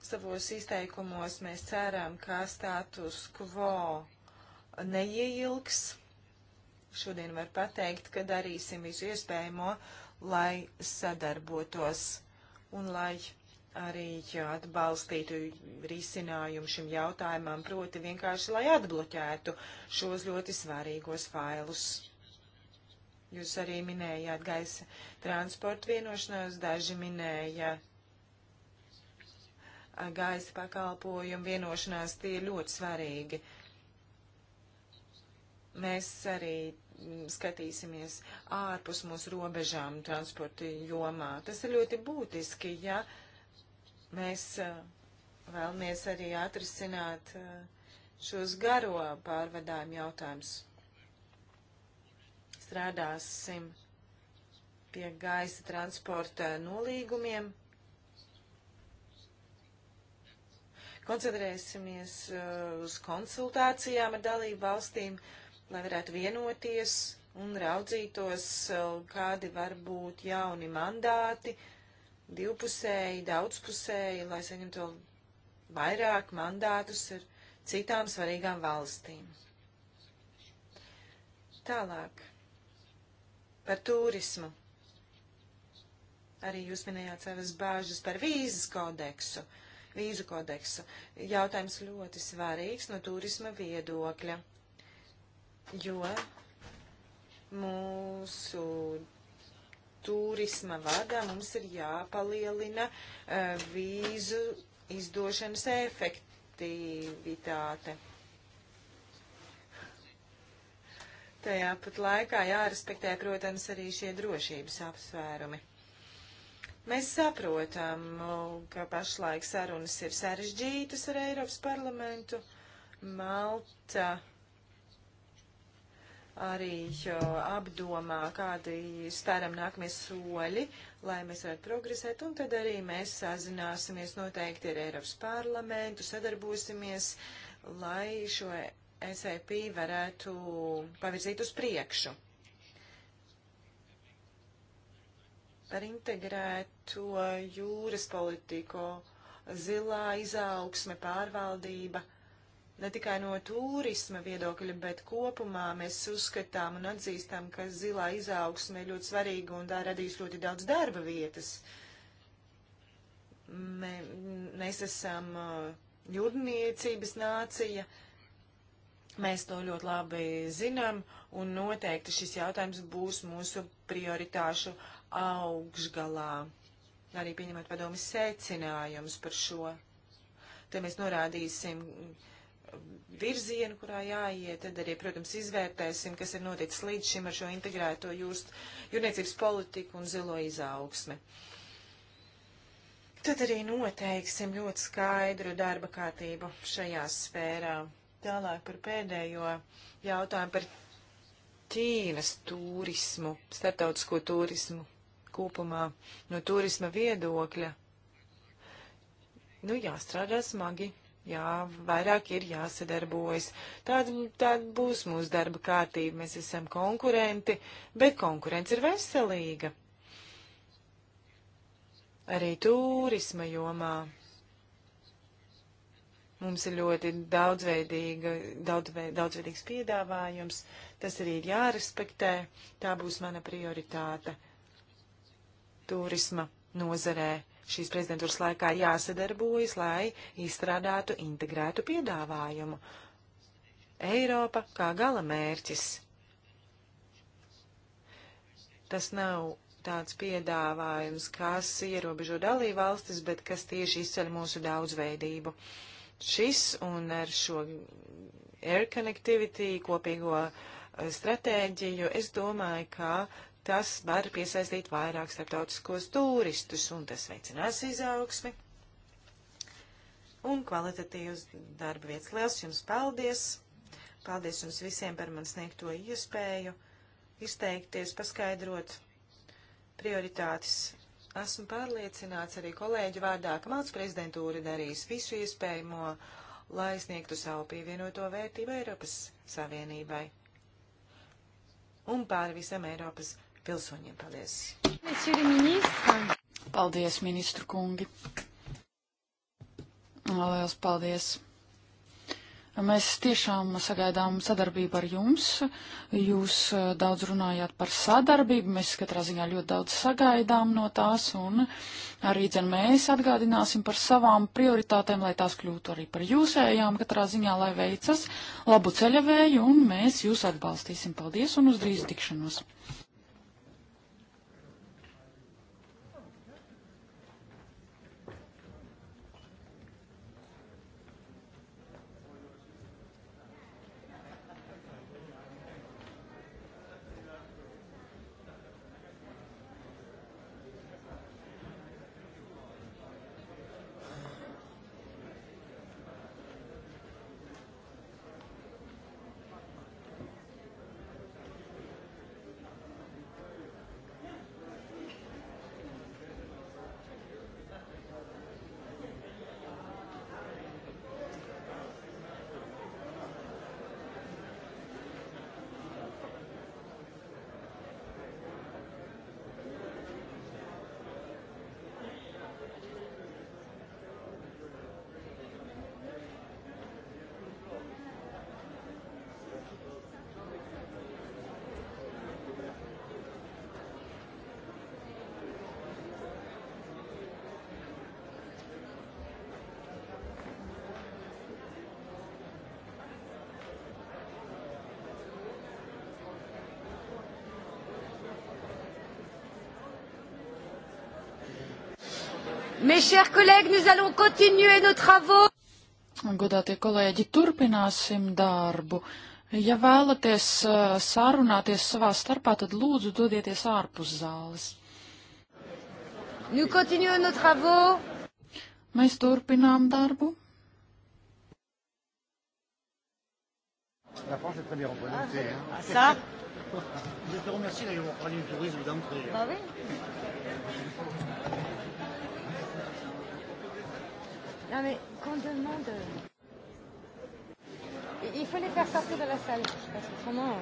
savos izteikumos. Mēs ceram, ka status quo neieilgs. Šodien var pateikt, ka darīsim visu iespējamo, lai sadarbotos un lai arī atbalstītu risinājumu šim jautājumam, proti vienkārši, lai atbloķētu šos ļoti svarīgos failus. Jūs arī minējāt gaisa transportu vienošanos, daži minēja gaisa pakalpojumu vienošanās, tie ir ļoti svarīgi. Mēs arī skatīsimies ārpus mūsu robežām transporta jomā. Tas ir ļoti būtiski, ja Mēs vēlamies arī atrisināt šos garo pārvadājumu jautājumus. Strādāsim pie gaisa transporta nolīgumiem. Koncentrēsimies uz konsultācijām ar dalību valstīm, lai varētu vienoties un raudzītos, kādi var būt jauni mandāti, uh, divpusēji, daudzpusēji, lai saņemtu vairāk mandātus ar citām svarīgām valstīm. Tālāk par turismu. Arī jūs minējāt savas bāžas par vīzas kodeksu. Vīzu kodeksu. Jautājums ļoti svarīgs no turisma viedokļa, jo mūsu turisma vadā mums ir jāpalielina uh, vīzu izdošanas efektivitāte. Tajā pat laikā jārespektē, protams, arī šie drošības apsvērumi. Mēs saprotam, ka pašlaik sarunas ir sarežģītas ar Eiropas parlamentu. Malta arī apdomā, kādi spēram nākamie soļi, lai mēs varētu progresēt, un tad arī mēs sazināsimies noteikti ar Eiropas parlamentu, sadarbosimies, lai šo SAP varētu pavirzīt uz priekšu. Par integrēto jūras politiko, zilā izaugsme, pārvaldība – ne tikai no turisma viedokļa, bet kopumā mēs uzskatām un atzīstam, ka zilā izaugsme ir ļoti svarīga un tā radīs ļoti daudz darba vietas. Mē, mēs esam uh, jūrniecības nācija, mēs to ļoti labi zinām un noteikti šis jautājums būs mūsu prioritāšu augšgalā. Arī pieņemot padomi secinājumus par šo. Te mēs norādīsim, uh, virzienu, kurā jāiet. Tad arī, protams, izvērtēsim, kas ir noticis līdz šim ar šo integrēto jūst, jūrniecības politiku un zilo izaugsmi. Tad arī noteiksim ļoti skaidru darba kārtību šajā sfērā. Tālāk par pēdējo jautājumu par Ķīnas turismu, starptautisko turismu kopumā no turisma viedokļa. Nu, jāstrādā smagi jā, vairāk ir jāsadarbojas. Tāda, tāda būs mūsu darba kārtība. Mēs esam konkurenti, bet konkurence ir veselīga. Arī turisma jomā. Mums ir ļoti daudzveidīga, daudzveid, daudzveidīgs piedāvājums. Tas arī ir jārespektē. Tā būs mana prioritāte turisma nozarē šīs prezidentūras laikā jāsadarbojas, lai izstrādātu integrētu piedāvājumu. Eiropa kā gala mērķis. Tas nav tāds piedāvājums, kas ierobežo dalību valstis, bet kas tieši izceļ mūsu daudzveidību. Šis un ar šo air connectivity kopīgo eh, stratēģiju, es domāju, ka Tas var piesaistīt vairāk starptautiskos turistus, un tas veicinās izaugsmi un kvalitatīvas darba vietas. Liels jums paldies! Paldies jums visiem par man sniegto iespēju izteikties, paskaidrot prioritātes. Esmu pārliecināts arī kolēģi vārdā, ka Maltas prezidentūra darīs visu iespējamo, lai sniegtu savu pievienoto vērtību Eiropas Savienībai un pāri visam Eiropas pilsoņiem. Paldies! Paldies, ministru kungi! Lielas paldies! Mēs tiešām sagaidām sadarbību ar jums. Jūs eh, daudz runājāt par sadarbību, mēs katrā ziņā ļoti daudz sagaidām no tās, un arī dzen mēs atgādināsim par savām prioritātēm, lai tās kļūtu arī par jūsējām, katrā ziņā, lai veicas labu ceļavēju, un mēs jūs atbalstīsim. Paldies un uz drīz tikšanos! chers collègues, nous allons continuer nos travaux. Godātie kolēģi, turpināsim darbu. Ja vēlaties uh, sārunāties savā starpā, tad lūdzu dodieties ārpus zāles. Nous continuons nos travaux. Mēs turpinām darbu. La France est très bien représentée. Ah, hein. Ça Je te remercie d'avoir parlé du tourisme d'entrée. Bah oui. Non mais qu'on demande. Euh, il faut les faire sortir de la salle. Parce que sinon. Euh...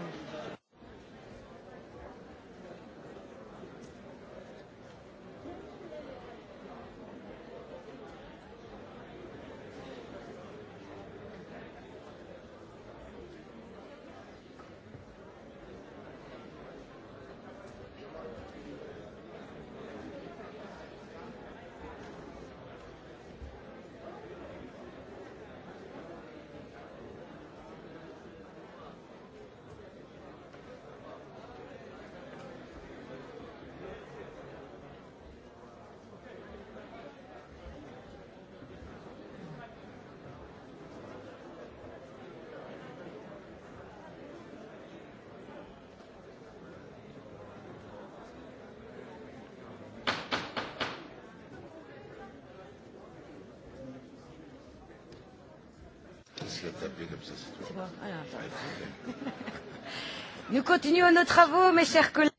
je vais t'appeler comme ça, c'est toi. C'est moi. Ah, non, attends. Nous continuons nos travaux, mes chers collègues.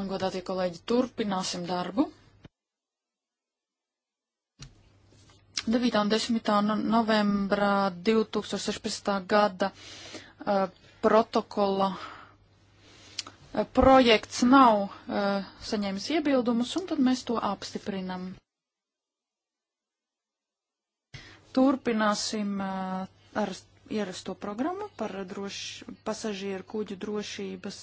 Un godātie kolēģi, turpināsim darbu. 9. un 10. novembrā 2016. gada uh, protokola uh, projekts nav uh, saņēmis iebildumus, un tad mēs to apstiprinam. Turpināsim ar ierasto programmu par droši, pasažieru kuģu drošības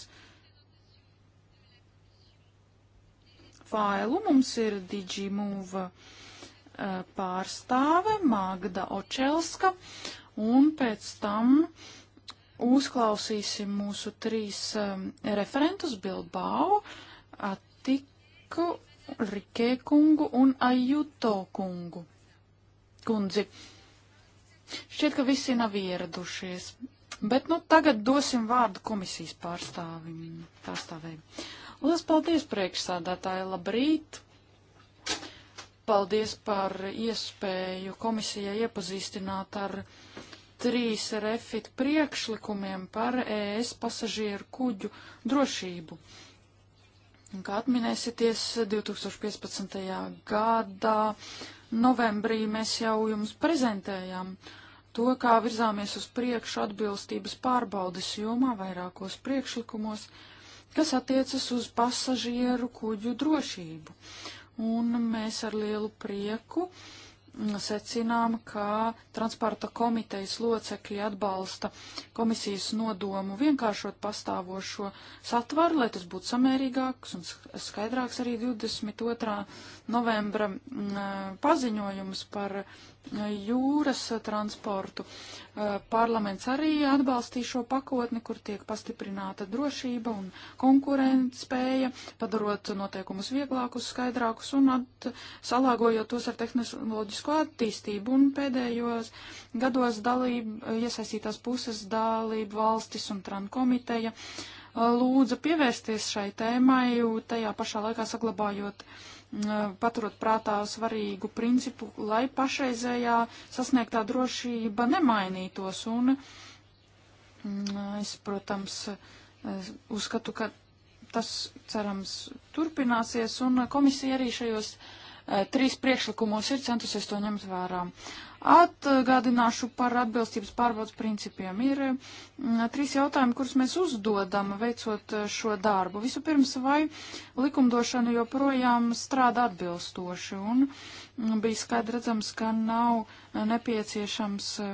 failu. Mums ir Digimove eh, pārstāve Magda Očelska, un pēc tam uzklausīsim mūsu trīs eh, referentus Bilbao, Atiku, Rikē kungu un Ajuto kungu. Kundzi. Šķiet, ka visi nav ieradušies. Bet nu tagad dosim vārdu komisijas pārstāvim, pārstāvēm. Lielas paldies priekšsādātāji, labrīt! Paldies par iespēju komisijai iepazīstināt ar trīs refit priekšlikumiem par ES pasažieru kuģu drošību. Kā atminēsieties, 2015. gadā novembrī mēs jau jums prezentējām to, kā virzāmies uz priekšu atbilstības pārbaudas jomā vairākos priekšlikumos, kas attiecas uz pasažieru kuģu drošību. Un mēs ar lielu prieku uh, secinām, ka transporta komitejas locekļi atbalsta komisijas nodomu vienkāršot pastāvošo satvaru, lai tas būtu samērīgāks un skaidrāks arī 22. novembra mm, paziņojums par jūras transportu. Eh, parlaments arī atbalstīja šo pakotni, kur tiek pastiprināta drošība un konkurētspēja, padarot noteikumus vieglākus, skaidrākus un at, salāgojot tos ar tehnoloģisko attīstību. Un pēdējos gados dalība, iesaistītās puses dalība valstis un tran komiteja eh, lūdza pievērsties šai tēmai, tajā pašā laikā saglabājot uh, E, paturot prātā svarīgu principu, lai pašreizējā sasniegtā drošība nemainītos. Un mm, es, protams, e, uzskatu, ka tas, cerams, turpināsies, un e, komisija arī šajos trīs priekšlikumos ir centusies to ņemt vērā. Uh, Atgādināšu par atbilstības pārbaudas principiem. Ir m, mm, trīs jautājumi, kurus mēs uzdodam veicot eh, šo darbu. Vispirms, vai likumdošana joprojām strādā atbilstoši, un mm, bija skaidrs, ka nav nepieciešams m,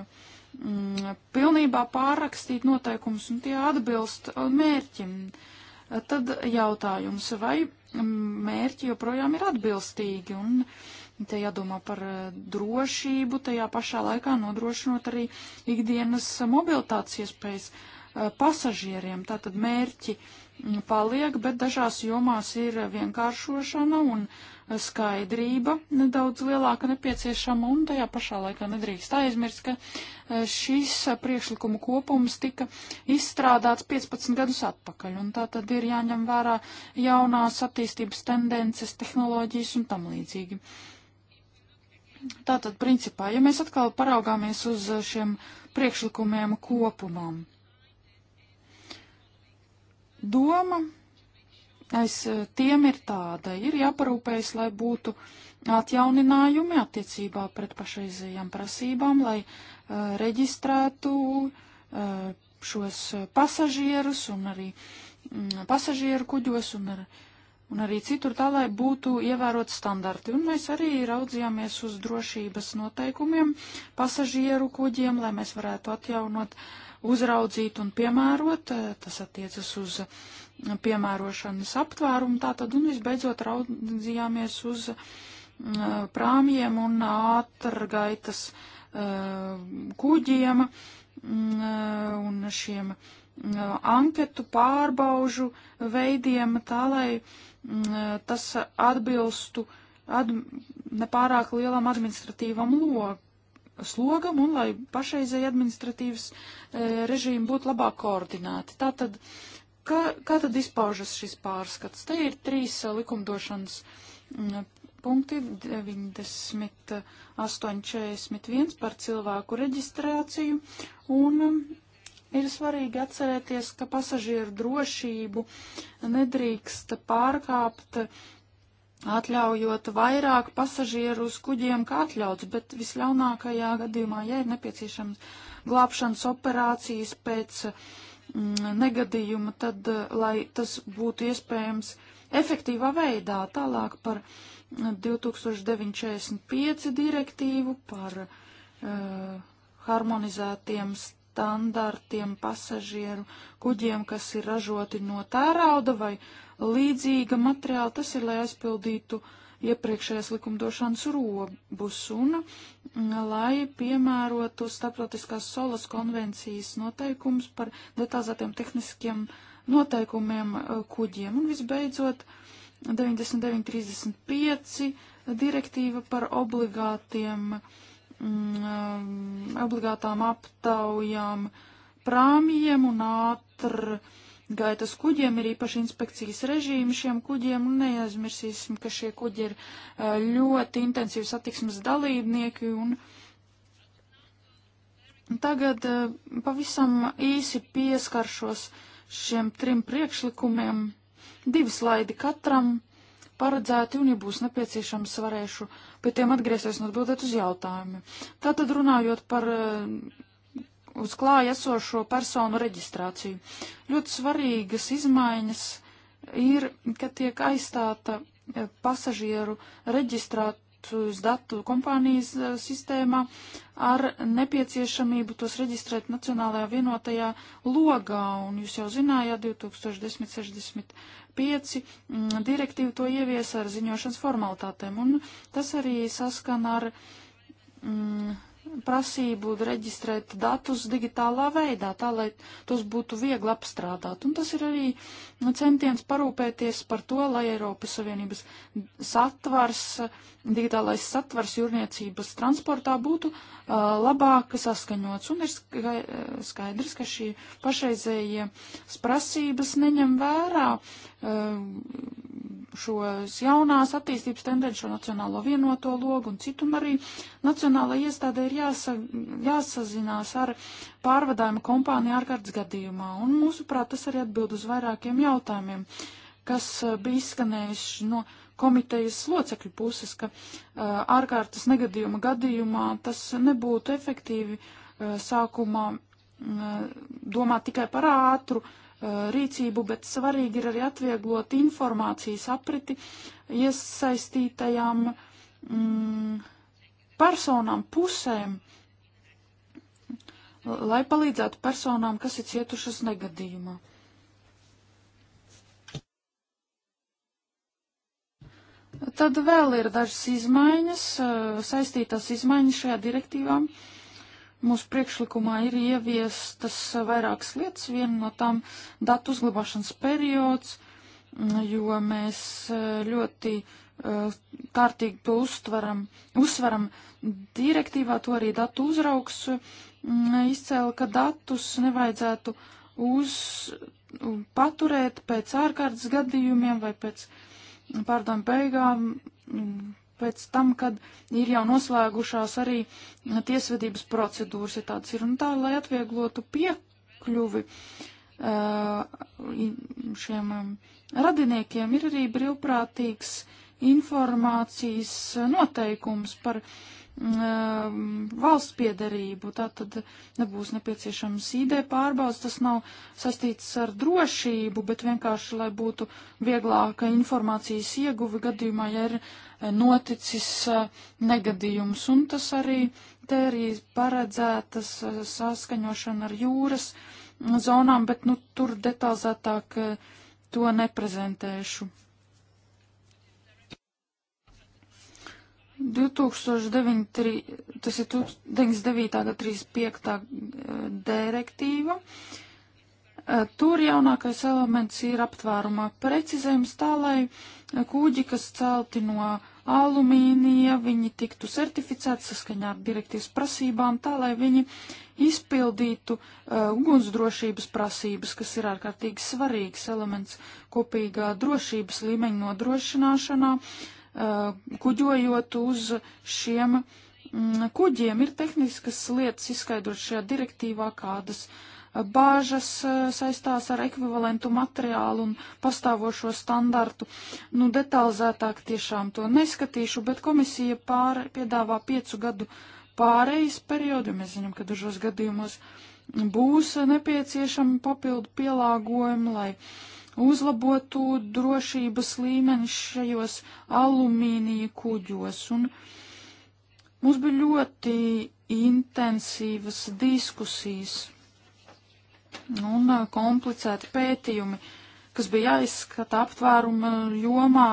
mm, pilnībā pārrakstīt noteikumus, un tie atbilst eh, mērķim. Tad jautājums, vai mērķi joprojām ir atbilstīgi, un Te jādomā par e, drošību, tajā pašā laikā nodrošinot arī ikdienas mobilitātes iespējas e, pasažieriem. Tātad mērķi paliek, bet dažās jomās ir vienkāršošana un e, skaidrība nedaudz lielāka nepieciešama, un tajā pašā laikā nedrīkst aizmirst, ka šis priekšlikuma kopums tika izstrādāts 15 gadus atpakaļ, un tā tad ir jāņem vērā jaunās attīstības tendences, tehnoloģijas un tam līdzīgi. Uh, Tātad, principā, ja mēs atkal paraugāmies uz šiem priekšlikumiem kopumam, doma aiz tiem ir tāda, ir jāparūpējas, lai būtu atjauninājumi attiecībā pret pašreizējām prasībām, lai uh, reģistrētu uh, šos pasažierus un arī mm, pasažieru kuģos un arī un arī citur tā, lai būtu ievērot standarti. Un mēs arī raudzījāmies uz drošības noteikumiem pasažieru kuģiem, lai mēs varētu atjaunot, uzraudzīt un piemērot. Eh, tas attiecas uz eh, piemērošanas aptvērumu tātad, un visbeidzot raudzījāmies uz eh, prāmjiem un ātrgaitas kuģiem mm, un šiem anketu pārbaužu veidiem tā, lai Mm, eh, tas atbilstu ad, nepārāk lielam administratīvam lokam slogam un lai pašreizēji administratīvas e, režīmi būtu labāk koordināti. Tātad, kā, kā tad izpaužas šis pārskats? Te ir trīs eh, likumdošanas m, mm, punkti 98.41 par cilvēku reģistrāciju un Ir svarīgi atcerēties, ka pasažieru drošību nedrīkst pārkāpt, atļaujot vairāk pasažieru uz kuģiem, kā atļauts, bet visļaunākajā gadījumā, ja ir nepieciešams glābšanas operācijas pēc mm, negadījuma, tad, eh, lai tas būtu iespējams efektīvā veidā, tālāk par 2045 mm, direktīvu par uh, harmonizētiem standartiem standartiem pasažieru kuģiem, kas ir ražoti no tērauda vai līdzīga materiāla. Tas ir, lai aizpildītu iepriekšējās likumdošanas robus un mm, lai piemērotu starptautiskās solas konvencijas noteikums par detalizētiem tehniskiem noteikumiem eh, kuģiem. Un visbeidzot, 99.35 direktīva par obligātiem uh, mm, um, obligātām aptaujām prāmjiem un ātri gaitas kuģiem ir īpaši inspekcijas režīmi šiem kuģiem, un neaizmirsīsim, ka šie kuģi ir uh, ļoti intensīvi satiksmes dalībnieki, un tagad uh, pavisam īsi pieskaršos šiem trim priekšlikumiem, divi slaidi katram paredzēti, un, ja būs nepieciešams, varēšu uh, pie tiem atgriezties un atbildēt uz jautājumiem. Tātad runājot par eh, uz klāja esošo personu reģistrāciju. Ļoti svarīgas izmaiņas ir, ka tiek aizstāta eh, pasažieru reģistrāt, datus datu kompānijas eh, sistēmā ar nepieciešamību tos reģistrēt Nacionālajā vienotajā logā. Un jūs jau zinājāt, 2010-65 mm, direktīva to ievies ar ziņošanas formalitātēm. Un tas arī saskan ar. Mm, prasību reģistrēt datus digitālā veidā, tā lai tos būtu viegli apstrādāt. Un tas ir arī nu, centiens parūpēties par to, lai Eiropas Savienības satvars, digitālais satvars jūrniecības transportā būtu labāk saskaņots, un ir skaidrs, ka šī pašreizējās prasības neņem vērā šos jaunās attīstības tendenci, šo nacionālo vienoto logu un citu, un arī nacionāla iestāde ir jāsa, jāsazinās ar pārvadājumu kompāniju ārkārtas gadījumā, un mūsuprāt tas arī atbild uz vairākiem jautājumiem. Uh, kas eh, bija izskanējuši no komitejas locekļu puses, ka eh, ārkārtas negadījuma gadījumā tas nebūtu efektīvi eh, sākumā mm, domāt tikai par ātru rīcību, bet svarīgi ir arī atvieglot informācijas apriti iesaistītajām mm, personām, pusēm, lai palīdzētu personām, kas ir cietušas negadījumā. Tad vēl ir dažas izmaiņas, eh, saistītās izmaiņas šajā direktīvā. Mūsu priekšlikumā ir ieviestas vairākas lietas, viena no tām datu uzglabāšanas periods, mm, jo mēs eh, ļoti eh, kārtīgi to uztveram, uzsveram direktīvā, to arī datu uzraugs mm, izcēla, ka datus nevajadzētu uz, paturēt pēc ārkārtas gadījumiem vai pēc uh, pārdomu beigām, mm, pēc tam, kad ir jau noslēgušās arī tiesvedības procedūras, ja tāds ir, un tā, lai atvieglotu piekļuvi eh, šiem eh, radiniekiem, ir arī brīvprātīgs informācijas noteikums par uh, Um, valsts piedarību, tā tad nebūs nepieciešams ID pārbaudas, tas nav saistīts ar drošību, bet vienkārši, lai būtu vieglāka informācijas ieguve gadījumā, ja ir eh, noticis eh, negadījums, un tas arī te arī paredzētas eh, saskaņošana ar jūras zonām, bet nu tur detalizētāk to neprezentēšu. 2009, tas ir 99. gada 35. Eh, direktīva. Eh, tur jaunākais elements ir aptvērumā precizējums tā, lai eh, kūģi, kas celti no alumīnija, viņi tiktu certificēti saskaņā ar direktīvas prasībām, tā, lai viņi izpildītu uh, ugunsdrošības prasības, kas ir ārkārtīgi svarīgs elements kopīgā drošības līmeņa nodrošināšanā. Uh, Uh, kuģojot uz šiem mm, kuģiem. Ir tehniskas lietas izskaidrot šajā direktīvā, kādas uh, bāžas uh, saistās ar ekvivalentu materiālu un pastāvošo standartu. Nu, detalizētāk tiešām to neskatīšu, bet komisija pār, piedāvā piecu gadu pārejas periodu, mēs zinām, ka dažos gadījumos būs nepieciešami papildu pielāgojumi, lai uzlabotu drošības līmeni šajos alumīnija kuģos. Un mums bija ļoti intensīvas diskusijas un uh, komplicēti pētījumi, kas bija jāizskata aptvēruma jomā,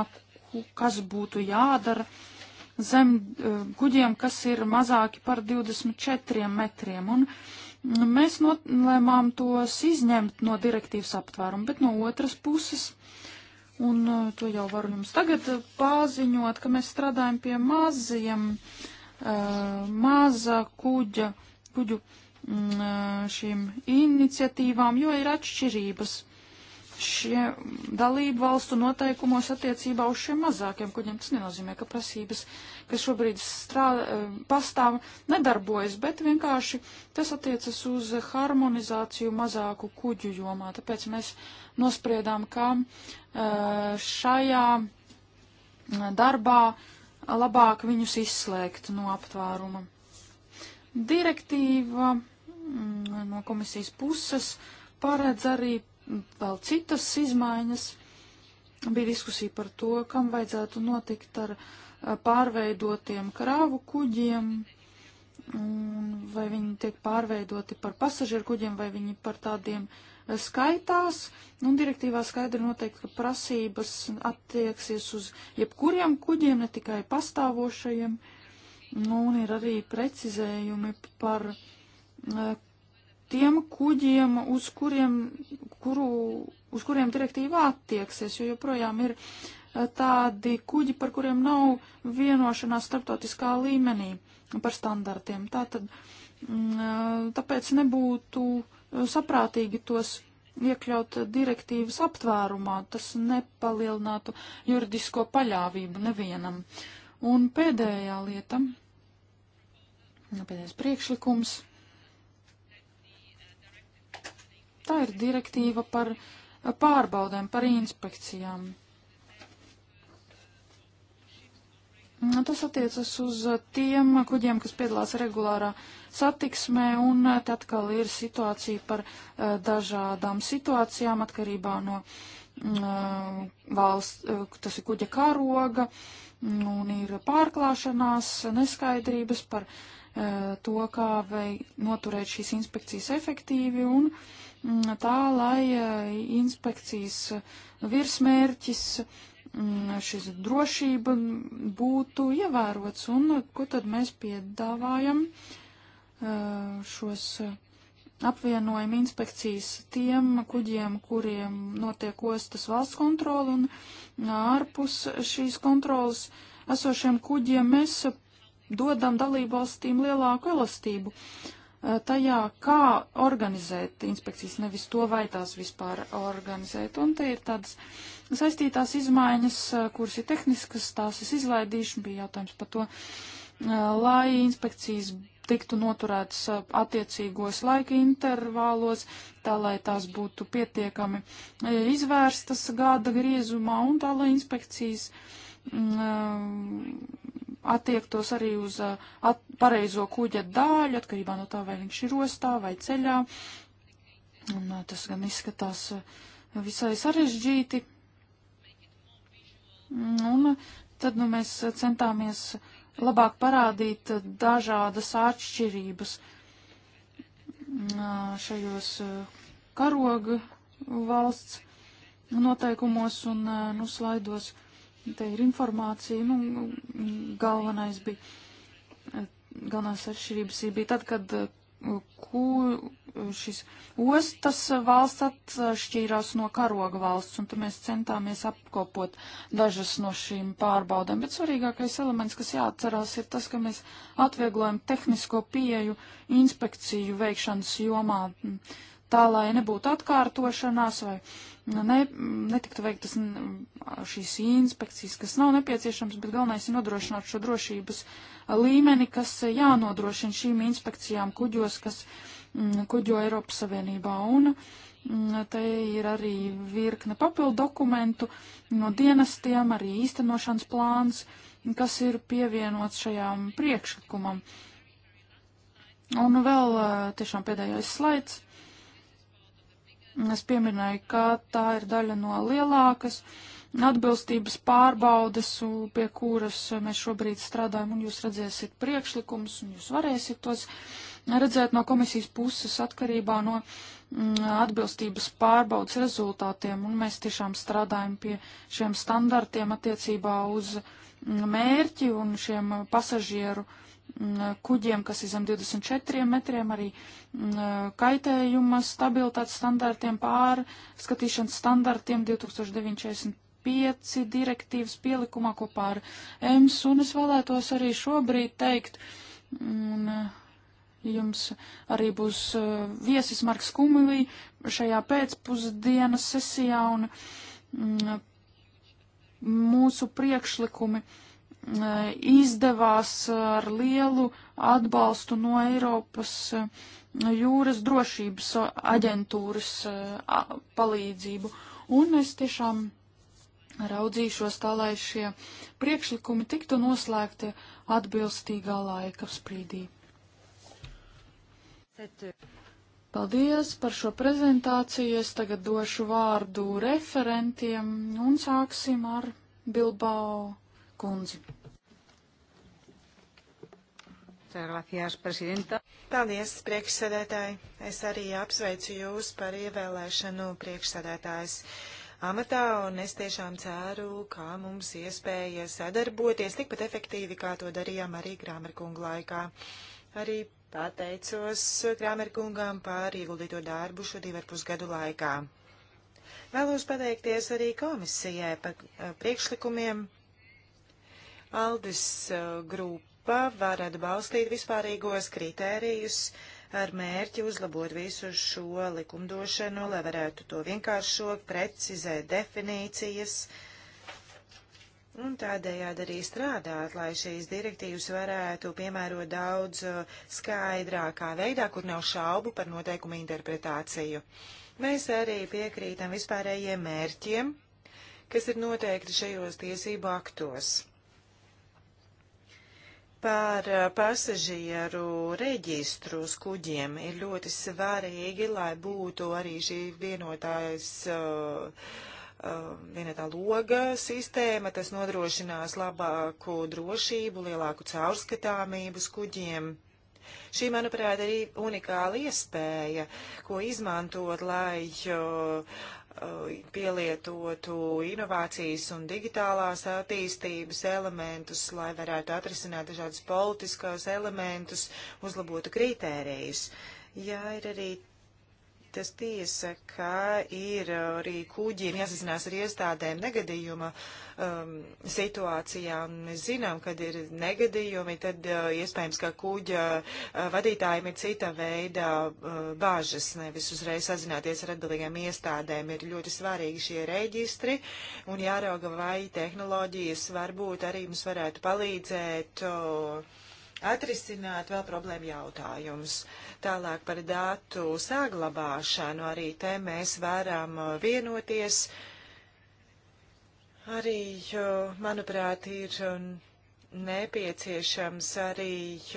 kas būtu jādara zem uh, kuģiem, kas ir mazāki par 24 metriem. Un Mēs nolēmām tos izņemt no direktīvas aptvērumu, bet no otras puses, un uh, to jau varu jums tagad uh, paziņot, ka mēs strādājam pie maziem, uh, maza kuģa, kuģu mm, šīm iniciatīvām, jo ir atšķirības šie dalību valstu noteikumos attiecībā uz šiem mazākiem kuģiem. Tas nenozīmē, ka prasības, kas šobrīd strādā, eh, pastāv, nedarbojas, bet vienkārši tas attiecas uz harmonizāciju mazāku kuģu jomā. Tāpēc mēs nospriedām, ka eh, šajā darbā labāk viņus izslēgt no aptvēruma. Direktīva mm, no komisijas puses paredz arī vēl citas izmaiņas. Bija diskusija par to, kam vajadzētu notikt ar pārveidotiem krāvu kuģiem, vai viņi tiek pārveidoti par pasažieru kuģiem, vai viņi par tādiem skaitās. Un direktīvā skaidri noteikti, ka prasības attieksies uz jebkuriem kuģiem, ne tikai pastāvošajiem. Nu, un ir arī precizējumi par tiem kuģiem, uz kuriem, kuru, uz kuriem direktīva attieksies, jo joprojām ir eh, tādi kuģi, par kuriem nav vienošanās starptautiskā līmenī par standartiem. Tātad, mm, eh, tāpēc nebūtu eh, saprātīgi tos iekļaut direktīvas aptvērumā, tas nepalielinātu juridisko paļāvību nevienam. Un pēdējā lieta, pēdējais priekšlikums Tā ir direktīva par pārbaudēm, par inspekcijām. Tas attiecas uz tiem kuģiem, kas piedalās regulārā satiksmē, un te atkal ir situācija par uh, dažādām situācijām atkarībā no uh, valsts, uh, tas ir kuģa karoga, un ir pārklāšanās, neskaidrības par to, kā vai noturēt šīs inspekcijas efektīvi, un uh, tā, lai e, inspekcijas virsmērķis šis drošība būtu ievērots. Un ko tad mēs piedāvājam e, šos e, apvienojumu inspekcijas tiem kuģiem, kuriem notiek ostas valsts kontroli un ārpus šīs kontrolas esošiem kuģiem mēs dodam dalībvalstīm lielāku elastību. Uh, Eh, tajā, kā organizēt inspekcijas, nevis to, vai tās vispār organizēt. Un te ir tādas saistītās izmaiņas, eh, kuras ir tehniskas, tās es izlaidīšu, bija jautājums par to, eh, lai inspekcijas tiktu noturētas attiecīgos laika intervālos, tā lai tās būtu pietiekami izvērstas gada griezumā un tā lai inspekcijas mm, attiektos arī uz uh, at, pareizo kuģa dāļu, atkarībā no tā, vai viņš ir ostā vai ceļā. Un uh, tas gan izskatās uh, visai sarežģīti. Un tad nu, mēs centāmies labāk parādīt dažādas atšķirības šajos karogu valsts noteikumos un nu, slaidos. Te ir informācija, nu, galvenais bija, galvenās atšķirības bija tad, kad uh, ku, šis ostas valsts atšķīrās no karoga valsts, un tur mēs centāmies apkopot dažas no šīm pārbaudēm. Bet svarīgākais elements, kas jāatcerās, ir tas, ka mēs atvieglojam tehnisko pieju inspekciju veikšanas jomā. Uh, tā lai nebūtu atkārtošanās vai ne, netiktu veiktas šīs inspekcijas, kas nav nepieciešams, bet galvenais ir nodrošināt šo drošības līmeni, kas jānodrošina šīm inspekcijām kuģos, kas mm, kuģo Eiropas Savienībā. Un mm, te ir arī virkne papildu dokumentu no dienestiem, arī īstenošanas plāns, kas ir pievienots šajām priekšlikumam. Un vēl eh, tiešām pēdējais slaids Es pieminēju, ka tā ir daļa no lielākas atbilstības pārbaudas, pie kuras mēs šobrīd strādājam, un jūs redzēsiet priekšlikumus, un jūs varēsiet tos redzēt no komisijas puses atkarībā no mm, atbilstības pārbaudas rezultātiem, un mēs tiešām strādājam pie šiem standartiem attiecībā uz mm, mērķi un šiem pasažieru uh, Mm, kuģiem, kas ir zem 24 metriem, arī mm, kaitējuma stabilitātes standartiem, pārskatīšanas standartiem 2945 direktīvas pielikumā kopā ar EMS, un es vēlētos arī šobrīd teikt, un eh, jums arī būs eh, viesis Marks Kumilī šajā pēcpusdienas sesijā, un mm, mūsu priekšlikumi. Uh, izdevās ar lielu atbalstu no Eiropas jūras drošības aģentūras palīdzību. Un es tiešām raudzīšos tā, lai šie priekšlikumi tiktu noslēgti atbilstīgā laika sprīdī. Paldies par šo prezentāciju. Es tagad došu vārdu referentiem un sāksim ar Bilbao kundzi. Paldies, priekšsēdētāji. Es arī apsveicu jūs par ievēlēšanu priekšsēdētājs amatā, un es tiešām ceru, kā mums iespēja sadarboties tikpat efektīvi, kā to darījām arī Krāmerkunga laikā. Arī pateicos Krāmerkungam par ieguldīto darbu šo divu ar pusgadu laikā. Vēlos pateikties arī komisijai par eh, priekšlikumiem Aldis uh, grupa var atbalstīt vispārīgos kritērijus ar mērķi uzlabot visu šo likumdošanu, lai varētu to vienkāršot, precizēt definīcijas un tādējādi arī strādāt, lai šīs direktīvas varētu piemērot daudz uh, skaidrākā veidā, kur nav šaubu par noteikumu interpretāciju. Mēs arī piekrītam vispārējiem mērķiem, kas ir noteikti šajos tiesību aktos. Par eh, pasažieru reģistru uz kuģiem ir ļoti svarīgi, lai būtu arī šī vienotājs, uh, eh, uh, eh, vienotā loga sistēma. Tas nodrošinās labāku drošību, lielāku caurskatāmību uz kuģiem. Šī, manuprāt, ir unikāla iespēja, ko izmantot, lai uh, Uh, pielietotu inovācijas un digitālās attīstības elementus, lai varētu atrisināt dažādus politiskos elementus, uzlabotu kritērijus. Jā, ir arī Tas tiesa, ka ir uh, arī kūģiem jāsazinās ar iestādēm negadījuma um, situācijā, un mēs zinām, kad ir negadījumi, tad uh, iespējams, ka kūģa uh, vadītājiem ir cita veida uh, bāžas, nevis uzreiz sazināties ar atbildīgiem iestādēm. Ir ļoti svarīgi šie reģistri, un jārauga, vai tehnoloģijas varbūt arī mums varētu palīdzēt. Uh, atrisināt vēl problēmu jautājumus. Tālāk par datu saglabāšanu arī te mēs varam uh, vienoties. Arī, manuprāt, ir uh, nepieciešams arī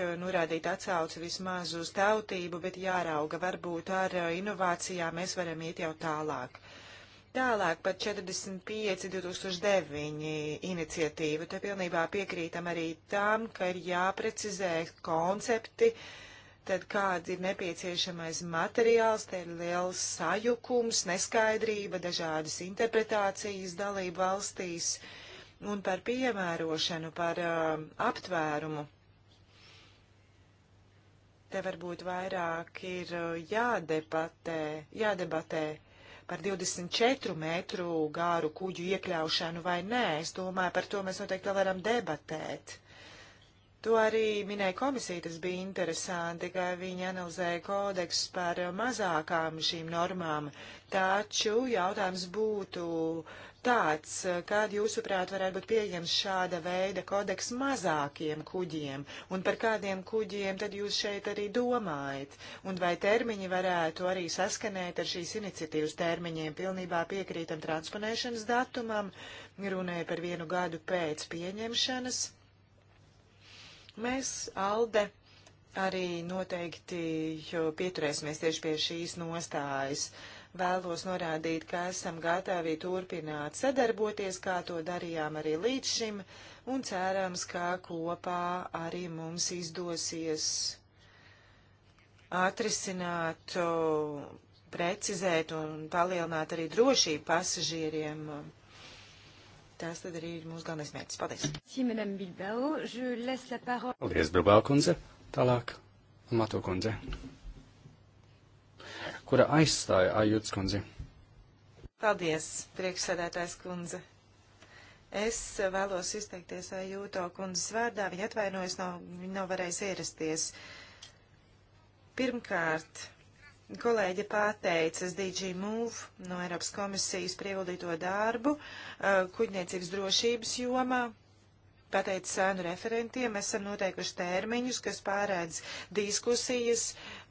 uh, norādīt atsauci vismaz uz tautību, bet jārauga varbūt ar inovācijām mēs varam iet jau tālāk. Tālāk par 45.2009 iniciatīvu. Te pilnībā piekrītam arī tam, ka ir jāprecizē koncepti, tad kāds ir nepieciešamais materiāls, te ir liels sajukums, neskaidrība, dažādas interpretācijas dalību valstīs un par piemērošanu, par uh, aptvērumu te varbūt vairāk ir uh, jādebatē, jādebatē par 24 metru gāru kuģu iekļaušanu vai nē. Es domāju, par to mēs noteikti vēl varam debatēt. To arī minēja komisija, tas bija interesanti, ka viņi analizēja kodeksus par mazākām šīm normām. Taču jautājums būtu tāds, kād jūsuprāt varētu būt pieejams šāda veida kodeks mazākiem kuģiem, un par kādiem kuģiem tad jūs šeit arī domājat, un vai termiņi varētu arī saskanēt ar šīs iniciatīvas termiņiem, pilnībā piekrītam transponēšanas datumam, runēja par vienu gadu pēc pieņemšanas Mēs, Alde, arī noteikti pieturēsimies tieši pie šīs nostājas. Vēlos norādīt, ka esam gatavi turpināt sadarboties, kā to darījām arī līdz šim, un cerams, ka kopā arī mums izdosies atrisināt, precizēt un palielināt arī drošību pasažieriem Tas tad arī ir mūsu galvenais mērķis. Paldies. Paldies, Bilbao kundze. Tālāk, Mato kundze, kura aizstāja Ajūtas kundzi. Paldies, priekšsēdētājs kundze. Es vēlos izteikties Ajūto kundzes vārdā. Viņa atvainojas, nav, nav varējis ierasties. Pirmkārt, Kolēģi pateicas DG Move no Eiropas komisijas prievaldīto darbu eh, kuģniecības drošības jomā. Pateicu sēnu referentiem, esam noteikuši termiņus, kas pārēdz diskusijas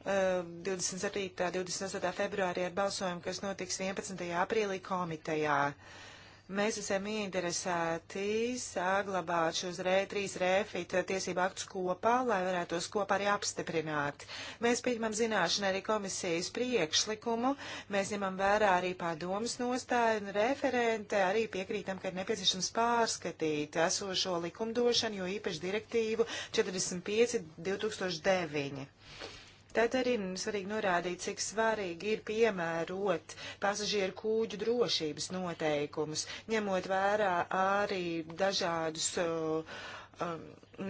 27. un 28. februārī ar balsojumu, kas notiks 11. aprīlī komitejā. Uh, Mēs esam ieinteresēti saglabāt šos re, trīs rēfita tiesību aktus kopā, lai varētu tos kopā arī apstiprināt. Mēs pieņemam zināšanai arī komisijas priekšlikumu, mēs ņemam vērā arī padomas nostāju un referente, arī piekrītam, ka ir nepieciešams pārskatīt esošo likumdošanu, jo īpaši direktīvu 45 2009. Tad arī mums svarīgi norādīt, cik svarīgi ir piemērot pasažieru kūģu drošības noteikumus, ņemot vērā arī dažādus uh, um,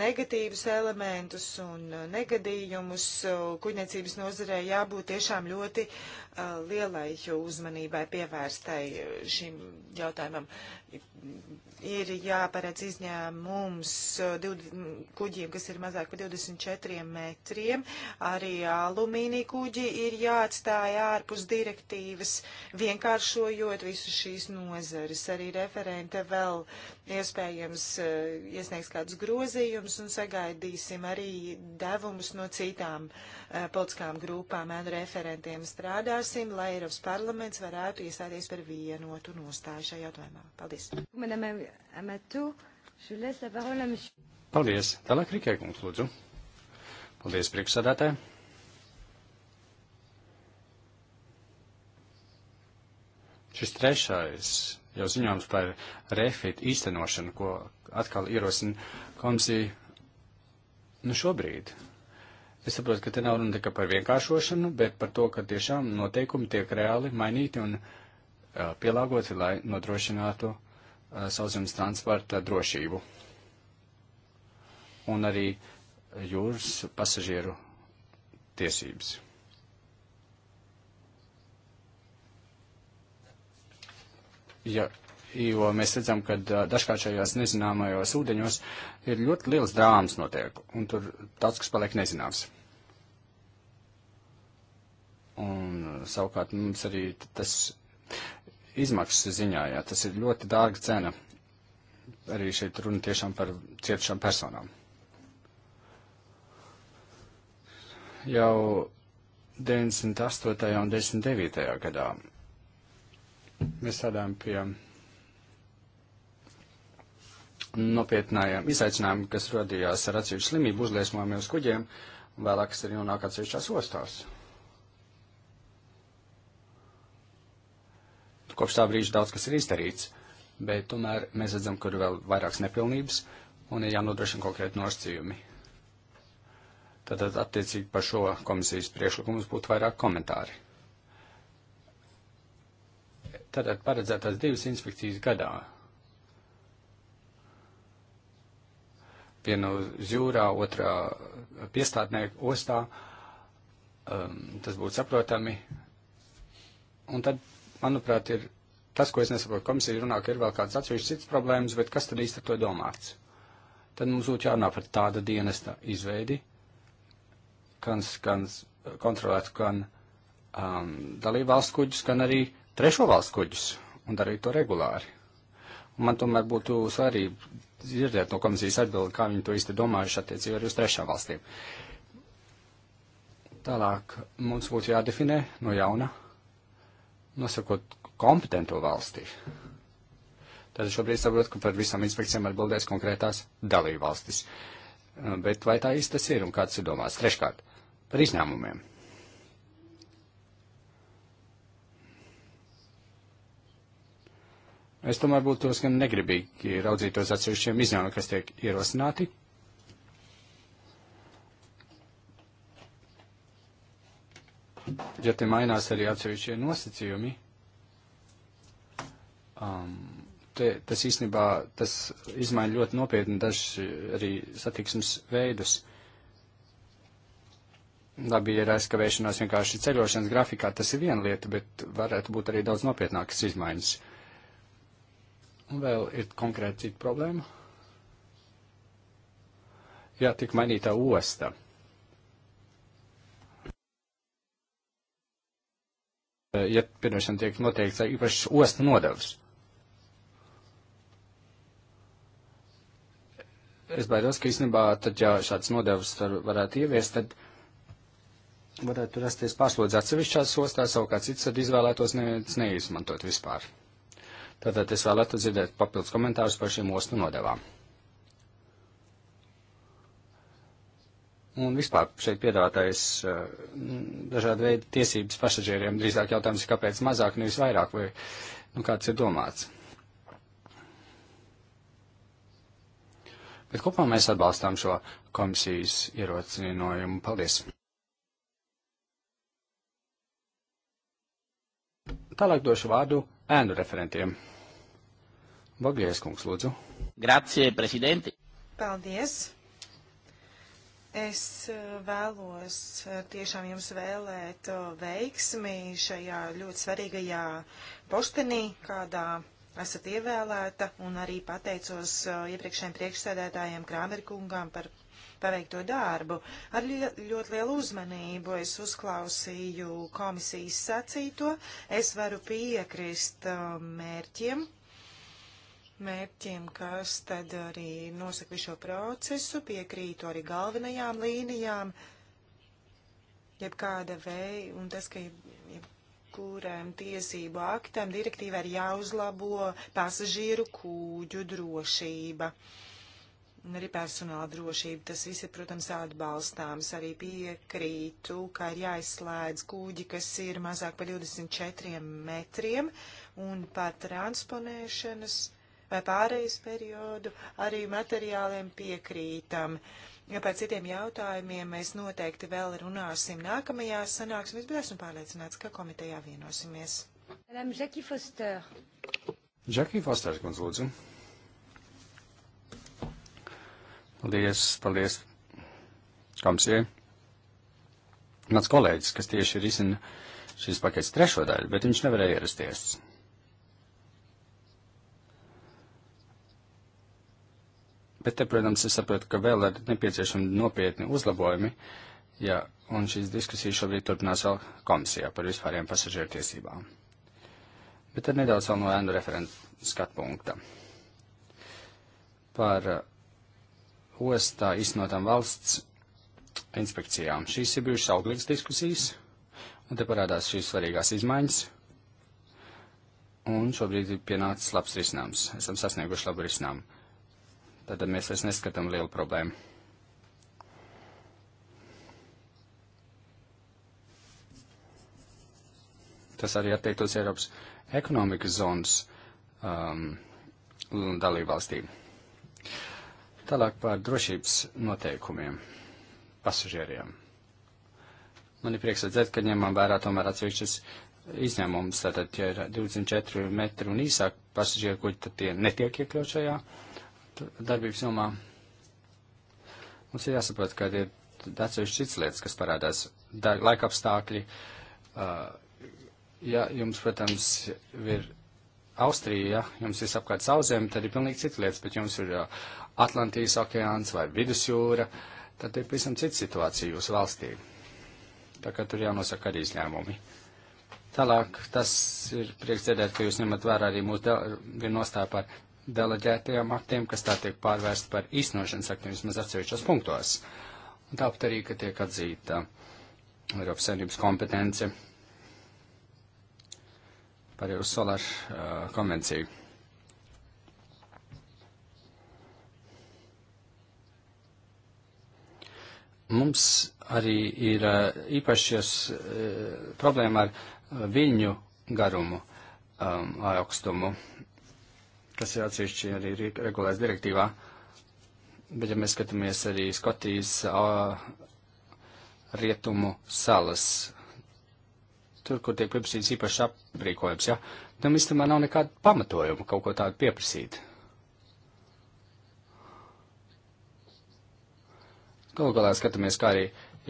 negatīvus elementus un uh, negadījumus. Uh, kuģniecības nozarē jābūt tiešām ļoti uh, lielai uzmanībai pievērstai uh, šim jautājumam ir jāparedz izņēmums uh, kuģiem, kas ir mazāk par 24 metriem. Arī alumīnija kuģi ir jāatstāja ārpus direktīvas, vienkāršojot visu šīs nozares. Arī referente vēl iespējams uh, iesniegs kādus grozījumus un sagaidīsim arī devumus no citām uh, politiskām grupām un referentiem strādāsim, lai Eiropas parlaments varētu iestāties par vienotu nostāju šajā jautājumā. Paldies! Madame, Amato. Je laisse la parole à monsieur. Paldies. Tālāk Rikē kungs, lūdzu. Paldies, priekšsādātāji. Šis trešais jau ziņojums par refit īstenošanu, ko atkal ierosina komisija nu šobrīd. Es saprotu, ka te nav runa tikai par vienkāršošanu, bet par to, ka tiešām noteikumi tiek reāli mainīti un uh, pielāgoti, lai nodrošinātu uh, Eh, sauszemes transporta drošību un arī jūras pasažieru tiesības. Ja, jo mēs redzam, ka eh, dažkārt šajās nezināmajos ūdeņos ir ļoti liels drāmas notiek, un tur daudz kas paliek nezināms. Un eh, savukārt mums arī tas izmaksas ziņā, jā, tas ir ļoti dārga cena. Arī šeit runa tiešām par cietušām personām. Jau 98. un 99. gadā mēs strādājām pie nopietnējiem izaicinājumiem, kas radījās ar atsevišķu slimību uzliesmojumiem uz kuģiem, vēlāk, kas arī nonāk atsevišķās ostās. Kopš tā brīža daudz kas ir izdarīts, bet tomēr mēs redzam, ka ir vēl vairākas nepilnības un ir jānodrošina konkrēti nosacījumi. Tātad attiecīgi par šo komisijas priekšlikumus būtu vairāk komentāri. Tātad paredzētās divas inspekcijas gadā. Vienu uz jūrā, otrā piestātnē ostā. Um, tas būtu saprotami. Un tad manuprāt, ir tas, ko es nesaprotu. Komisija runā, ka ir vēl kādas atsevišķas citas problēmas, bet kas tad īsti ar to domāts? Tad mums būtu jārunā par tāda dienesta izveidi, kans, kans, kontrolētu gan um, dalībvalstu kuģus, gan arī trešo valstu kuģus un darīt to regulāri. Un man tomēr būtu svarīgi dzirdēt no komisijas atbildi, kā viņi to īsti domājuši attiecībā arī uz trešām valstīm. Tālāk mums būtu jādefinē no jauna nosakot kompetento valsti. Tad šobrīd saprot, ka par visām inspekcijām atbildēs konkrētās dalībvalstis. Uh, bet vai tā īsti tas ir un kāds ir domāts? Treškārt, par izņēmumiem. Es tomēr būtu gan negribīgi raudzītos atsevišķiem izņēmumiem, kas tiek ierosināti. ja te mainās arī atsevišķie nosacījumi, um, te, tas īstenībā tas izmaina ļoti nopietni dažs arī satiksmes veidus. Labi, ir aizkavēšanās vienkārši ceļošanas grafikā, tas ir viena lieta, bet varētu būt arī daudz nopietnākas izmaiņas. Un vēl ir konkrēti cita problēma. Jā, tik mainītā osta. ja pirmšana tiek noteikts īpašs ostu nodevs. Es baidos, ka īstenībā tad, ja šāds nodevs varētu ieviest, tad varētu rasties pārslodzi atsevišķās ostās, savukārt cits tad izvēlētos ne, neizmantot vispār. Tātad es vēlētu dzirdēt papildus komentārus par šīm ostu nodevām. Un vispār šeit piedāvātais uh, dažādi veidi tiesības pasažieriem drīzāk jautājums, kāpēc mazāk, nevis vairāk, vai nu, kāds ir domāts. Bet kopā mēs atbalstām šo komisijas ierocinājumu. Paldies! Tālāk došu vārdu ēnu referentiem. Boglies kungs, lūdzu. Grazie, prezidenti. Paldies. Es eh, vēlos eh, tiešām jums vēlēt eh, veiksmi šajā ļoti svarīgajā postenī, kādā esat ievēlēta, un arī pateicos iepriekšējiem priekšsēdētājiem Krāmerkungām par paveikto darbu. Ar li ļoti lielu uzmanību es uzklausīju komisijas sacīto. Es varu piekrist um, mērķiem, mērķiem, kas tad arī nosaka visu šo procesu, piekrītu arī galvenajām līnijām, jebkāda vei, un tas, ka jebkuram tiesību aktam direktīvā ir jāuzlabo pasažieru kūģu drošība. Un arī personāla drošība, tas viss ir, protams, atbalstāms. Arī piekrītu, ka ir jāizslēdz kūģi, kas ir mazāk par 24 metriem, un par transponēšanas uh, vai pārejas periodu, arī materiāliem piekrītam. Ja par citiem jautājumiem mēs noteikti vēl runāsim nākamajās sanāksmēs, bet esmu pārliecināts, ka komitejā vienosimies. Madame Jackie Foster. Jackie Foster, kundz lūdzu. Paldies, paldies. Kamsie. Mans kolēģis, kas tieši ir izsina šīs paketes trešo daļu, bet viņš nevarēja ierasties. Bet te, protams, es saprotu, ka vēl ir nepieciešami nopietni uzlabojumi, ja, un šīs diskusijas šobrīd turpinās vēl komisijā par vispāriem pasažieru tiesībām. Bet tad nedaudz vēl no ēnu referentu skatpunkta. Par uh, ostā iznotām valsts inspekcijām. Šīs ir bijušas auglīgas diskusijas, un te parādās šīs svarīgās izmaiņas. Un šobrīd ir pienācis labs risinājums. Esam sasnieguši labu risinājumu tad mēs vairs neskatām lielu problēmu. Tas arī attiektos Eiropas ekonomikas zonas um, dalībvalstīm. Tālāk par drošības noteikumiem pasažieriem. Man ir prieks redzēt, ka ņemam vērā tomēr atsevišķas izņēmumus. Tātad, ja ir 24 metri un īsāk pasažieru kuģi, tad tie netiek iekļaut šajā uh, darbības jomā. Mums ir jāsaprot, ka ir atsevišķi cits lietas, kas parādās. Laika apstākļi. Ja jums, protams, ir Austrija, ja jums ir apkārt sauzemi, tad ir pilnīgi cita lietas, bet jums ir Atlantijas okeāns vai vidusjūra, tad ir pavisam cita situācija jūsu valstī. Tā kā tur jānosaka arī izņēmumi. Tālāk, tas ir prieks dzirdēt, ka jūs ņemat vērā arī mūsu nostāju par deleģētajiem aktiem, kas tā tiek pārvērsta par īstenošanas aktiem vismaz atsevišķos punktos. Un tāpat arī, ka tiek atzīta Eiropas Savienības kompetence par Eiropas Solāru uh, konvenciju. Mums arī ir uh, īpašies uh, problēma ar viļņu garumu, um, augstumu. Tas ir atsevišķi arī regulēts direktīvā. Bet, ja mēs skatāmies arī Skotijas uh, rietumu salas, tur, kur tiek pieprasīts īpašs aprīkojums, ja, tam īstenībā nav nekāda pamatojuma kaut ko tādu pieprasīt. Galu galā skatāmies, kā arī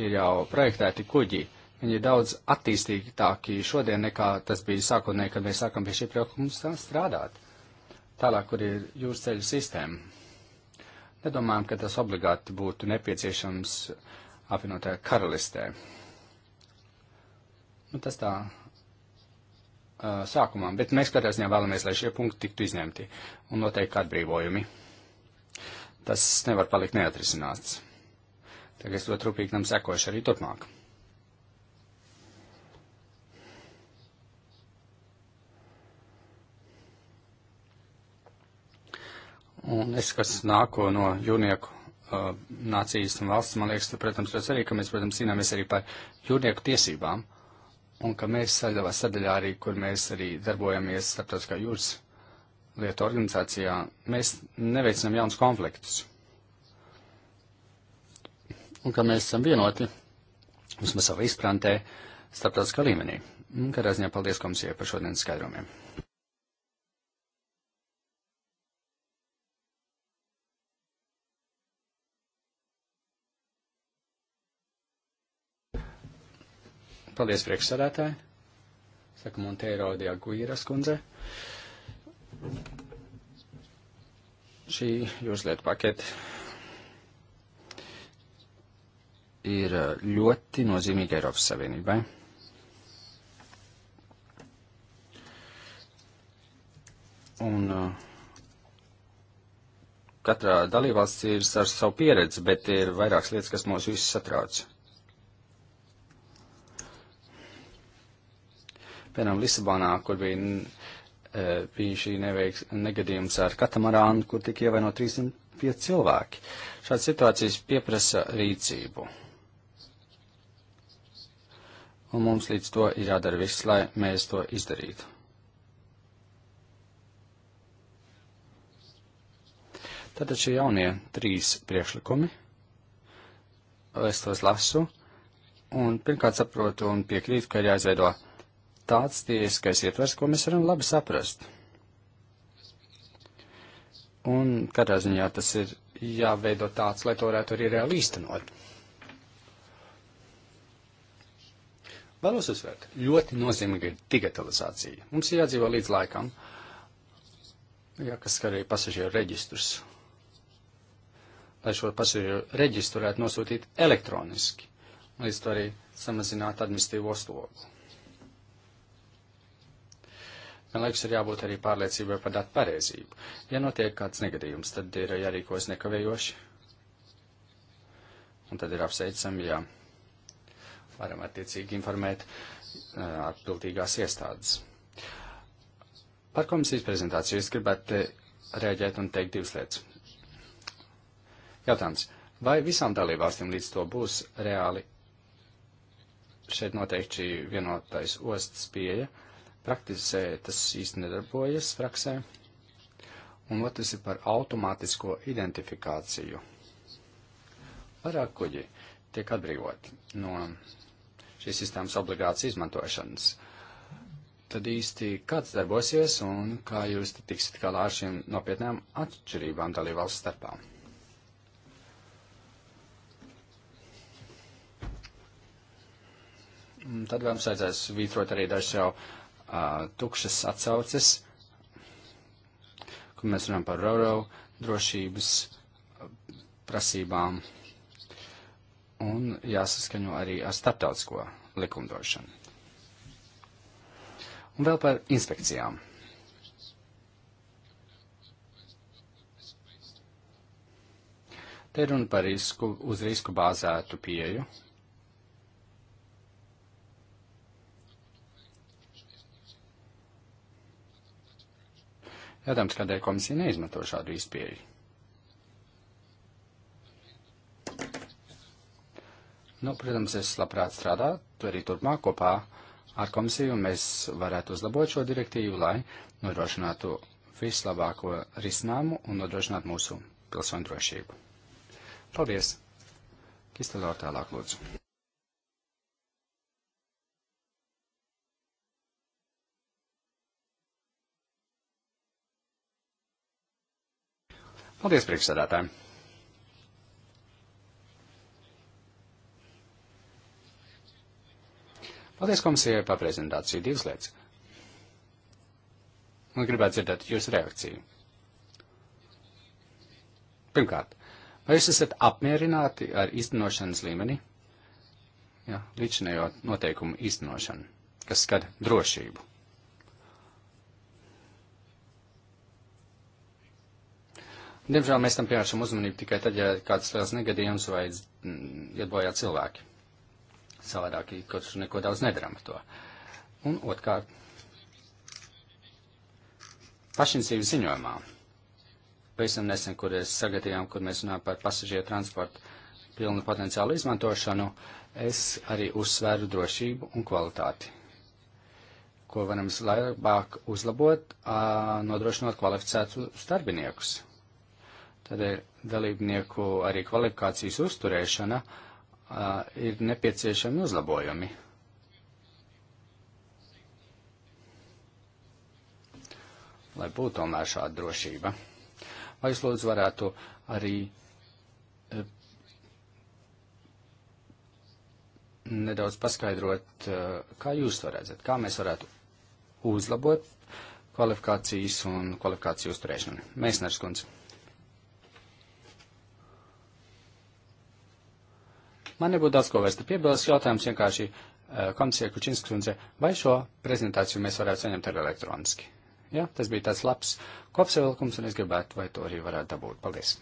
ir jau projektēti kuģi. Viņi ir daudz attīstītāki šodien nekā tas bija sākotnēji, kad mēs sākam pie šī priekšlikuma strādāt. Tālāk, kur ir jūras ceļu sistēma. Nedomājam, ka tas obligāti būtu nepieciešams apvienotajā karalistē. Nu, tas tā uh, sākumā, bet mēs katrā ziņā vēlamies, lai šie punkti tiktu izņemti un noteikti atbrīvojumi. Tas nevar palikt neatrisināts. Tagad es ļoti rūpīgi tam sekošu arī turpmāk. Un es, kas nāko no jūrnieku uh, nācijas un valsts, man liekas, protams, ļoti svarīgi, ka mēs, protams, cīnāmies arī par jūrnieku tiesībām un ka mēs savā sadaļā arī, kur mēs arī darbojamies starptautiskā jūras lietu organizācijā, mēs neveicinām jaunus konfliktus. Un ka mēs esam vienoti vismaz savā izprantē starptautiskā līmenī. Un, kādā ziņā paldies komisijai par šodienas skaidrojumiem. Paldies, priekšsādātāji. Saka Monteiro de Aguiras kundze. Šī jūraslietu pakete ir uh, ļoti nozīmīga Eiropas Savienībai. Un uh, katrā dalībvalsts ir ar savu pieredzi, bet ir vairākas lietas, kas mūs visus satrauc. piemēram, Lisabonā, kur bija, e, bija šī neveiks, negadījums ar katamarānu, kur tika ievainot 305 cilvēki. Šādas situācijas pieprasa rīcību. Un mums līdz to ir jādara viss, lai mēs to izdarītu. Tātad šie jaunie trīs priekšlikumi, es tos lasu, un pirmkārt saprotu un piekrītu, ka ir jāizveido tāds tiesiskais ietvers, ko mēs varam labi saprast. Un katrā ziņā tas ir jāveido tāds, lai to varētu arī reāli īstenot. Vēlos uzsvērt, ļoti nozīmīga ir digitalizācija. Mums ir jādzīvo līdz laikam, ja kas skar arī pasažieru reģistrus. Lai šo pasažieru reģistru varētu nosūtīt elektroniski, līdz to arī samazināt administīvo slogu. Man liekas, ir jābūt arī pārliecībai par datu pareizību. Ja notiek kāds negadījums, tad ir jārīkojas nekavējoši. Un tad ir apsveicami, ja varam attiecīgi informēt atbildīgās iestādes. Par komisijas prezentāciju es gribētu rēģēt un teikt divas lietas. Jautājums. Vai visām dalībvalstīm līdz to būs reāli šeit noteikti šī vienotais ostas pieeja? Uh, praktizē tas īsti nedarbojas praksē. Un otrs ir par automātisko identifikāciju. Vairāk kuģi tiek atbrīvoti no šīs sistēmas obligātas izmantošanas. Tad īsti kāds darbosies un kā jūs tiksit galā ar šīm nopietnām atšķirībām dalībvalsts starpā? Un tad vēl mums vajadzēs vītrot arī dažs jau uh, uh, tukšas atsauces, kur mēs runājam par RORO drošības prasībām un jāsaskaņo arī ar starptautisko likumdošanu. Un vēl par inspekcijām. Te runa par risku, uz risku bāzētu pieju, Jādams, kādēļ komisija neizmanto šādu izpēju. Nu, protams, es labprāt strādātu arī turpmāk kopā ar komisiju, un mēs varētu uzlabot šo direktīvu, lai nodrošinātu vislabāko risinājumu un nodrošinātu mūsu pilsoņu drošību. Paldies! Kistelor tālāk lūdzu. Paldies, priekšsēdētāji! Paldies komisijai par prezentāciju divas lietas. Un gribētu dzirdēt jūsu reakciju. Pirmkārt, vai jūs esat apmierināti ar īstenošanas līmeni? Jā, līdzinējo noteikumu īstenošanu, kas skar drošību. Diemžēl mēs tam pievēršam uzmanību tikai tad, ja kāds liels negadījums vai mm, iet bojā cilvēki. Savādāk, kaut kur neko daudz nedaram ar to. Un otrkārt, pašinsību ziņojumā. Pavisam nesen, kur es sagatījām, kur mēs runājam par pasažieru transportu pilnu potenciālu izmantošanu, es arī uzsveru drošību un kvalitāti, ko varam labāk uzlabot, nodrošinot kvalificētus starbiniekus. Tādēļ dalībnieku arī kvalifikācijas uzturēšana uh, ir nepieciešami uzlabojumi. Lai būtu tomēr šāda drošība. Vai jūs lūdzu varētu arī uh, nedaudz paskaidrot, uh, kā jūs to redzat, kā mēs varētu uzlabot kvalifikācijas un kvalifikāciju uzturēšanu? Mēs, Nerskundze. Man nebūtu daudz ko vairs te piebilst. Jautājums vienkārši eh, komisija Kučinskundze, vai šo prezentāciju mēs varētu saņemt arī elektroniski? Ja? Tas bija tāds labs kopsavilkums, un es gribētu, vai to arī varētu dabūt. Paldies!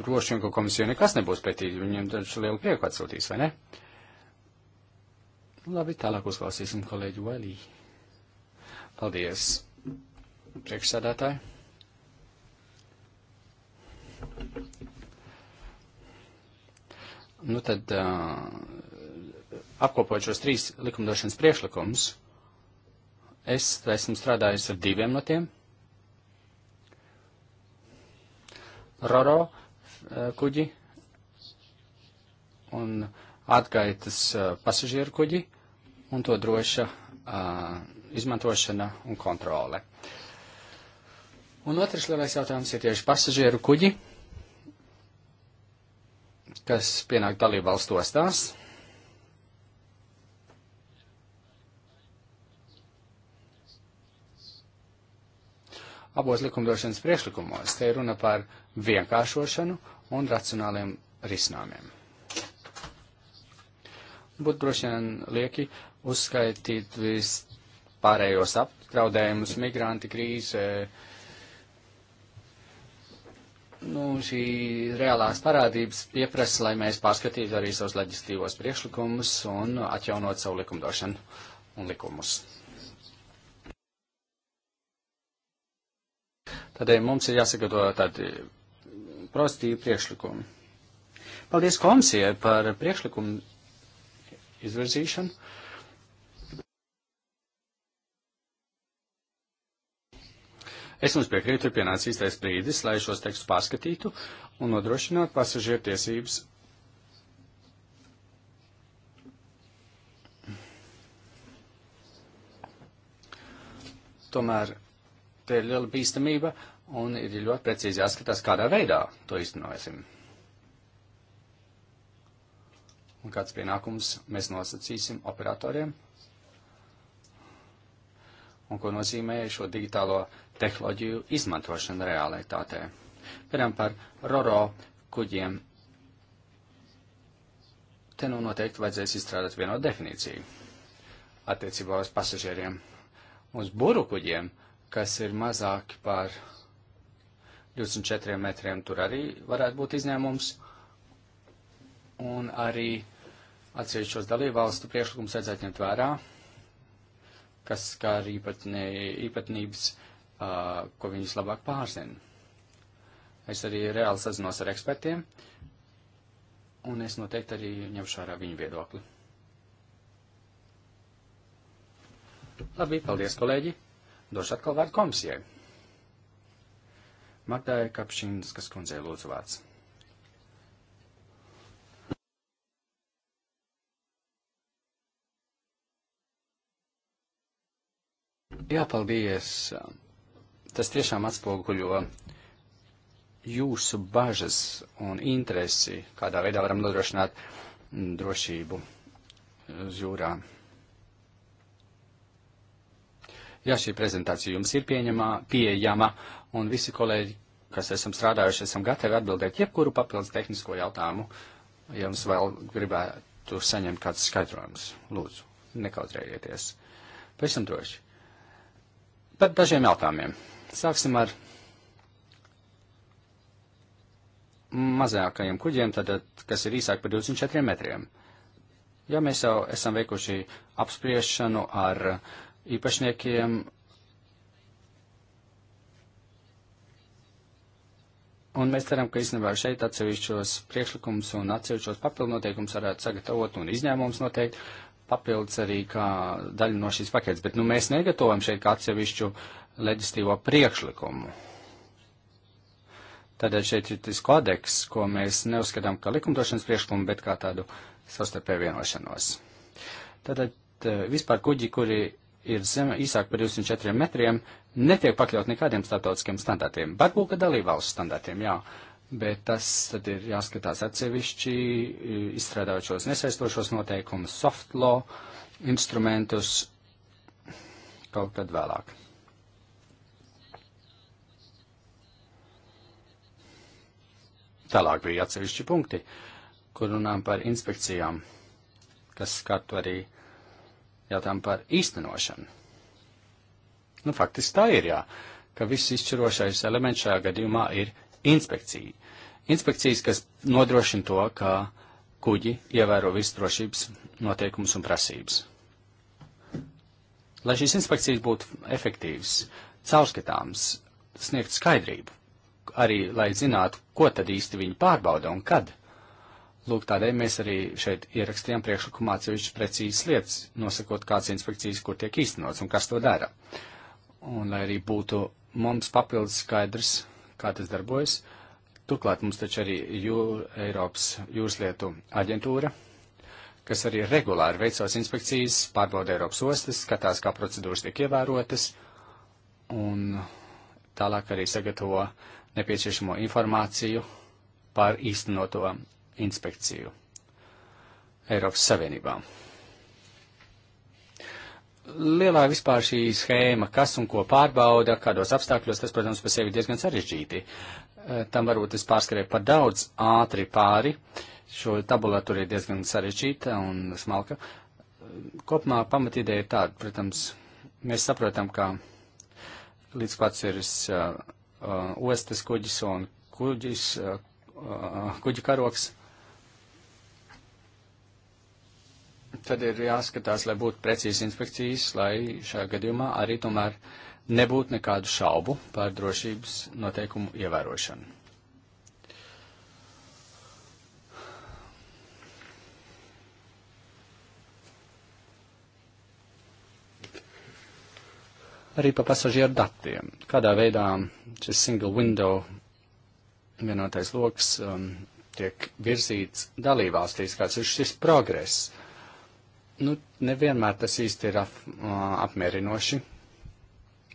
Droši vien, ka komisija nekas nebūs pretī, viņiem taču lielu prieku atsūtīs, vai ne? Labi, tālāk uzklausīsim kolēģi Valī. Paldies! priekšsēdētāji. Nu tad, uh, apkopot šos trīs likumdošanas priekšlikumus, es esmu strādājis ar diviem no tiem. Roro uh, kuģi un atgaitas uh, pasažieru kuģi un to droša izmantošana un kontrole. Uh, Un otrs lielais jautājums ir tieši pasažieru kuģi, kas pienāk dalību valstu ostās. Abos likumdošanas priekšlikumos te ir runa par vienkāršošanu un racionāliem risinājumiem būtu droši vien lieki uzskaitīt vispārējos apdraudējumus, migranti krīze, e, nu, šī reālās parādības pieprasa, lai mēs pārskatītu arī savus leģistīvos priekšlikumus un atjaunot savu likumdošanu un likumus. Tādēļ mums ir jāsagatavo tādi prostīvi priekšlikumi. Paldies komisijai par priekšlikumu izvirzīšanu. Es jums piekrītu, ir pienācis īstais brīdis, lai šos tekstus pārskatītu un nodrošinātu pasažieru tiesības. Tomēr te ir liela bīstamība un ir ļoti precīzi jāskatās, kādā veidā to īstenosim. Un kāds pienākums mēs nosacīsim operatoriem? Un ko nozīmē šo digitālo tehnoloģiju izmantošanu realitātē. Piemēram, par RORO kuģiem. Te nu noteikti vajadzēs izstrādāt vieno definīciju attiecībā uz pasažieriem. Uz buru kuģiem, kas ir mazāki par 24 metriem, tur arī varētu būt izņēmums. Un arī atsevišķos dalībvalstu priekšlikums vajadzētu ņemt vērā, kas skar īpatnē, īpatnības. Uh, uh, ko viņi vislabāk pārzina. Es arī reāli sazinos ar ekspertiem, un es noteikti arī ņemšu vērā viņu viedokli. Labi, paldies, kolēģi. Došu atkal vārdu komisijai. Magdāja Kapšinskas kundzei lūdzu vārds. Jā, paldies tas tiešām atspoguļo jūsu bažas un interesi, kādā veidā varam nodrošināt drošību uz jūrā. Ja šī prezentācija jums ir pieņemā, pieejama, un visi kolēģi, kas esam strādājuši, esam gatavi atbildēt jebkuru papildus tehnisko jautājumu, ja jums vēl gribētu saņemt kāds skaidrojums. Lūdzu, nekautrējieties. Pēc tam droši. Par dažiem jautājumiem. Sāksim ar mazākajiem kuģiem, tad, kas ir īsāk par 24 metriem. Ja mēs jau esam veikuši apspriešanu ar īpašniekiem, un mēs ceram, ka īstenībā šeit atsevišķos priekšlikumus un atsevišķos papildu noteikumus varētu sagatavot un izņēmums noteikt, papildus arī kā daļa no šīs paketes, bet nu, mēs negatavojam šeit kā atsevišķu uh, leģistīvo priekšlikumu. Tādēļ šeit ir tas kodeks, ko mēs neuzskatām kā likumdošanas priekšlikumu, bet kā tādu savstarpēju vienošanos. Tātad eh, vispār kuģi, kuri ir zem, īsāk par 24 metriem, netiek pakļaut nekādiem starptautiskiem standartiem. Varbūt, ka dalībvalsts standartiem, jā, bet tas tad ir jāskatās atsevišķi, eh, izstrādājot šos nesaistošos noteikumus, soft law instrumentus kaut kad vēlāk. Tālāk bija atsevišķi punkti, kur runām par inspekcijām, kas skartu arī jautājumu par īstenošanu. Nu, faktiski tā ir, jā, ka viss izšķirošais elements šajā gadījumā ir inspekcija. Inspekcijas, kas nodrošina to, ka kuģi ievēro visu drošības noteikumus un prasības. Lai šīs inspekcijas būtu efektīvas, caurskatāmas, sniegt skaidrību, arī, lai zinātu, ko tad īsti viņi pārbauda un kad. Lūk, tādēļ mēs arī šeit ierakstījām priekšlikumā atsevišķas precīzas lietas, nosakot, kāds inspekcijas, kur tiek īstenots un kas to dara. Un lai arī būtu mums papildus skaidrs, kā tas darbojas, turklāt mums taču arī jū, Eiropas jūraslietu aģentūra, kas arī regulāri veic savas inspekcijas, pārbauda Eiropas ostas, skatās, kā procedūras tiek ievērotas, un tālāk arī sagatavo uh, nepieciešamo informāciju par īstenoto inspekciju Eiropas Savienībā. Lielā vispār šī schēma, kas un ko pārbauda, kādos apstākļos, tas, protams, par sevi diezgan sarežģīti. Eh, tam varbūt es pārskrēju par daudz ātri pāri. Šo tabulā tur ir diezgan sarežģīta un smalka. Eh, kopumā pamatideja ir tāda, protams, mēs saprotam, ka līdz pats ir uh, uh, ostas kuģis un kuģis, uh, uh kuģi karoks. Tad ir jāskatās, lai būtu precīzi inspekcijas, lai šajā gadījumā arī tomēr nebūtu nekādu šaubu par drošības noteikumu ievērošanu. arī par pasažieru datiem. Kādā veidā šis single window vienotais loks um, tiek virzīts dalībvalstīs, kāds ir šis progress. Nu, nevienmēr tas īsti ir ap, uh, apmierinoši.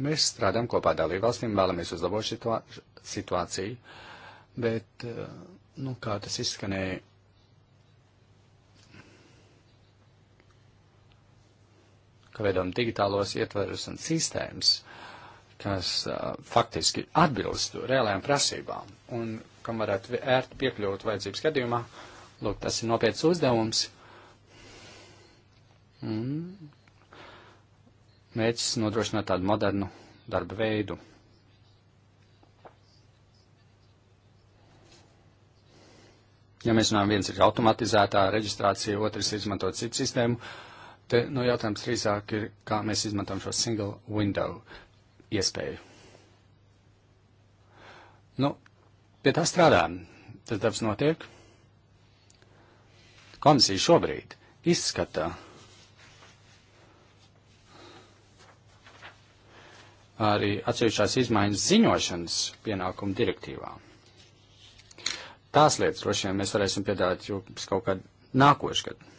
Mēs strādājam kopā dalībvalstīm, vēlamies uzlabot šito situāciju, bet, uh, nu, kā tas izskanēja ka veidojam digitālos ietverus un sistēmas, kas uh, faktiski atbilst reālajām prasībām un kam varētu ērti piekļūt vajadzības gadījumā. Lūk, tas ir nopietns uzdevums. Mm. Mēģis nodrošināt tādu modernu darba veidu. Ja mēs runājam, viens ir automatizētā reģistrācija, otrs izmantot citu sistēmu, uh, Te nu, jautājums drīzāk ir, kā mēs izmantojam šo single window iespēju. Nu, pie tā strādājam. Tas darbs notiek. Komisija šobrīd izskata arī atsevišķās izmaiņas ziņošanas pienākumu direktīvā. Tās lietas droši vien mēs varēsim piedāvāt jau kaut kad nākošgad.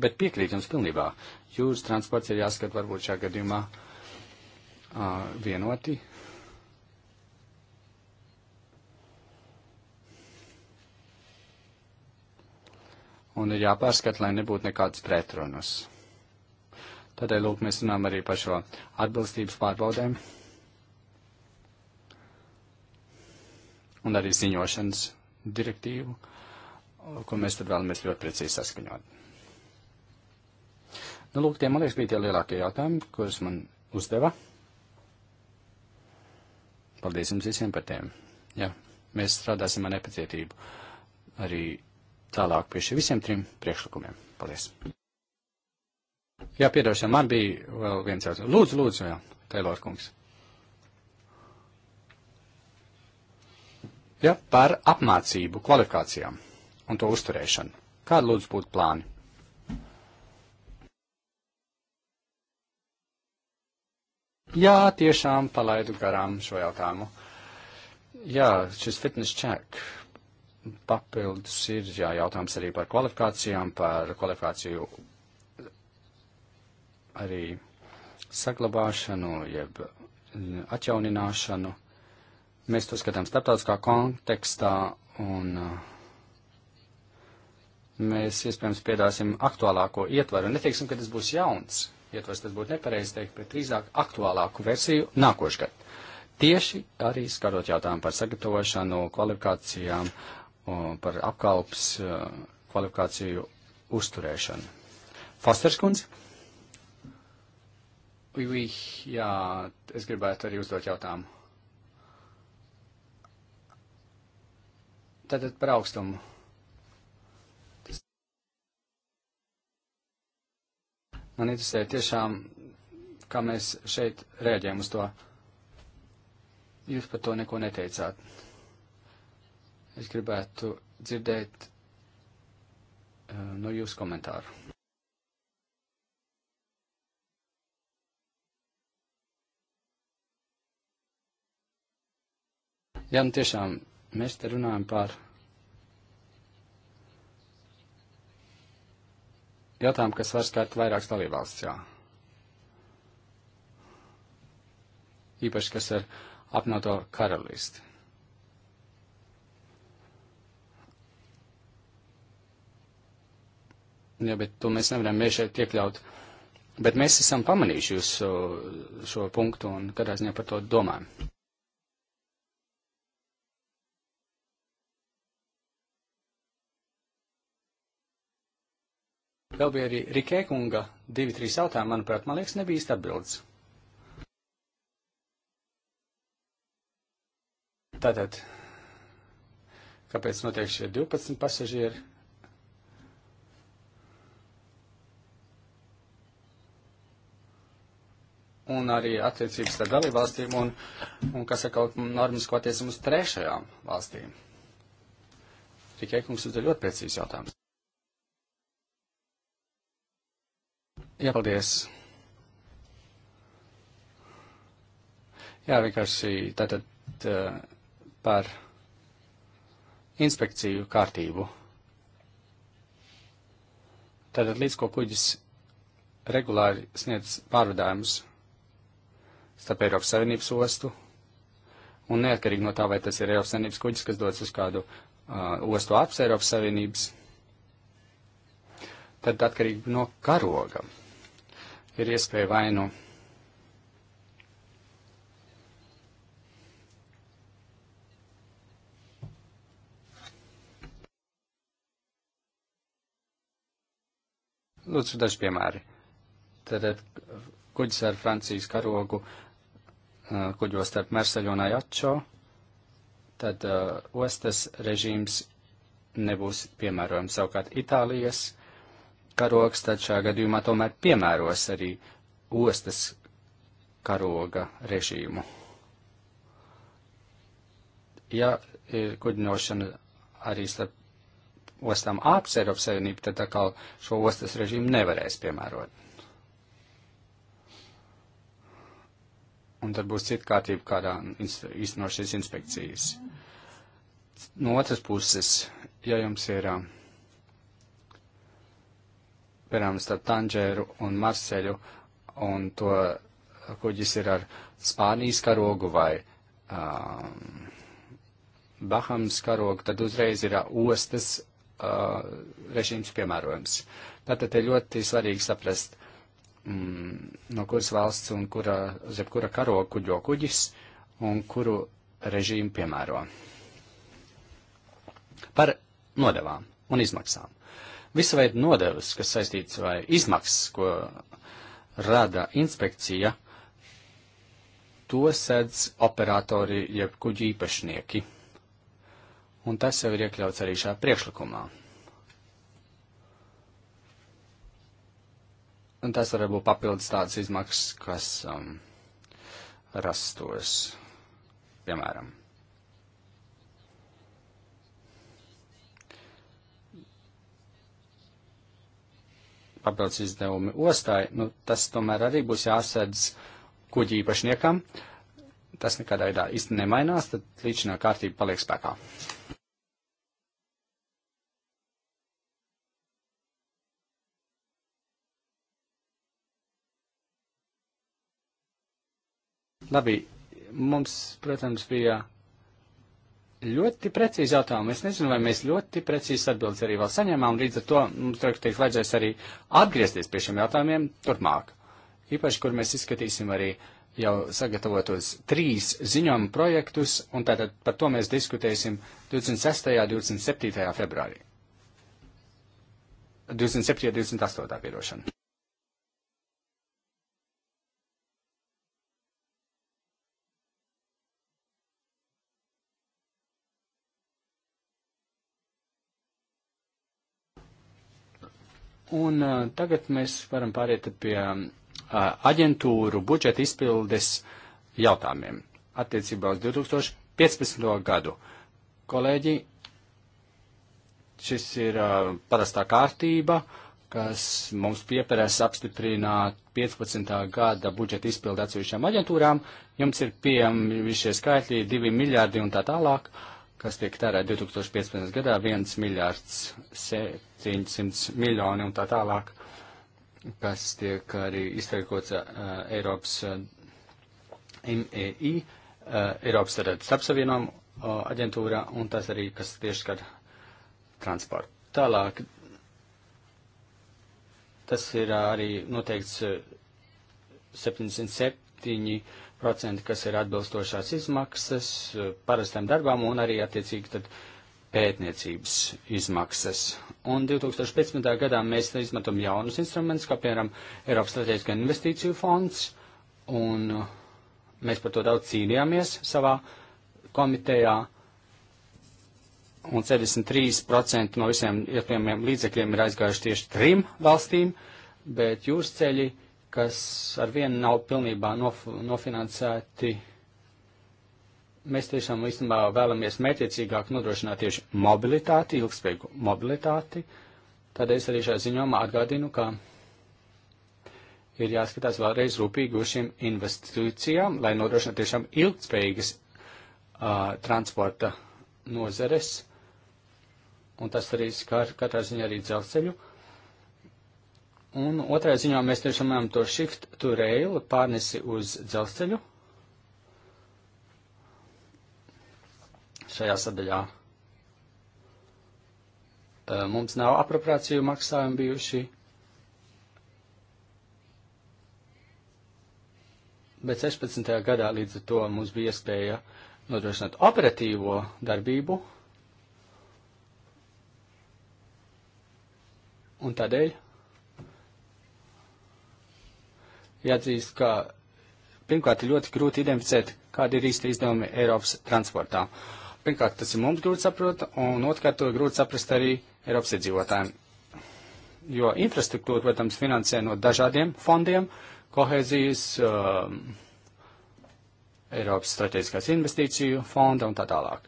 Bet piekrīt jums pilnībā. Jūras transports ir jāskat varbūt šā gadījumā uh, vienoti. Un ir jāpārskat, lai nebūtu nekādas pretrunas. Tādēļ, lūk, mēs runājam arī par šo atbilstības pārbaudēm un arī ziņošanas direktīvu, ko mēs tad vēlamies ļoti precīzi saskaņot. Nu, lūk, tie, man liekas, bija tie lielākie jautājumi, kurus man uzdeva. Paldies jums visiem par tiem. Jā, mēs strādāsim ar nepacietību arī tālāk pie šiem visiem trim priekšlikumiem. Paldies. Jā, piedošana, man bija vēl viens jautājums. Lūdzu, lūdzu, jā, Tailor kungs. Jā, par apmācību, kvalifikācijām un to uzturēšanu. Kāda lūdzu būtu plāni? Jā, tiešām palaidu garām šo jautājumu. Jā, šis fitness check papildus ir jā, jautājums arī par kvalifikācijām, par kvalifikāciju arī saglabāšanu, jeb atjaunināšanu. Mēs to skatām starptautiskā kontekstā un uh, mēs iespējams piedāsim aktuālāko ietvaru. Neteiksim, ka tas būs jauns ietvars tas būtu nepareizi teikt, bet drīzāk aktuālāku versiju nākošgad. Tieši arī skatot jautājumu par sagatavošanu, kvalifikācijām, par apkalps kvalifikāciju uzturēšanu. Fosters kundze? Uj, jā, es gribētu arī uzdot jautājumu. Tātad par augstumu Man interesē tiešām, kā mēs šeit rēģējam uz to. Jūs par to neko neteicāt. Es gribētu dzirdēt eh, no jūsu komentāru. Jā, nu tiešām mēs te runājam par jautājumu, kas var skart vairākas dalībvalsts, jā. Īpaši, kas ar apnoto karalisti. Jā, ja, bet to mēs nevaram šeit iekļaut. Bet mēs esam pamanījuši jūs šo, šo punktu un katrā ziņā par to domājam. Vēl bija arī Rikē kunga divi, trīs jautājumi, manuprāt, man liekas, nebija īsti atbildes. Tātad, kāpēc notiek šie 12 pasažieri? Un arī attiecības ar dalībvalstīm un, un kas ir kaut normas, ko attiecam uz trešajām valstīm. Tikai kungs uzdev ļoti precīzi jautājums. Jā, paldies. Jā, vienkārši tātad uh, par inspekciju kārtību. Tātad līdz ko kuģis regulāri sniedz pārvadājumus starp Eiropas Savienības ostu, un neatkarīgi no tā, vai tas ir Eiropas Savienības kuģis, kas dodas uz kādu uh, ostu ārpus Eiropas Savienības, tad atkarīgi no karoga ir iespēja vainu Lūdzu, daži piemēri. Tātad kuģis ar Francijas karogu kuģos starp Merseļu un Ajačo, tad uh, ostas režīms nebūs piemērojams. Savukārt Itālijas uh, karogs tad šajā gadījumā tomēr piemēros arī ostas karoga režīmu. Ja ir e, kuģinošana arī starp ostām ārpus Eiropas Savienību, tad atkal šo ostas režīmu nevarēs piemērot. Un tad būs cita kārtība, kādā īstenot šīs inspekcijas. No otras puses, ja jums ir uh, piemēram, starp Tanģēru un Marseļu, un to kuģis ir ar Spānijas karogu vai um, Bahamas karogu, tad uzreiz ir uh, ostas uh, režīms piemērojams. Tātad ir ļoti svarīgi saprast, mm, no kuras valsts un kura, uz jebkura karoga kuģo kuģis un kuru režīmu piemēro. Par nodevām un izmaksām. Visu veidu nodevas, kas saistīts vai izmaksas, ko rada inspekcija, to sedz operatori jeb kuģi īpašnieki. Un tas jau ir iekļauts arī šajā priekšlikumā. Un tas var būt papildus tādas izmaksas, kas um, rastos, piemēram, papildus izdevumi ostai, nu, tas tomēr arī būs jāsēdz kuģi īpašniekam. Tas nekādā veidā īsti nemainās, tad līdzinā kārtība paliek spēkā. Labi, mums, protams, bija ļoti precīzi jautājumu. Es nezinu, vai mēs ļoti precīzi atbildes arī vēl saņēmām, un līdz ar to mums teiks, vajadzēs arī atgriezties pie šiem jautājumiem turpmāk. Īpaši, kur mēs izskatīsim arī jau sagatavotos trīs ziņojumu projektus, un tātad par to mēs diskutēsim 26. un 27. februārī. 27. un 28. piedošana. Un uh, tagad mēs varam pāriet pie uh, aģentūru budžeta izpildes jautājumiem attiecībā uz 2015. gadu. Kolēģi, šis ir uh, parastā kārtība, kas mums pieprasa apstiprināt 15. gada budžeta izpildu atsevišķām aģentūrām. Jums ir pieejami šie skaitļi 2 miljārdi un tā tālāk. Uh, kas tiek tērēt 2015. gadā, 1 miljārds 700 miljoni un tā tālāk, kas tiek arī izteikots uh, Eiropas uh, MEI, uh, Eiropas tātad starpsavienām uh, aģentūrā, un tas arī, kas tieši skar transportu. Tālāk, tas ir arī noteikts 707 uh, procenti, kas ir atbilstošās izmaksas eh, parastam darbām un arī attiecīgi tad pētniecības izmaksas. Un 2015. gadā mēs izmantojam jaunus instrumentus, kā piemēram Eiropas strateģiskā investīciju fonds, un mēs par to daudz cīnījāmies savā komitejā, un 73% no visiem iespējamiem līdzekļiem ir aizgājuši tieši trim valstīm, bet jūsu ceļi kas ar vienu nav pilnībā nof nofinansēti. Mēs tiešām īstenībā vēlamies mērķiecīgāk nodrošināt tieši mobilitāti, ilgspējīgu mobilitāti. Tādēļ es arī šajā ziņojumā atgādinu, ka ir jāskatās vēlreiz rūpīgi uz šīm investīcijām, lai nodrošinātu tiešām ilgspējīgas uh, transporta nozeres. Un tas arī skar katrā ziņā arī dzelzceļu. Uh, Un otrajā ziņā mēs tiešām ejam to shift to rail pārnesi uz dzelzceļu. Šajā sadaļā eh, mums nav apropriāciju maksājumi bijuši, bet 16. gadā līdz ar to mums bija iespēja nodrošināt operatīvo darbību, un tādēļ jāatzīst, ka pirmkārt ir ļoti grūti identificēt, kādi ir īsti izdevumi Eiropas transportā. Pirmkārt, tas ir mums grūti saprot, un otrkārt, to ir grūti saprast arī Eiropas iedzīvotājiem. Jo infrastruktūra, protams, finansē no dažādiem fondiem, kohēzijas, um, Eiropas strateģiskās investīciju fonda un tā tālāk.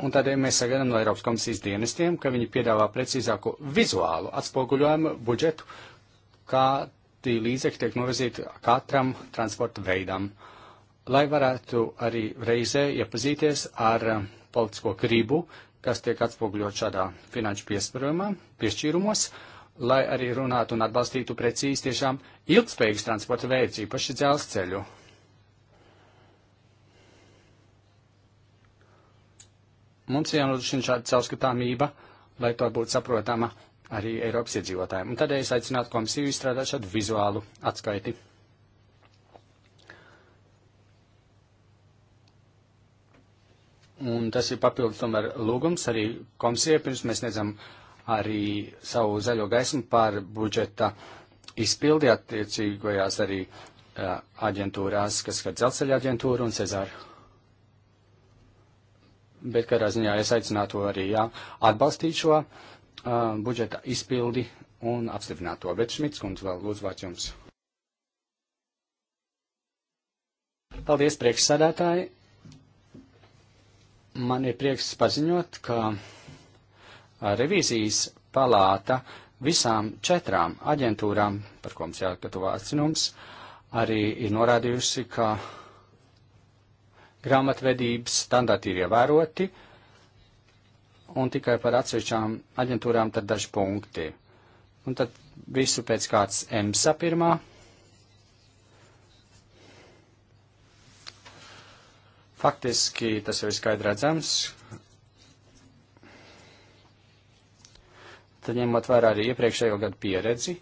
Un tādēļ mēs sagaidām no Eiropas komisijas dienestiem, ka viņi piedāvā precīzāku vizuālu atspoguļojumu budžetu, uh, kā tie līdzekļi tiek novirzīti katram transporta veidam, lai varētu arī reizē iepazīties ar eh, politisko gribu, kas tiek atspoguļot šādā finanšu piesprāvumā, piešķīrumos, lai arī runātu un atbalstītu precīzi tiešām ilgspējīgas transporta veids, īpaši dzelzceļu. Mums jānodrošina šāda caurskatāmība, lai to būtu saprotama arī Eiropas iedzīvotājiem. Un tādēļ es aicinātu komisiju izstrādāt šādu vizuālu atskaiti. Un tas ir papildus tomēr lūgums arī komisijai, pirms mēs nedzam arī savu zaļo gaismu par budžeta izpildi attiecīgajās arī uh, aģentūrās, kas skat dzelceļa aģentūru un Cezāru. Bet, kādā ziņā, es aicinātu arī jā, atbalstīt šo uh, uh, budžeta izpildi un apstiprināt to. Bet Šmits kundze vēl lūdzu vārds jums. Paldies, priekšsādātāji. Man ir prieks paziņot, ka revīzijas palāta visām četrām aģentūrām, par ko mums jāatgatavo atzinums, arī ir norādījusi, ka grāmatvedības standarti ir ievēroti, uh, un tikai par atsevišķām aģentūrām tad daži punkti. Un tad visu pēc kāds EMSA pirmā. Faktiski tas jau ir skaidri redzams. Tad ņemot vērā arī iepriekšējo gadu pieredzi,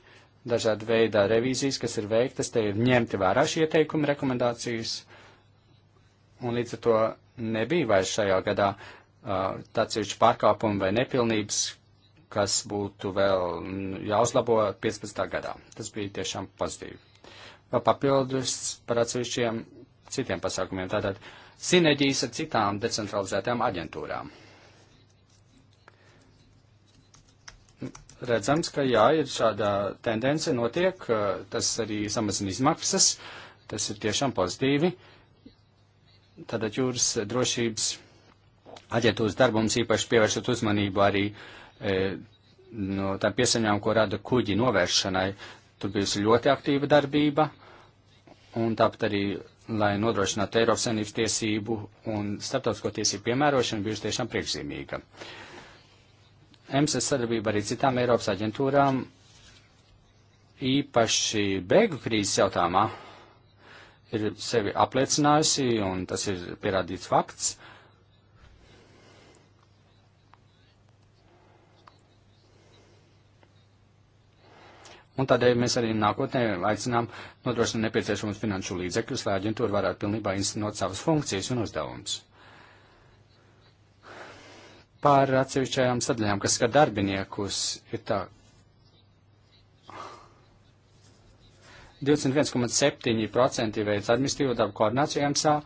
dažāda veida revīzijas, kas ir veiktas, te ir ņemti vērā šie ieteikumi, rekomendācijas, un līdz ar to nebija vairs šajā gadā atsevišķi pārkāpumi vai nepilnības, kas būtu vēl jāuzlabo 15. gadā. Tas bija tiešām pozitīvi. Vēl papildus par atsevišķiem citiem pasākumiem. Tātad sinerģijas ar citām decentralizētām aģentūrām. Redzams, ka jā, ir šāda tendence notiek, tas arī samazina izmaksas, tas ir tiešām pozitīvi. Tātad jūras drošības aģentūras darbu mums īpaši pievēršot uzmanību arī e, no tā piesaņām, ko rada kuģi novēršanai. Tur bijusi ļoti aktīva darbība, un tāpat arī, lai nodrošinātu Eiropas saimnības tiesību un starptautisko tiesību piemērošanu, bijusi tiešām priekšzīmīga. EMSAS sadarbība arī citām Eiropas aģentūrām, īpaši bēgu krīzes jautājumā, ir sevi apliecinājusi, un tas ir pierādīts fakts. Uh, Un tādēļ mēs arī nākotnē aicinām nodrošināt nepieciešamos finanšu līdzekļus, lai aģentūra varētu pilnībā īstenot savas funkcijas un uzdevumus. Par atsevišķajām sadaļām, kas skar darbiniekus, ir tā, 21,7% veids administratīvo darbu koordināciju MSA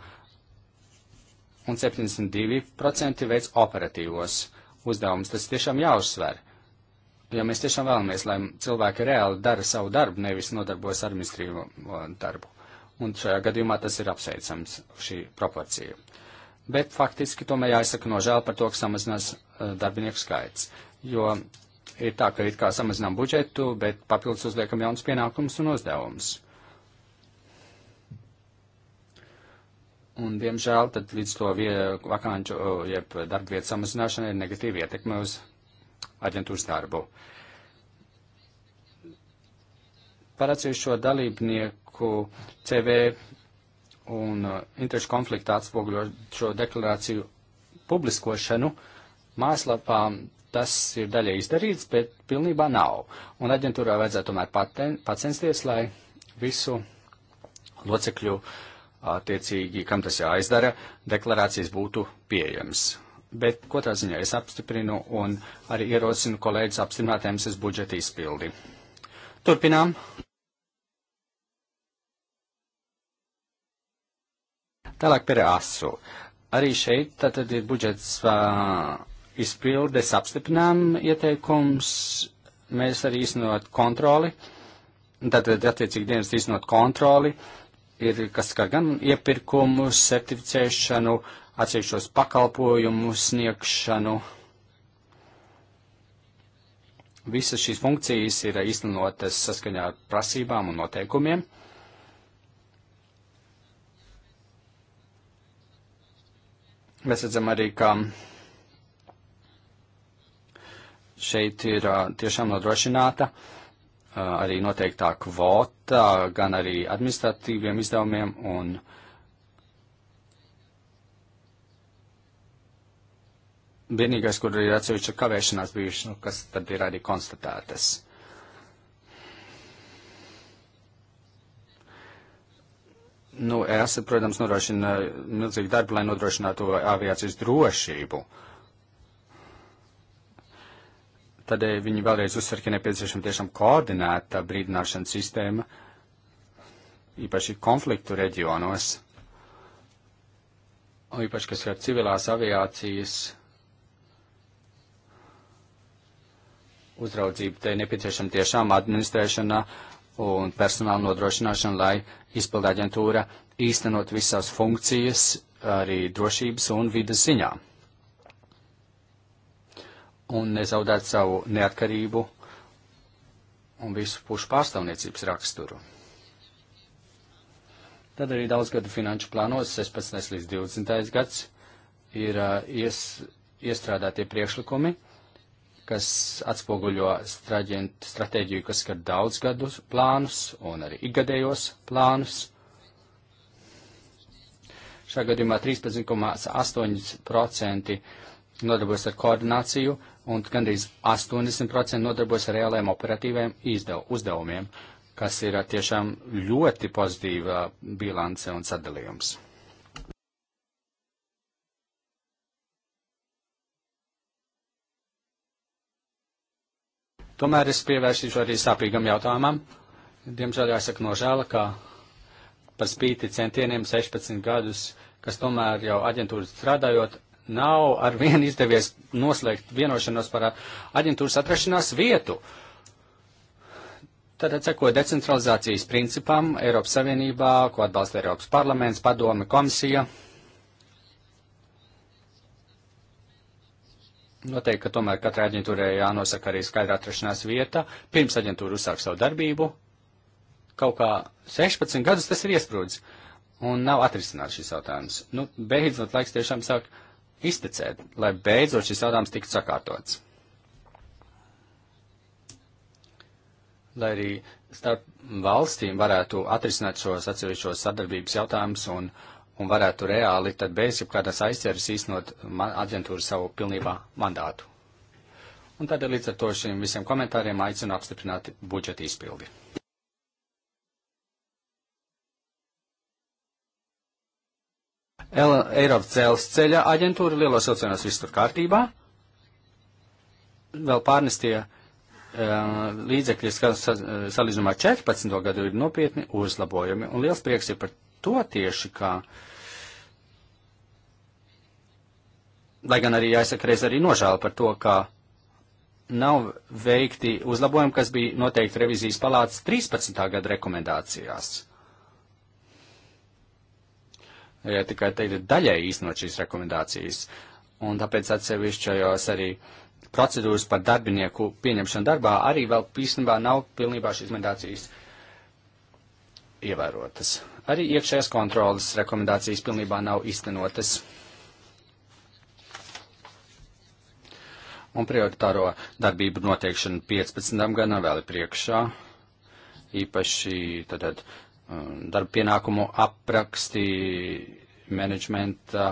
un 72% veids operatīvos uzdevumus. Tas tiešām jāuzsver ja mēs tiešām vēlamies, lai cilvēki reāli dara savu darbu, nevis nodarbojas ar administrīvo darbu. Un šajā gadījumā tas ir apsveicams, šī proporcija. Bet faktiski tomēr jāizsaka nožēla par to, ka samazinās e, darbinieku skaits. Jo ir tā, ka it kā samazinām budžetu, bet papildus uzliekam jaunas pienākumus un uzdevumus. Un, diemžēl, tad līdz to vakanču, jeb darba vietu samazināšanai ir negatīva ietekme uz aģentūras darbu. Par atsevišķo dalībnieku CV un uh, interešu konflikta atspoguļošo deklarāciju publiskošanu mājaslapā tas ir daļai izdarīts, bet pilnībā nav. Un aģentūrā vajadzētu tomēr paten, pacensties, lai visu locekļu uh, attiecīgi, kam tas jāizdara, deklarācijas būtu pieejams. Bet katrā ziņā es apstiprinu un arī ierosinu kolēģis apstiprināt EMSAS budžeta izpildi. Turpinām. Tālāk par ASU. Arī šeit tātad ir budžets uh, izpildes apstiprinām ieteikums. Mēs arī iznot kontroli. Tātad attiecīgi dienas iznot kontroli. Ir, kas skar gan iepirkumus, certificēšanu, uh, atsevišķos pakalpojumu sniegšanu. Visas šīs funkcijas ir īstenotas saskaņā ar prasībām un noteikumiem. Mēs redzam arī, ka šeit ir tiešām nodrošināta arī noteiktā kvota gan arī administratīviem izdevumiem un uh, vienīgais, kur ir atsevišķa kavēšanās bijušas, nu, kas tad ir arī konstatētas. Nu, EASA, protams, nodrošina milzīgu darbu, lai nodrošinātu aviācijas drošību. Tādēļ viņi vēlreiz uzsver, ka nepieciešama tiešām koordinēta brīdināšanas sistēma, īpaši konfliktu reģionos, īpaši, kas ir civilās aviācijas uzraudzību. Te nepieciešama tiešām administrēšana un personāla nodrošināšana, lai izpildu aģentūra īstenot visās funkcijas arī drošības un vidas ziņā. Un nezaudēt savu neatkarību un visu pušu pārstāvniecības raksturu. Tad arī daudzgadu finanšu plānos 16 līdz 20. gads ir uh, ies, iestrādātie priekšlikumi kas atspoguļo stratēģiju, kas skar daudz gadus plānus un arī ikgadējos plānus. Šā gadījumā 13,8% nodarbojas ar koordināciju un gandrīz 80% nodarbojas ar reāliem operatīviem izdev, uzdevumiem, kas ir tiešām ļoti pozitīva bilance un sadalījums. Tomēr es pievērsīšu arī sāpīgam jautājumam. Diemžēl jāsaka nožēla, ka par spīti centieniem 16 gadus, kas tomēr jau aģentūras strādājot, nav ar vienu izdevies noslēgt vienošanos par aģentūras atrašanās vietu. Tātad ceko decentralizācijas principam Eiropas Savienībā, ko atbalsta Eiropas parlaments, padome, komisija, Noteikti, ka tomēr katrai aģentūrai jānosaka arī skaidra atrašanās vieta, pirms aģentūra uzsāk savu darbību. Kaut kā 16 gadus tas ir iesprūdis, un nav atrisināts šis jautājums. Nu, beidzot, laiks tiešām sāk iztecēt, lai beidzot šis jautājums tiktu sakārtots. Lai arī starp valstīm varētu atrisināt šos atsevišķos sadarbības jautājumus un uh, un varētu reāli tad bez jebkādas aizceras īstenot aģentūru savu pilnībā mandātu. Un tad līdz ar to šiem visiem komentāriem aicinu apstiprināt budžeta izpildi. El, Eiropas dzelzceļa aģentūra lielos vilcienos viss tur kārtībā. Vēl pārnestie uh, līdzekļi, kas salīdzinājumā 14. gadu ir nopietni uzlabojumi, un liels prieks ir par to tieši kā. Lai gan arī jāsaka reiz arī nožēla par to, ka nav veikti uzlabojumi, kas bija noteikti revizijas palātas 13. gada rekomendācijās. Ja tikai te ir daļai īstenot šīs rekomendācijas, un tāpēc atsevišķajos arī procedūras par darbinieku pieņemšanu darbā arī vēl īstenībā nav pilnībā šīs rekomendācijas ievērotas. Arī iekšējās kontrolas rekomendācijas pilnībā nav iztenotas. Un prioritāro darbību noteikšana 15. gadam vēl ir priekšā, īpaši tātad um, darba pienākumu apraksti, menedžmenta,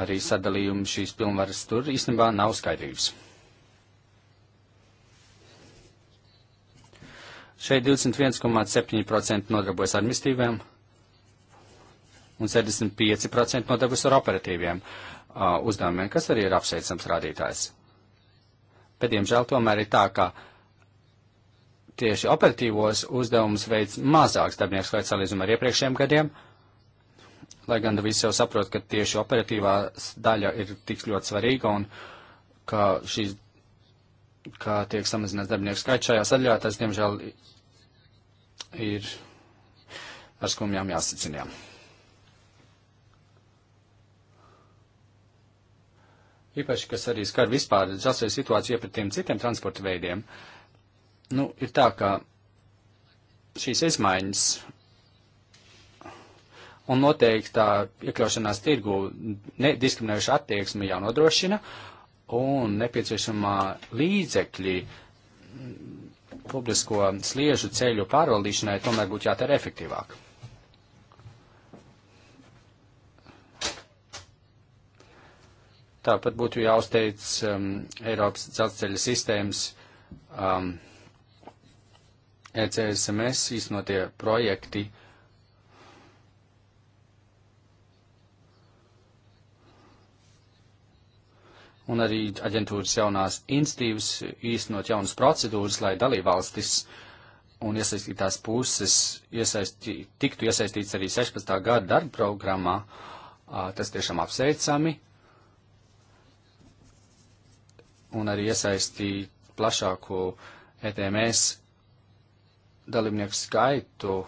arī sadalījumi šīs pilnvaras tur īstenībā nav skaidrības. Šeit 21,7% nodarbojas ar mistīvēm un 75% nodarbojas ar operatīviem uh, uzdevumiem, kas arī ir apsveicams rādītājs. Bet, diemžēl, tomēr ir tā, ka tieši operatīvos uzdevumus veids mazāks darbnieks skaits salīdzinājumā ar iepriekšējiem gadiem, lai gan nu visi jau saprot, ka tieši operatīvā daļa ir tik ļoti svarīga un ka šīs kā tiek samazināts darbinieku skaits šajā sadaļā, tas, diemžēl, ir ar skumjām jāsacinām. Īpaši, kas arī skar vispār dzelzceļa situāciju pret tiem citiem transporta veidiem, nu, ir tā, ka šīs izmaiņas un noteiktā iekļaušanās tirgu nediskriminējuša attieksme jānodrošina, uh, un nepieciešamā līdzekļi publisko sliežu ceļu pārvaldīšanai tomēr būtu jātara efektīvāk. Tāpat būtu jāuzteic um, Eiropas dzelzceļa sistēmas um, ECSMS īstenotie projekti, uh, un arī aģentūras jaunās institīvas īstenot jaunas procedūras, lai dalībvalstis un iesaistītās puses iesaistī, tiktu iesaistīts arī 16. gada darba programmā. Tas tiešām apsveicami. Un arī iesaistīt plašāku ETMS dalībnieku skaitu,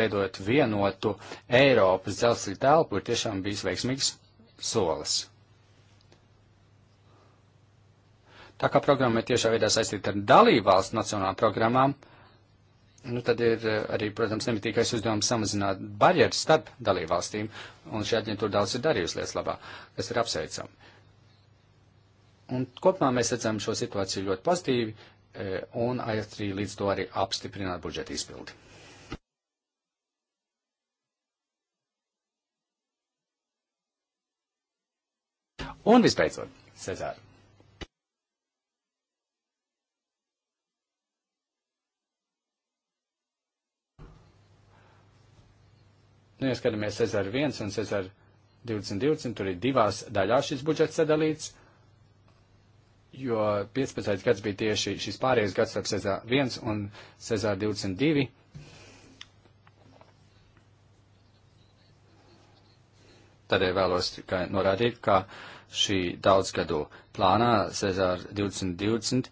veidojot vienotu Eiropas dzelzceļa telpu, ir tiešām bijis veiksmīgs solis. Tā kā programma ir tiešā veidā saistīta ar dalību valsts nacionālām programmām, nu tad ir eh, arī, protams, nemitīgais uzdevums samazināt barjeras starp dalību valstīm, un šī aģentūra daudz ir darījusi lietas labā, kas ir apsveicami. Un kopumā mēs redzam šo situāciju ļoti pozitīvi, eh, un arī līdz to arī apstiprināt budžeta izpildi. Un visbeidzot, Cezāra. Nu, ja skatāmies Cezar 1 un Cezar 2020, tur ir divās daļās šis budžets sadalīts, jo 15. gads bija tieši šis pārējais gads ar Cezar 1 un Cezar 22. Tādēļ vēlos tikai norādīt, ka šī daudzgadu plānā Cezar 2020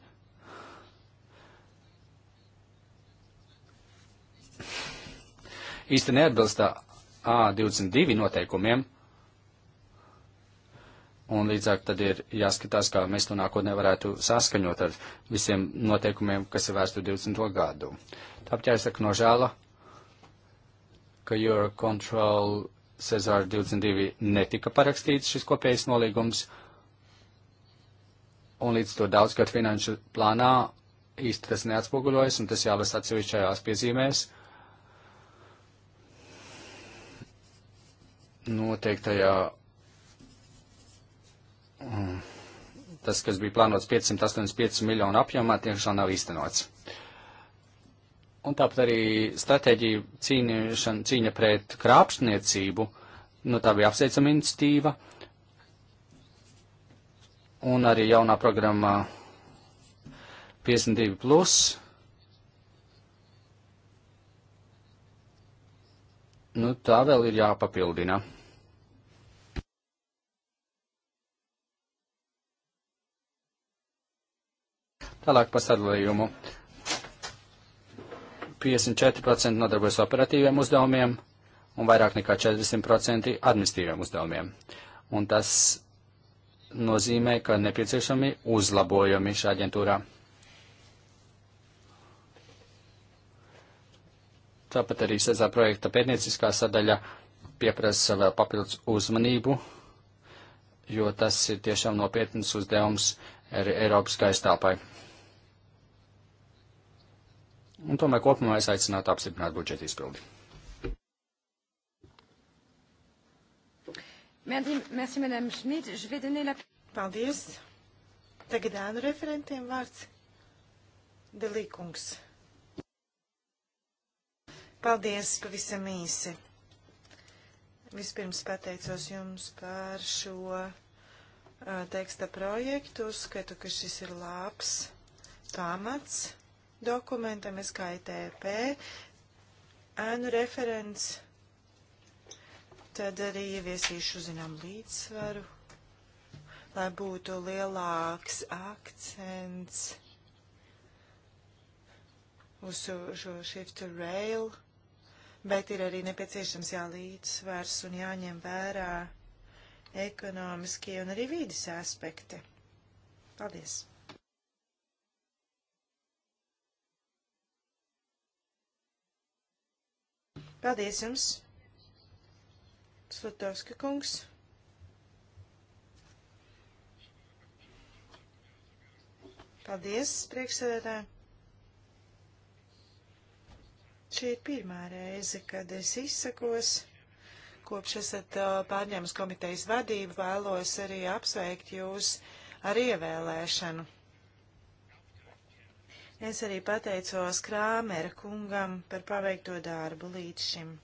īsti neatbilst A22 noteikumiem. Un līdz ar tad ir jāskatās, kā mēs to nākotnē varētu saskaņot ar visiem noteikumiem, kas ir vērsti 20. gadu. Tāpēc jāizsaka nožēla, ka Eurocontrol Cezāra 22 netika parakstīts šis kopējais nolīgums, un līdz to daudzgad finanšu plānā īsti tas neatspoguļojas, un tas jālas atsevišķajās piezīmēs. noteiktajā. Mm, tas, kas bija plānots 585 miljonu apjomā, tiešām nav īstenots. Un tāpat arī stratēģija cīņišana, cīņa pret krāpšniecību, nu tā bija apsveicama iniciatīva. Un arī jaunā programma 52 plus nu, tā vēl ir jāpapildina. Tālāk par sadalījumu. 54% nodarbojas operatīviem uzdevumiem un vairāk nekā 40% administīviem uzdevumiem. Un tas nozīmē, ka nepieciešami uzlabojumi šā aģentūrā. Tāpat arī Sezā projekta pētnieciskā sadaļa pieprasa vēl papildus uzmanību, jo tas ir tiešām nopietnas uzdevums Eiropas gaistāpai. Un tomēr kopumā es aicinātu apstiprināt budžeta izpildi. Merci, Madame Schmidt. Je vais donner la... Paldies. Tagad ānu referentiem vārds. Delīkungs. Paldies pavisam īsi. Vispirms pateicos jums par šo uh, teksta projektu. Uzskatu, ka šis ir labs pamats dokumentam SKITP. Ēnu referents. Tad arī ieviesīšu, zinām, līdzsvaru, lai būtu lielāks akcents uz šo shift to rail. Uh, bet ir arī nepieciešams jālīdzsvars un jāņem vērā ekonomiskie un arī vīdes aspekti. Paldies! Paldies jums, Slutovska kungs! Paldies, priekšsēdētāji! Šī ir pirmā reize, kad es izsakos kopš esat pārņēmis komitejas vadību, vēlos arī apsveikt jūs ar ievēlēšanu. Es arī pateicos Krāmera kungam par paveikto darbu līdz šim.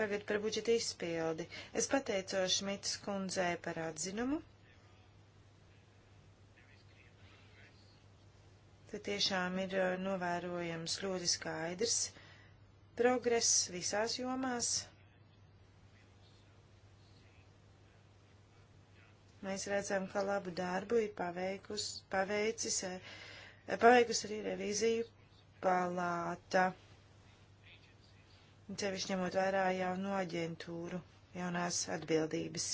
Tagad par budžeta izpildi. Es pateicos Šmitas kundzei par atzinumu. Tad tiešām ir eh, novērojams ļoti skaidrs progress visās jomās. Mēs redzam, ka labu darbu ir paveikus, paveicis, eh, paveikus arī revīziju palāta. Cevišķi ņemot vērā jauno aģentūru, jaunās atbildības.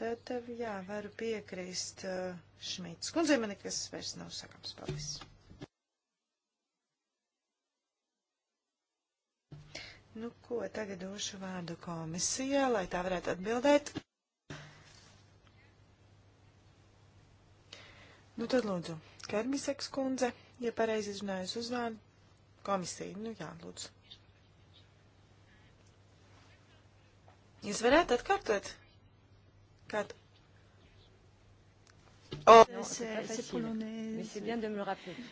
Tad, eh, jā, varu piekrist. Uh, Šmītas kundzei man nekas vairs nav sakams. Paldies! Nu, ko tagad došu vārdu komisijā, lai tā varētu atbildēt? Nu, tad lūdzu, Kermiseks kundze, ja pareizi izrunājas uzvārdu, komisija, nu jā, lūdzu. Jūs varētu atkārtot? Kādu Oh. C'est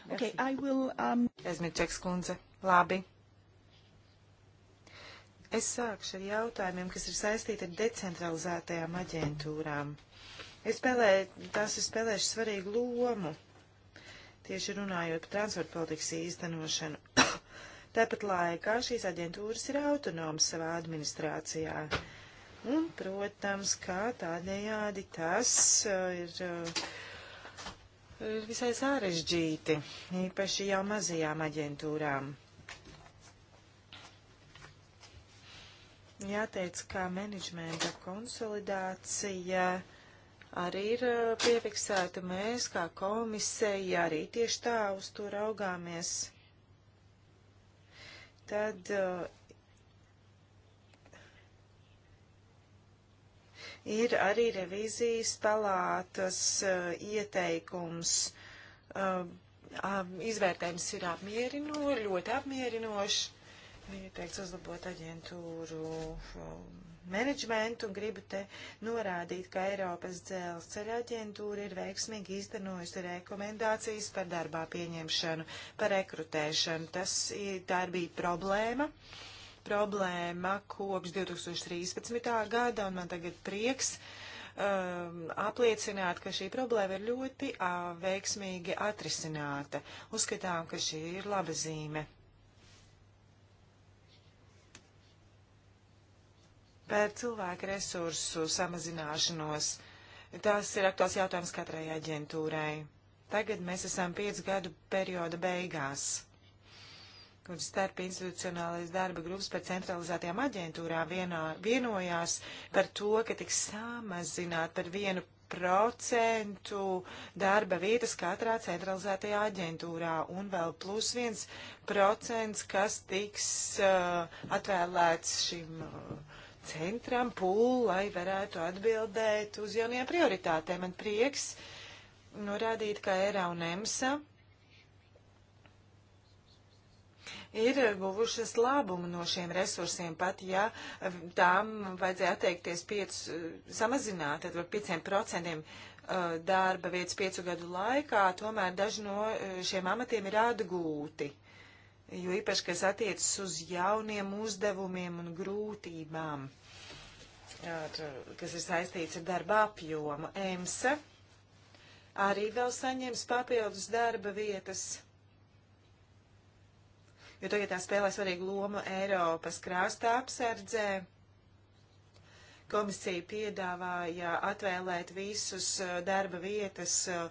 okay, will, um... Kazmičeks kundze, labi. Es sākšu ar jautājumiem, kas ir saistīti ar decentralizētajām aģentūrām. Es spēlēju, tās ir spēlējuši svarīgu lomu, tieši runājot par transporta politikas īstenošanu. Tāpat laikā šīs aģentūras ir autonomas savā administrācijā. Uh, Un, protams, kā tādējādi tas uh, ir, uh, ir visai sarežģīti, īpaši jau mazajām aģentūrām. Jāteic, kā menedžmenta konsolidācija arī ir uh, piefiksēta. Mēs, kā komisija, arī tieši tā uz to raugāmies. Tad uh, ir arī revīzijas palātas uh, ieteikums. Uh, izvērtējums ir apmierino, ļoti apmierinošs. Viņa teiks uzlabot aģentūru eh, menedžmentu un gribu te norādīt, ka Eiropas dzelzceļa aģentūra ir veiksmīgi izdarnojusi rekomendācijas par darbā pieņemšanu, par rekrutēšanu. Tas ir, tā ir bija problēma. Uh, problēma kopš 2013. gada, un man tagad prieks um, apliecināt, ka šī problēma ir ļoti uh, veiksmīgi atrisināta. Uzskatām, ka šī ir laba zīme. Par cilvēku resursu samazināšanos. Tas ir aktuāls jautājums katrai aģentūrai. Tagad mēs esam piecu gadu perioda beigās kur starp institucionālais darba grupas par centralizētajām aģentūrām vienā, vienojās par to, ka tiks samazināt par vienu procentu darba vietas katrā centralizētajā aģentūrā un vēl plus viens procents, kas tiks uh, atvēlēts šim uh, centram pūl, lai varētu atbildēt uz jaunajām prioritātēm. Man prieks norādīt, ka ERA un EMSA uh, ir guvušas labumu no šiem resursiem, pat ja tām vajadzēja atteikties 5, samazināt par 5% uh, darba vietas 5 gadu laikā, tomēr daži no uh, šiem amatiem ir atgūti. Jo īpaši, kas attiecas uz jauniem uzdevumiem un grūtībām, uh, kas ir saistīts ar darba apjomu, EMSA arī vēl saņems papildus darba vietas jo tagad tā spēlē svarīgu lomu Eiropas krāsta apsardzē. Komisija piedāvāja atvēlēt visus uh, darba vietas, uh,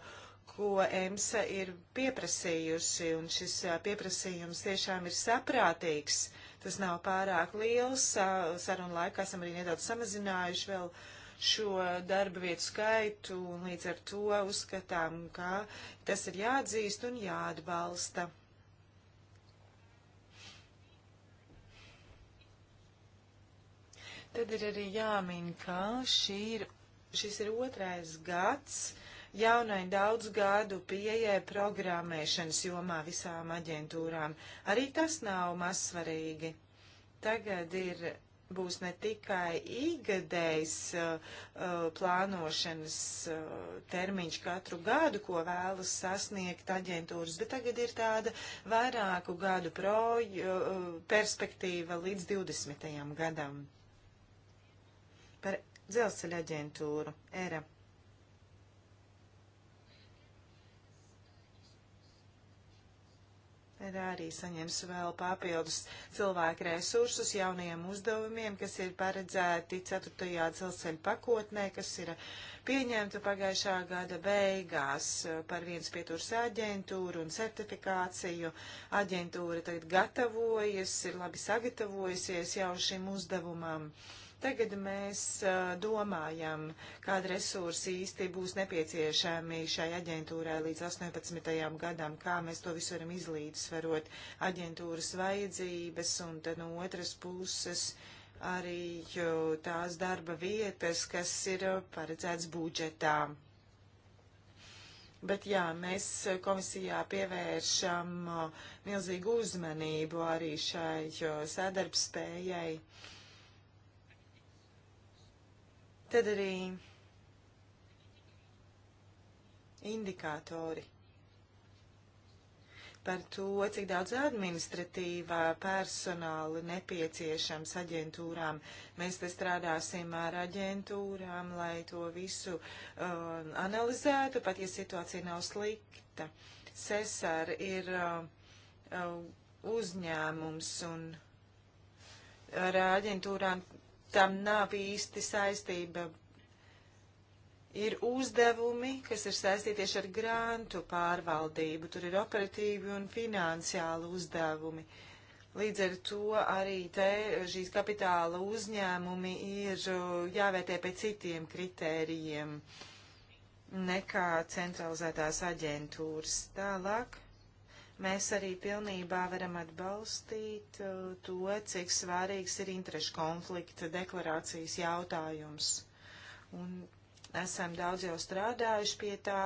ko EMSA ir pieprasījusi, un šis uh, pieprasījums tiešām ir saprātīgs. Tas nav pārāk liels. Sarunu laikā esam arī nedaudz samazinājuši vēl šo darba vietu skaitu, un līdz ar to uzskatām, ka tas ir jāatzīst un jāatbalsta. Tad ir arī jāmin, ka šī ir, šis ir otrais gads jaunai daudzgadu pieejai programmēšanas jomā visām aģentūrām. Arī tas nav mazsvarīgi. Tagad ir būs ne tikai īgadējs uh, uh, plānošanas uh, termiņš katru gadu, ko vēlas sasniegt aģentūras, bet tagad ir tāda vairāku gadu proju uh, perspektīva līdz 20. gadam. Dzelzceļa aģentūru, ERA. ERA arī saņems vēl papildus cilvēku resursus jaunajiem uzdevumiem, kas ir paredzēti 4. dzelzceļa pakotnē, kas ir pieņemta pagājušā gada beigās par viens pieturs aģentūru un certifikāciju. Aģentūra tagad gatavojas, ir labi sagatavojusies jau šim uzdevumam. Uh, Tagad mēs domājam, kāda resursi īsti būs nepieciešami šai aģentūrai līdz 18. gadam, kā mēs to visu varam izlīdzsvarot aģentūras vajadzības un tad no otras puses arī tās darba vietas, kas ir paredzēts budžetā. Bet jā, mēs komisijā pievēršam milzīgu uzmanību arī šai sadarbspējai. spējai Tad arī indikātori par to, cik daudz administratīvā personāla nepieciešams aģentūrām. Mēs te strādāsim ar aģentūrām, lai to visu uh, analizētu, pat ja situācija nav slikta. Sesar ir um, uh, uzņēmums un ar aģentūrām tam nav īsti saistība. Ir uzdevumi, kas ir saistīti tieši ar grantu pārvaldību, tur ir operatīvi un finansiāli uzdevumi. Līdz ar to arī te šīs kapitāla uzņēmumi ir jāvērtē pēc citiem kritērijiem nekā centralizētās aģentūras. Tālāk. Mēs arī pilnībā varam atbalstīt uh, to, cik svarīgs ir interešu konflikta deklarācijas jautājums. Un esam daudz jau strādājuši pie tā.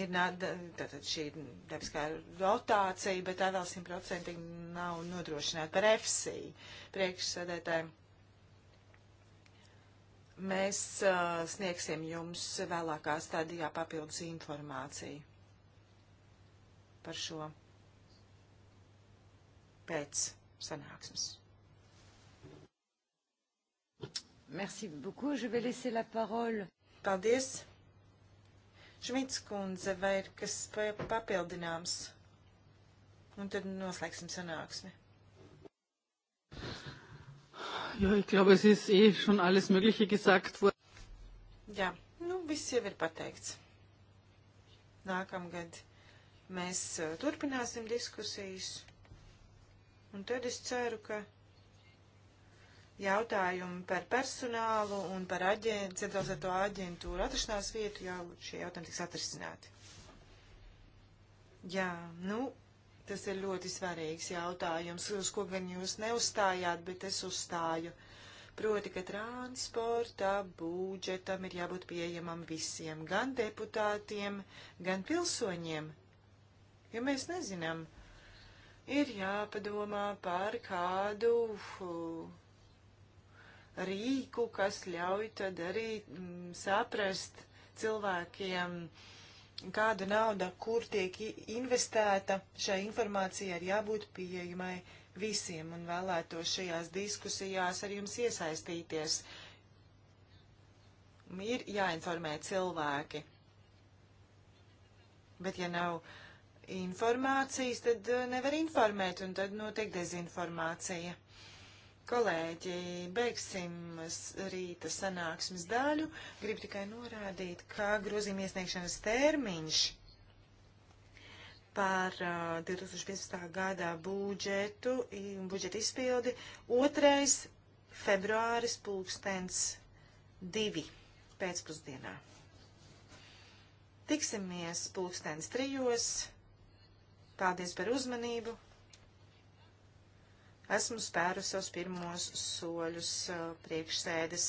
Ir tātad šī dabiskā rotācija, bet tā vēl simtprocentīgi nav nodrošināta par EFSI priekšsēdētājiem. Mēs uh, sniegsim jums vēlākā stadijā papildus informāciju par šo pēc sanāksmes. Merci beaucoup. Je vais laisser la parole. Paldies. Šmits kundze, vai ir kas papildināms? Un tad noslēgsim sanāksmi. Ja, ich glaube, es ist eh schon alles Mögliche gesagt worden. Jā, nu viss jau ir pateikts. Nākamgad Mēs eh, turpināsim diskusijas, un tad es ceru, ka jautājumi par personālu un par aģent, centralizēto aģentūru atrašanās vietu jau šie jautājumi tiks atrisināti. Jā, nu, tas ir ļoti svarīgs jautājums, uz ko gan jūs neuzstājāt, bet es uzstāju. Proti, ka transporta budžetam ir jābūt pieejamam visiem, gan deputātiem, gan pilsoņiem ja mēs nezinām. Ir jāpadomā par kādu rīku, kas ļauj tad arī m, mm, saprast cilvēkiem, kāda nauda, kur tiek investēta, šai informācijai ir jābūt pieejamai visiem un vēlētos šajās diskusijās ar jums iesaistīties. Ir jāinformē cilvēki. Bet ja nav informācijas, tad eh, nevar informēt, un tad notiek dezinformācija. Kolēģi, beigsim rīta sanāksmes daļu. Gribu tikai norādīt, ka grozījuma iesniegšanas termiņš par 2015. Eh, gadā budžetu un budžeta izpildi 2. februāris pulkstens 2 pēcpusdienā. Tiksimies pulkstens trijos. Paldies par uzmanību. Esmu spēru savus pirmos soļus uh, priekšsēdes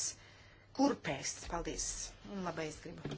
kurpēs. Paldies un labais gribu.